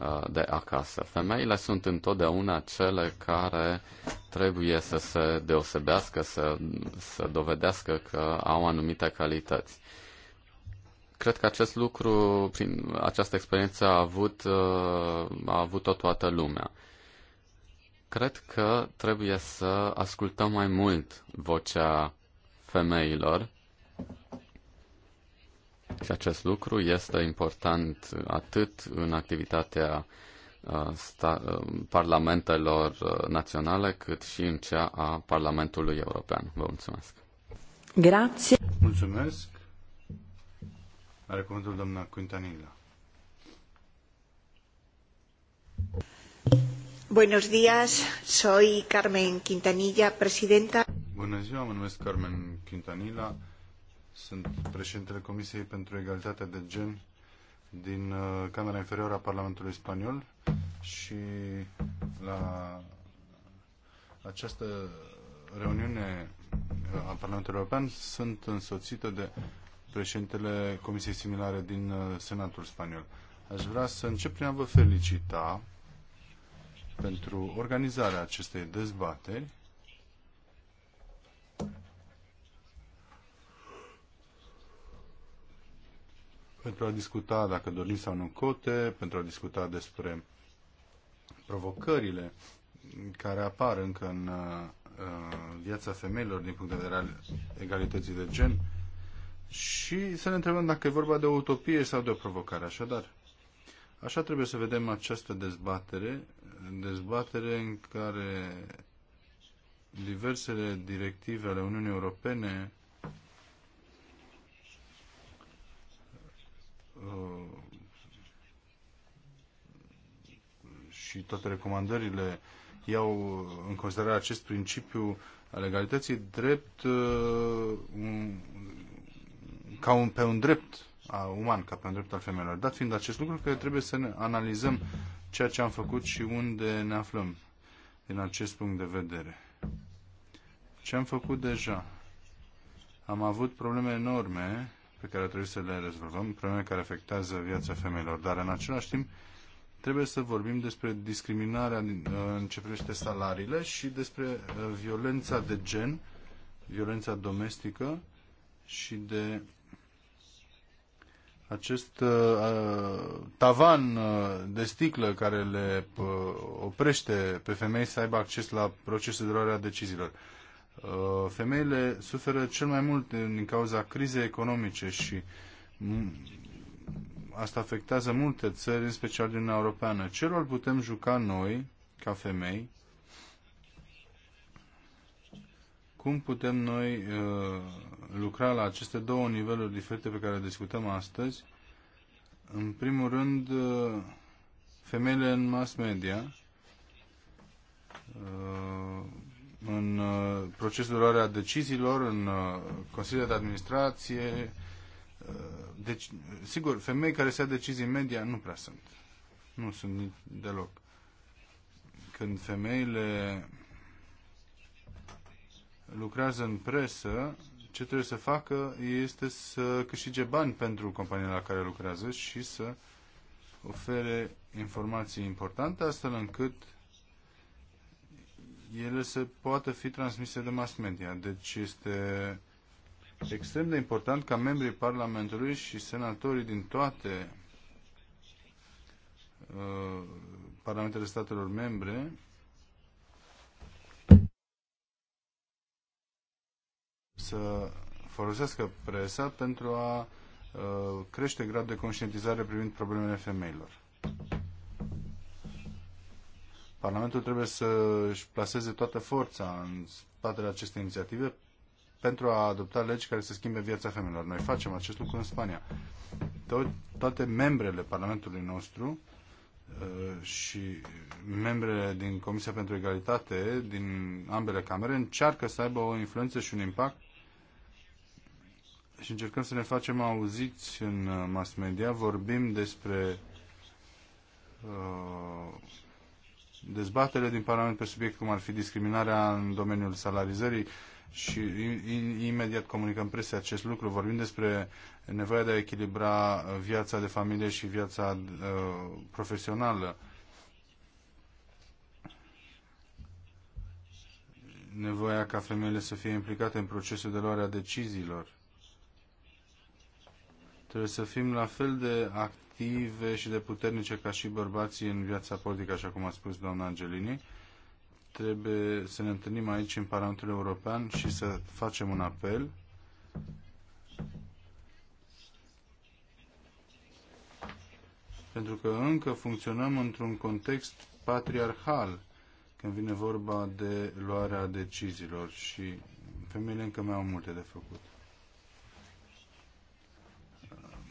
Uh, de acasă. Femeile sunt întotdeauna cele care trebuie să se deosebească, să, să dovedească că au anumite calități. Cred că acest lucru, prin această experiență, a avut, uh, a avut-o toată lumea. Cred că trebuie să ascultăm mai mult vocea femeilor și acest lucru este important atât în activitatea uh, uh, parlamentelor uh, naționale, cât și în cea a Parlamentului European. Vă mulțumesc. Grație. Mulțumesc. Are cuvântul doamna Quintanilla. Buenos días, soy Carmen Quintanilla, presidenta. días. ziua, mă numesc Carmen Quintanilla, sunt președintele Comisiei pentru Egalitatea de Gen din uh, Camera Inferioară a Parlamentului Spaniol și la această reuniune uh, a Parlamentului European sunt însoțită de președintele Comisiei Similare din uh, Senatul Spaniol. Aș vrea să încep prin a vă felicita pentru organizarea acestei dezbateri pentru a discuta dacă dorim sau nu cote, pentru a discuta despre provocările care apar încă în uh, uh, viața femeilor din punct de vedere al egalității de gen și să ne întrebăm dacă e vorba de o utopie sau de o provocare. Așadar, așa trebuie să vedem această dezbatere, dezbatere în care diversele directive ale Uniunii Europene și toate recomandările iau în considerare acest principiu al legalității drept uh, ca un, pe un drept a, uman, ca pe un drept al femeilor. Dat fiind acest lucru, că trebuie să ne analizăm ceea ce am făcut și unde ne aflăm din acest punct de vedere. Ce am făcut deja? Am avut probleme enorme pe care trebuie să le rezolvăm, probleme care afectează viața femeilor, dar în același timp trebuie să vorbim despre discriminarea uh, în ce privește salariile și despre uh, violența de gen, violența domestică și de acest uh, uh, tavan uh, de sticlă care le uh, oprește pe femei să aibă acces la procesul de luare a deciziilor. Uh, femeile suferă cel mai mult din cauza crizei economice și mm, asta afectează multe țări, în special din Europeană. Ce rol putem juca noi, ca femei? Cum putem noi uh, lucra la aceste două niveluri diferite pe care discutăm astăzi? În primul rând, uh, femeile în mass media, în uh, procesul de luare a deciziilor, în uh, Consiliul de Administrație. Uh, deci, sigur, femei care se ia decizii în media nu prea sunt. Nu sunt nici deloc. Când femeile lucrează în presă, ce trebuie să facă este să câștige bani pentru compania la care lucrează și să ofere informații importante, astfel încât uh, ele să poată fi transmise de mass media. Deci este extrem de important ca membrii Parlamentului și senatorii din toate uh, Parlamentele statelor membre să folosească presa pentru a uh, crește gradul de conștientizare privind problemele femeilor. Parlamentul trebuie să își plaseze toată forța în spatele acestei inițiative pentru a adopta legi care să schimbe viața femeilor. Noi facem acest lucru în Spania. Tot, toate membrele Parlamentului nostru uh, și membrele din Comisia pentru Egalitate din ambele camere încearcă să aibă o influență și un impact și încercăm să ne facem auziți în uh, mass media. Vorbim despre uh, dezbaterile din Parlament pe subiect cum ar fi discriminarea în domeniul salarizării și imediat comunicăm presei acest lucru. Vorbim despre nevoia de a echilibra viața de familie și viața uh, profesională. Nevoia ca femeile să fie implicate în procesul de luare a deciziilor. Trebuie să fim la fel de activi active și de puternice ca și bărbații în viața politică, așa cum a spus doamna Angelini. Trebuie să ne întâlnim aici în Parlamentul European și să facem un apel pentru că încă funcționăm într-un context patriarhal când vine vorba de luarea deciziilor și femeile încă mai au multe de făcut.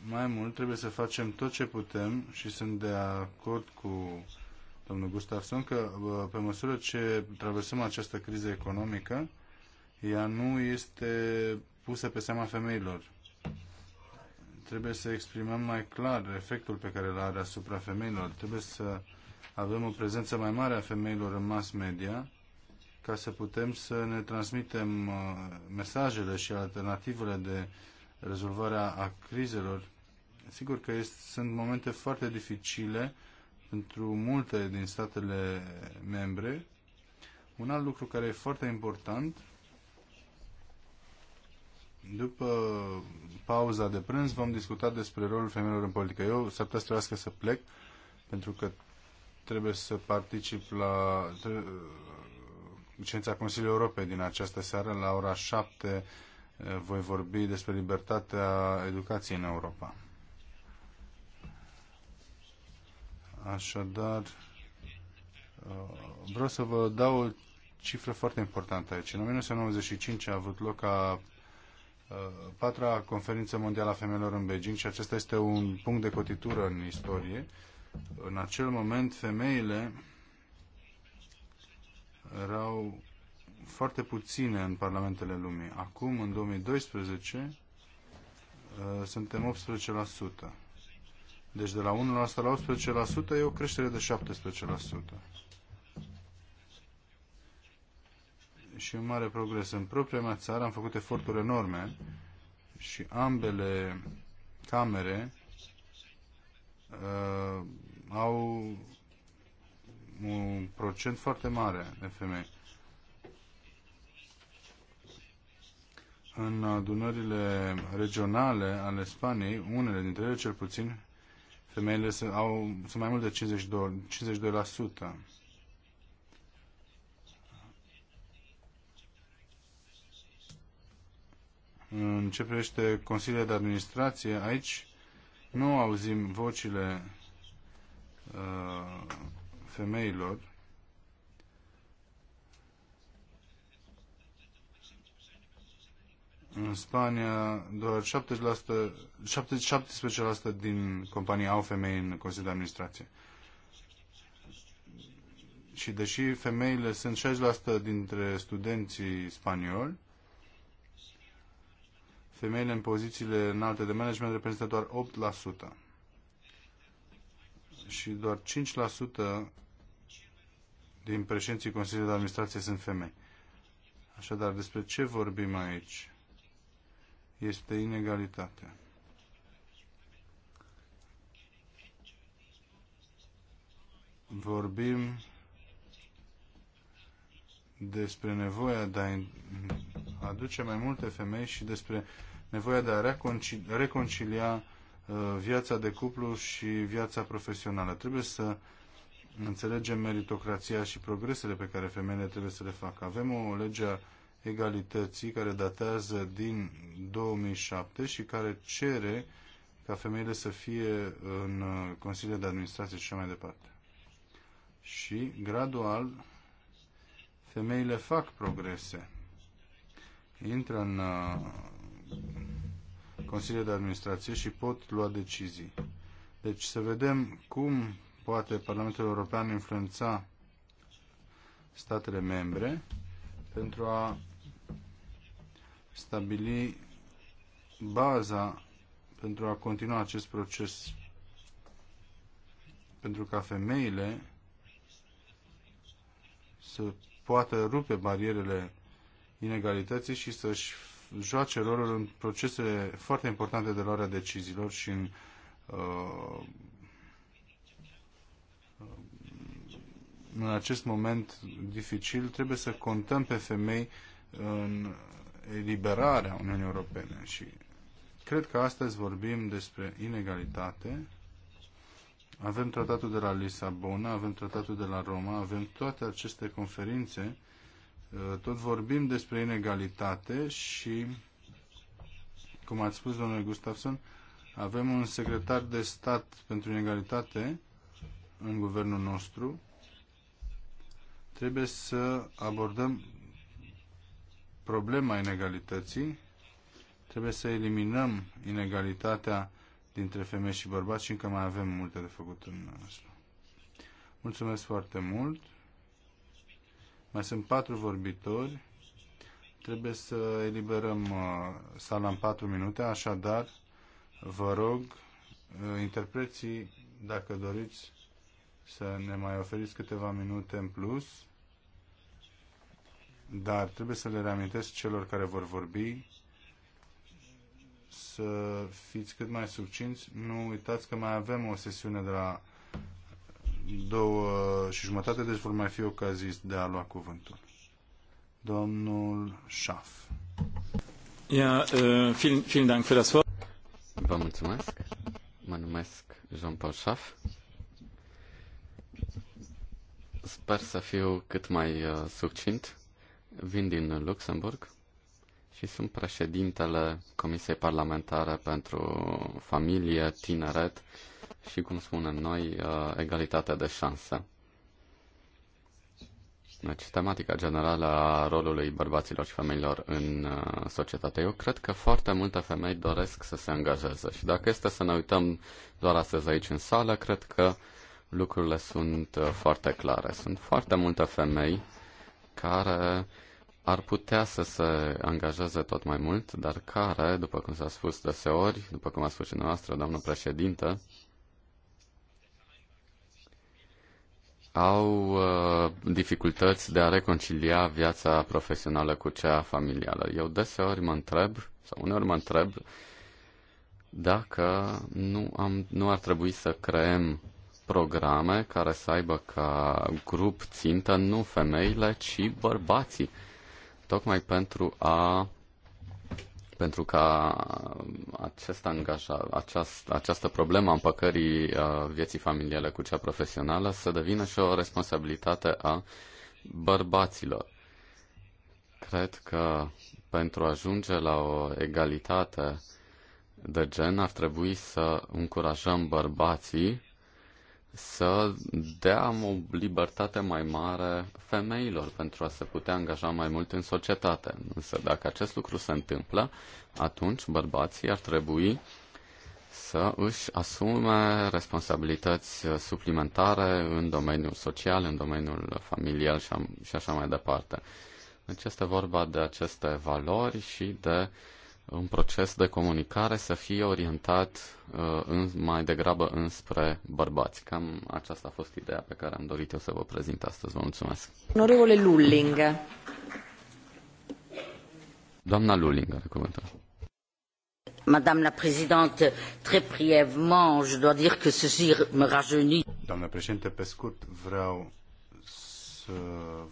Mai mult, trebuie să facem tot ce putem și sunt de acord cu domnul Gustafson că pe măsură ce traversăm această criză economică, ea nu este pusă pe seama femeilor. Trebuie să exprimăm mai clar efectul pe care îl are asupra femeilor. Trebuie să avem o prezență mai mare a femeilor în mass media ca să putem să ne transmitem uh, mesajele și alternativele de rezolvarea a crizelor Sigur că este, sunt momente foarte dificile pentru multe din statele membre. Un alt lucru care e foarte important, după pauza de prânz vom discuta despre rolul femeilor în politică. Eu s-ar putea să trebuiască să plec, pentru că trebuie să particip la licența Consiliului Europei din această seară, la ora 7 eh, voi vorbi despre libertatea educației în Europa. Așadar, uh, vreau să vă dau o cifră foarte importantă aici. În 1995 a avut loc a uh, patra conferință mondială a femeilor în Beijing și acesta este un punct de cotitură în istorie. În acel moment, femeile erau foarte puține în parlamentele lumii. Acum, în 2012, uh, suntem 18%. Deci de la 1% la 18% e o creștere de 17%. Și un mare progres. În propria mea țară am făcut eforturi enorme și ambele camere uh, au un procent foarte mare de femei. În adunările regionale ale Spaniei, unele dintre ele cel puțin, Femeile sunt, au, sunt mai mult de 52, 52%. În ce privește Consiliul de Administrație, aici nu auzim vocile uh, femeilor În Spania, doar 70%, 17% din companii au femei în Consiliul de Administrație. Și deși femeile sunt 60% dintre studenții spanioli, femeile în pozițiile înalte de management reprezintă doar 8% și doar 5% din președinții Consiliului de Administrație sunt femei. Așadar, despre ce vorbim aici? este inegalitatea. Vorbim despre nevoia de a aduce mai multe femei și despre nevoia de a reconcilia uh, viața de cuplu și viața profesională. Trebuie să înțelegem meritocrația și progresele pe care femeile trebuie să le facă. Avem o lege a egalității care datează din 2007 și care cere ca femeile să fie în uh, Consiliul de Administrație și așa mai departe. Și, gradual, femeile fac progrese. Intră în uh, Consiliul de Administrație și pot lua decizii. Deci să vedem cum poate Parlamentul European influența statele membre pentru a stabili baza pentru a continua acest proces. Pentru ca femeile să poată rupe barierele inegalității și să-și joace rolul în procese foarte importante de luarea deciziilor și în uh, uh, în acest moment dificil trebuie să contăm pe femei în eliberarea Uniunii Europene și cred că astăzi vorbim despre inegalitate. Avem tratatul de la Lisabona, avem tratatul de la Roma, avem toate aceste conferințe, uh, tot vorbim despre inegalitate și, cum ați spus, domnule Gustafsson, avem un secretar de stat pentru inegalitate în guvernul nostru. Trebuie să abordăm problema inegalității. Trebuie să eliminăm inegalitatea dintre femei și bărbați și încă mai avem multe de făcut în asta. Mulțumesc foarte mult. Mai sunt patru vorbitori. Trebuie să eliberăm uh, sala în patru minute, așadar vă rog, uh, interpreții, dacă doriți, să ne mai oferiți câteva minute în plus dar trebuie să le reamintesc celor care vor vorbi să fiți cât mai succinți. Nu uitați că mai avem o sesiune de la două și jumătate, deci vor mai fi ocazii de a lua cuvântul. Domnul Schaff. Ja, vielen, vielen Dank für das Wort. Vă mulțumesc. Mă numesc Jean-Paul Schaff. Sper să fiu cât mai uh, succint. Vin din Luxemburg și sunt președintele Comisiei Parlamentare pentru Familie, Tineret și, cum spunem noi, uh, egalitatea de șanse. Deci, tematica generală a rolului bărbaților și femeilor în uh, societate. Eu cred că foarte multe femei doresc să se angajeze și dacă este să ne uităm doar astăzi aici în sală, cred că lucrurile sunt uh, foarte clare. Sunt foarte multe femei care uh, ar putea să se angajeze tot mai mult, dar care, după cum s-a spus deseori, după cum a spus și noastră, doamnă președintă, au uh, dificultăți de a reconcilia viața profesională cu cea familială. Eu deseori mă întreb, sau uneori mă întreb, dacă nu, am, nu ar trebui să creăm programe care să aibă ca grup țintă nu femeile, ci bărbații tocmai pentru a pentru ca acest angaja, aceast, această problemă a împăcării vieții familiale cu cea profesională să devină și o responsabilitate a bărbaților. Cred că pentru a ajunge la o egalitate de gen ar trebui să încurajăm bărbații să dea o libertate mai mare femeilor pentru a se putea angaja mai mult în societate. Însă dacă acest lucru se întâmplă, atunci bărbații ar trebui să își asume responsabilități suplimentare în domeniul social, în domeniul familial și așa mai departe. Deci este vorba de aceste valori și de uh, un proces de comunicare să fie orientat uh, în, mai degrabă înspre bărbați. Cam aceasta a fost ideea pe care am dorit eu să vă prezint astăzi. Vă mulțumesc. Onorevole Lulling. Doamna Lulling are cuvântul. Madame la Présidente, très brièvement, je dois dire que ceci me rajeunit. Doamna președinte, pe scurt, vreau să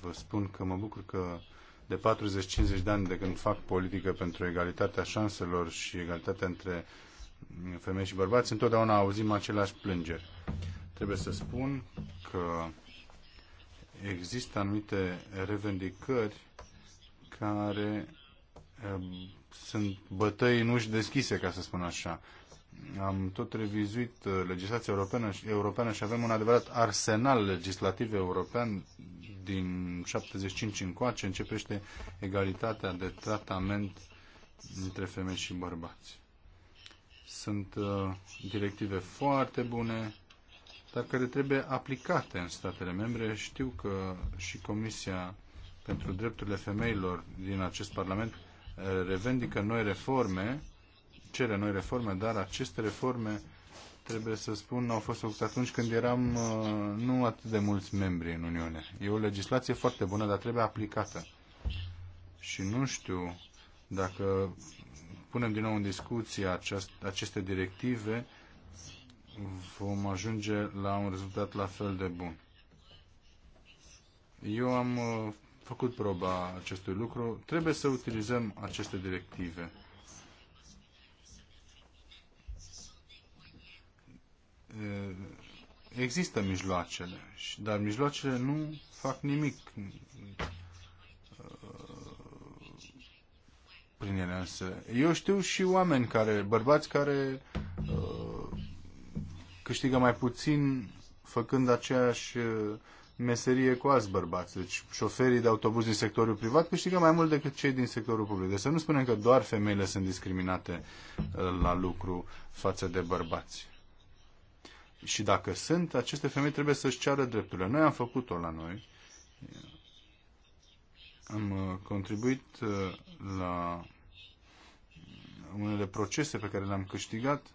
vă spun că mă bucur că de 40-50 de ani de când fac politică pentru egalitatea șanselor și egalitatea între femei și bărbați, întotdeauna auzim aceleași plângeri. Trebuie să spun că există anumite revendicări care eh, sunt bătăi nu și deschise, ca să spun așa. Am tot revizuit uh, legislația europeană, europeană și avem un adevărat arsenal legislativ european din 75 încoace, începește egalitatea de tratament între femei și bărbați. Sunt uh, directive foarte bune, dar care trebuie aplicate în statele membre. Știu că și Comisia pentru Drepturile Femeilor din acest Parlament uh, revendică noi reforme cere noi reforme, dar aceste reforme, trebuie să spun, au fost făcute atunci când eram uh, nu atât de mulți membri în Uniune. E o legislație foarte bună, dar trebuie aplicată. Și nu știu dacă punem din nou în discuție aceast, aceste directive, vom ajunge la un rezultat la fel de bun. Eu am uh, făcut proba acestui lucru. Trebuie să utilizăm aceste directive. există mijloacele, dar mijloacele nu fac nimic prin ele însă. Eu știu și oameni care, bărbați care câștigă mai puțin făcând aceeași meserie cu alți bărbați. Deci șoferii de autobuz din sectorul privat câștigă mai mult decât cei din sectorul public. Deci să nu spunem că doar femeile sunt discriminate la lucru față de bărbați. Și dacă sunt, aceste femei trebuie să-și ceară drepturile. Noi am făcut-o la noi. Am uh, contribuit uh, la unele procese pe care le-am câștigat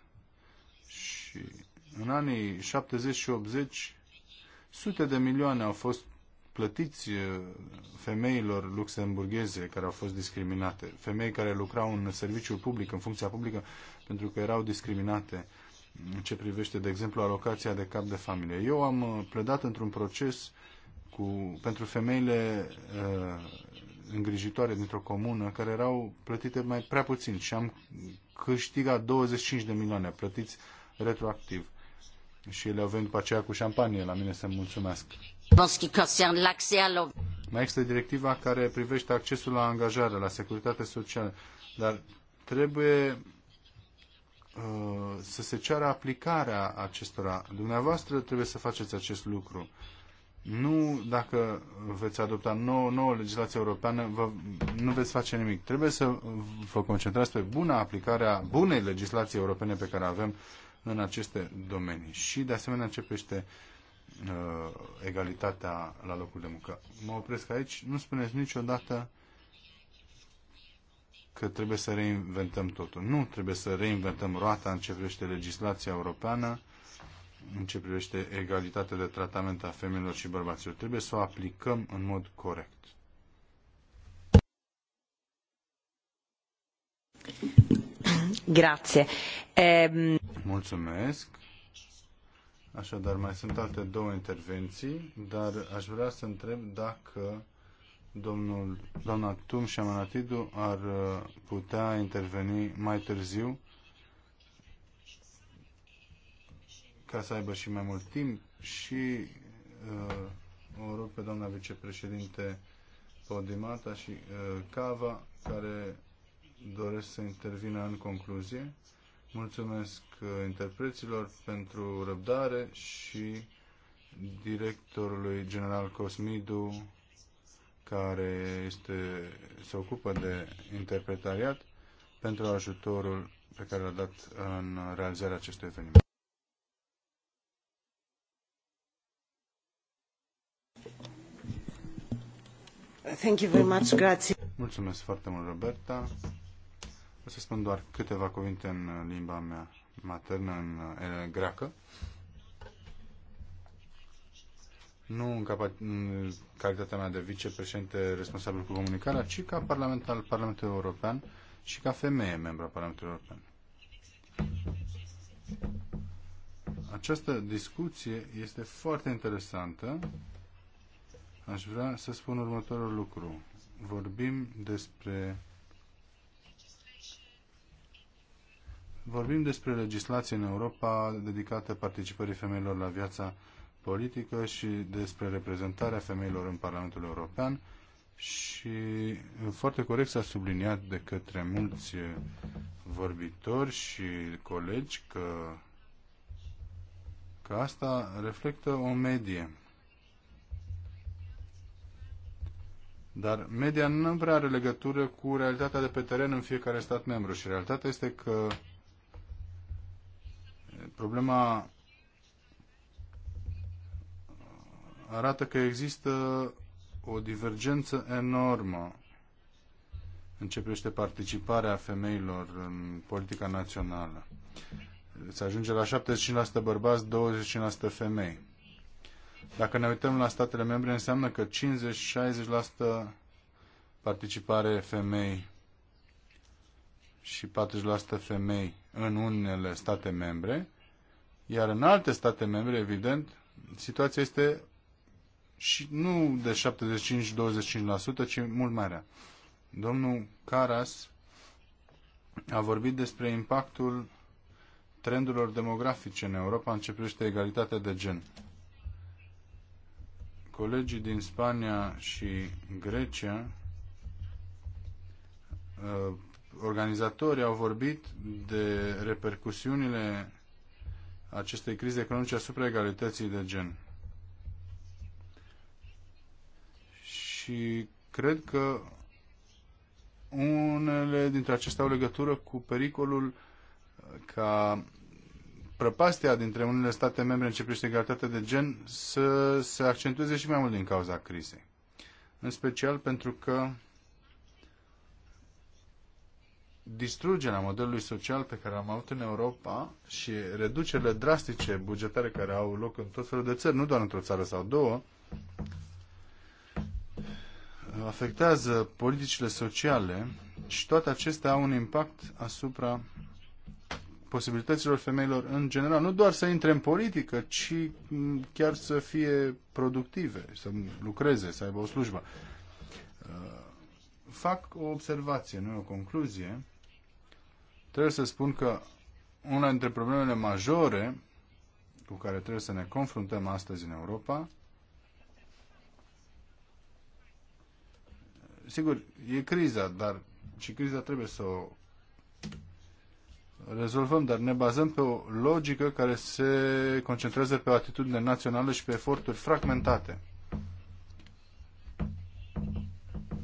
și în anii 70 și 80 sute de milioane au fost plătiți uh, femeilor luxemburgheze care au fost discriminate, femei care lucrau în serviciul public, în funcția publică, pentru că erau discriminate în ce privește, de exemplu, alocația de cap de familie. Eu am uh, pledat într-un proces cu, pentru femeile uh, îngrijitoare dintr-o comună care erau plătite mai prea puțin și am câștigat 25 de milioane plătiți retroactiv. Și ele au venit după aceea cu șampanie la mine să mulțumesc. Mai există directiva care privește accesul la angajare, la securitate socială, dar trebuie Uh, să se ceară aplicarea acestora. Dumneavoastră trebuie să faceți acest lucru. Nu dacă veți adopta nouă, nouă legislație europeană, vă, nu veți face nimic. Trebuie să vă concentrați pe buna aplicarea bunei legislații europene pe care avem în aceste domenii. Și de asemenea începește uh, egalitatea la locul de muncă. Mă opresc aici. Nu spuneți niciodată că trebuie să reinventăm totul. Nu trebuie să reinventăm roata în ce privește legislația europeană, în ce privește egalitatea de tratament a femeilor și bărbaților. Trebuie să o aplicăm în mod corect. Grazie. Um... Mulțumesc. Așadar, mai sunt alte două intervenții, dar aș vrea să întreb dacă domnul, doamna Tum și Amanatidu ar uh, putea interveni mai târziu ca să aibă și mai mult timp și uh, o rog pe doamna vicepreședinte Podimata și uh, Cava care doresc să intervină în concluzie. Mulțumesc uh, interpreților pentru răbdare și directorului general Cosmidu care este, se ocupă de interpretariat pentru ajutorul pe care l-a dat în realizarea acestui eveniment. Thank you very much. Grazie. Mulțumesc foarte mult, Roberta. O să spun doar câteva cuvinte în limba mea maternă, în greacă nu în, capa- în calitatea mea de vicepreședinte responsabil cu comunicarea, ci ca parlament al Parlamentului European și ca femeie membra Parlamentului European. Această discuție este foarte interesantă. Aș vrea să spun următorul lucru. Vorbim despre vorbim despre legislație în Europa dedicată participării femeilor la viața politică și despre reprezentarea femeilor în Parlamentul European și foarte corect s-a subliniat de către mulți vorbitori și colegi că, că asta reflectă o medie. Dar media nu prea are legătură cu realitatea de pe teren în fiecare stat membru și realitatea este că problema arată că există o divergență enormă în ce privește participarea femeilor în politica națională. Se ajunge la 75% bărbați, 25% femei. Dacă ne uităm la statele membre, înseamnă că 50-60% participare femei și 40% femei în unele state membre, iar în alte state membre, evident, situația este și nu de 75-25%, ci mult mai rea. Domnul Caras a vorbit despre impactul trendurilor demografice în Europa în ce privește egalitatea de gen. Colegii din Spania și Grecia, uh, organizatorii au vorbit de repercusiunile acestei crize economice asupra egalității de gen. și cred că unele dintre acestea au legătură cu pericolul ca prăpastia dintre unele state membre în ce privește egalitatea de gen să se accentueze și mai mult din cauza crizei. În special pentru că distrugerea modelului social pe care am avut în Europa și reducerile drastice bugetare care au loc în tot felul de țări, nu doar într-o țară sau două, afectează politicile sociale și toate acestea au un impact asupra posibilităților femeilor în general. Nu doar să intre în politică, ci chiar să fie productive, să lucreze, să aibă o slujbă. Uh, fac o observație, nu o concluzie. Trebuie să spun că una dintre problemele majore cu care trebuie să ne confruntăm astăzi în Europa sigur, e criza, dar și criza trebuie să o rezolvăm, dar ne bazăm pe o logică care se concentrează pe o atitudine națională și pe eforturi fragmentate.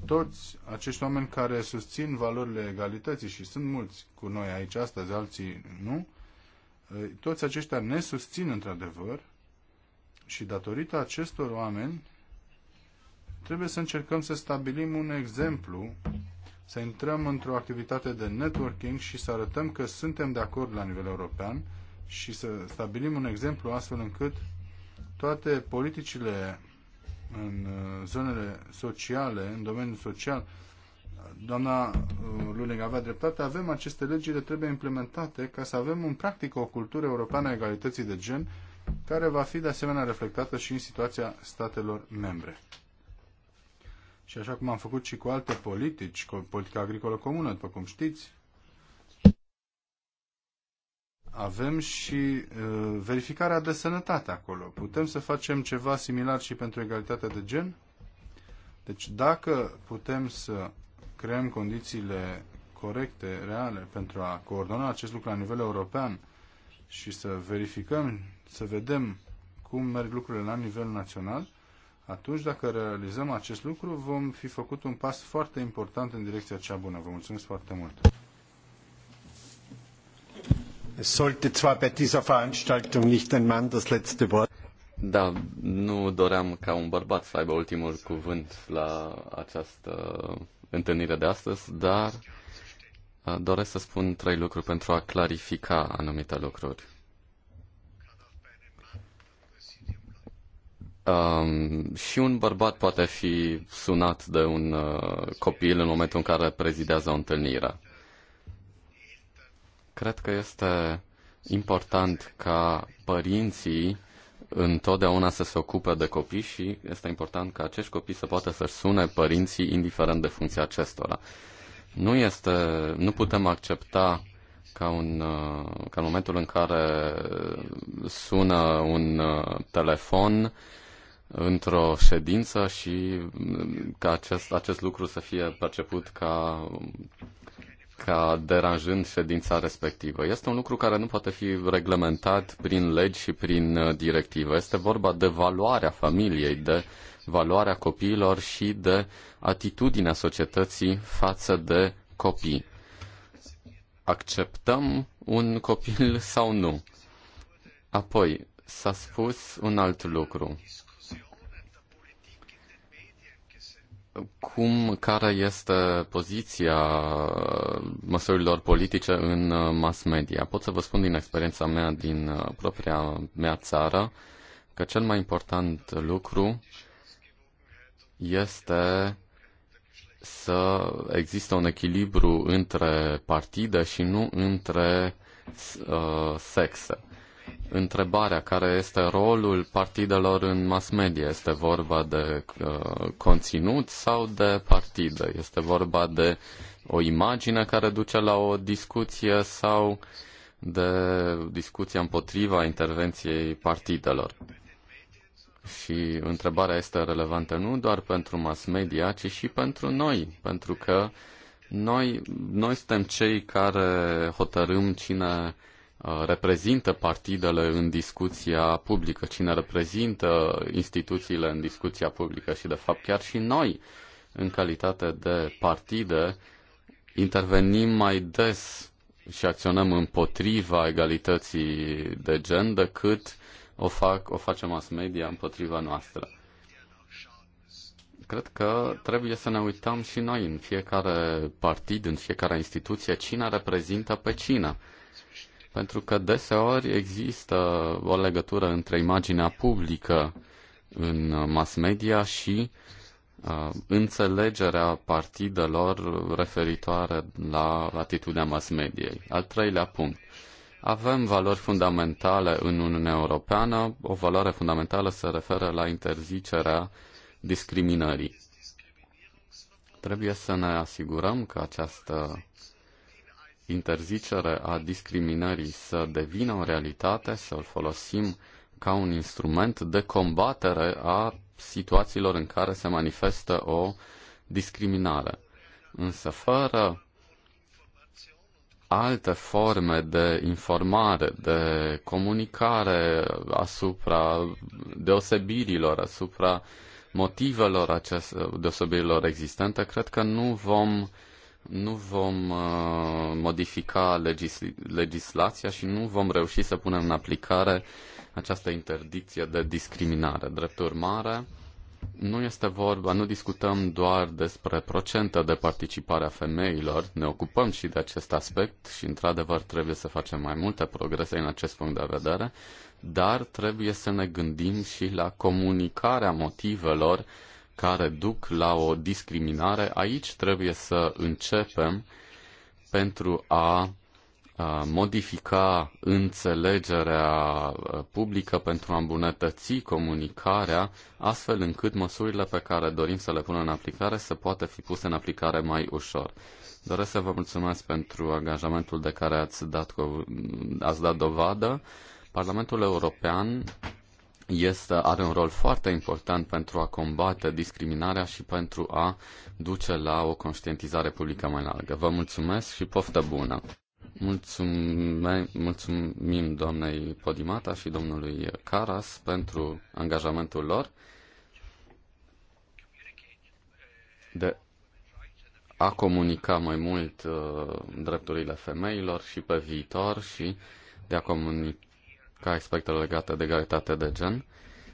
Toți acești oameni care susțin valorile egalității și sunt mulți cu noi aici astăzi, alții nu, eh, toți aceștia ne susțin într-adevăr și datorită acestor oameni trebuie să încercăm să stabilim un exemplu, să intrăm într-o activitate de networking și să arătăm că suntem de acord la nivel european și să stabilim un exemplu astfel încât toate politicile în uh, zonele sociale, în domeniul social, doamna uh, Luling avea dreptate, avem aceste legi, de trebuie implementate ca să avem în practică o cultură europeană a egalității de gen care va fi de asemenea reflectată și în situația statelor membre și așa cum am făcut și cu alte politici, cu politica agricolă comună, după cum știți, avem și uh, verificarea de sănătate acolo. Putem să facem ceva similar și pentru egalitatea de gen? Deci dacă putem să creăm condițiile corecte, reale, pentru a coordona acest lucru la nivel european și să verificăm, să vedem cum merg lucrurile la nivel național, atunci dacă realizăm acest lucru, vom fi făcut un pas foarte important în direcția cea bună. Vă mulțumesc foarte mult! Es sollte zwar bei dieser Veranstaltung nicht ein Mann das letzte Wort. Da, nu doream ca un bărbat să aibă ultimul cuvânt la această întâlnire de astăzi, dar doresc să spun trei lucruri pentru a clarifica anumite lucruri. Um, și un bărbat poate fi sunat de un uh, copil în momentul în care prezidează o întâlnire. Cred că este important ca părinții întotdeauna să se ocupe de copii și este important ca acești copii să poată să-și sune părinții indiferent de funcția acestora. Nu, este, nu putem accepta ca, un, uh, ca în momentul în care sună un uh, telefon, într-o ședință și mm, ca acest, acest lucru să fie perceput ca, ca deranjând ședința respectivă. Este un lucru care nu poate fi reglementat prin legi și prin uh, directivă. Este vorba de valoarea familiei, de valoarea copiilor și de atitudinea societății față de copii. Acceptăm un copil sau nu? Apoi, s-a spus un alt lucru. cum, care este poziția măsurilor politice în uh, mass media. Pot să vă spun din experiența mea, din uh, propria mea țară, că cel mai important lucru este să există un echilibru între partide și nu între uh, sexe. Uh, întrebarea care este rolul partidelor în mass media. Este vorba de uh, conținut sau de partid Este vorba de o imagine care duce la o discuție sau de discuția împotriva intervenției partidelor? Și întrebarea este relevantă nu doar pentru mass media, ci și pentru noi, pentru că noi, noi suntem cei care hotărâm cine Uh, reprezintă partidele în discuția publică, cine reprezintă instituțiile în discuția publică și, de fapt, chiar și noi, în calitate de partide, intervenim mai des și acționăm împotriva egalității de gen decât o, fac, o face mass media împotriva noastră. Cred că trebuie să ne uităm și noi în fiecare partid, în fiecare instituție, cine reprezintă pe cine pentru că deseori există o legătură între imaginea publică în mass media și uh, înțelegerea partidelor referitoare la atitudinea mass mediei. Al treilea punct. Avem valori fundamentale în Uniunea Europeană. O valoare fundamentală se referă la interzicerea discriminării. Trebuie să ne asigurăm că această interzicere a discriminării să devină o realitate, să îl folosim ca un instrument de combatere a situațiilor în care se manifestă o discriminare. Însă fără alte forme de informare, de comunicare asupra deosebirilor, asupra motivelor acestor deosebirilor existente, cred că nu vom nu vom uh, modifica legislația și nu vom reuși să punem în aplicare această interdicție de discriminare. Drept urmare, nu este vorba, nu discutăm doar despre procente de participare a femeilor, ne ocupăm și de acest aspect și, într-adevăr, trebuie să facem mai multe progrese în acest punct de vedere, dar trebuie să ne gândim și la comunicarea motivelor uh, care duc la o discriminare, aici trebuie să începem pentru a modifica înțelegerea publică pentru a îmbunătăți comunicarea, astfel încât măsurile pe care dorim să le punem în aplicare să poată fi puse în aplicare mai ușor. Doresc să vă mulțumesc pentru angajamentul de care ați dat, ați dat dovadă. Parlamentul European este, are un rol foarte important pentru a combate discriminarea și pentru a duce la o conștientizare publică mai largă. Vă mulțumesc și poftă bună! Mulțume, mulțumim doamnei Podimata și domnului Caras pentru angajamentul lor de a comunica mai mult uh, drepturile femeilor și pe viitor și de a comunica ca aspectele legate de egalitate de gen.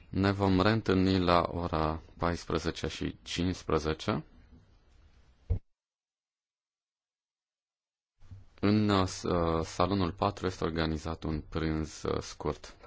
Ne vom reîntâlni la ora 14 și 15. În uh, uh, salonul 4 este organizat un prânz uh, scurt.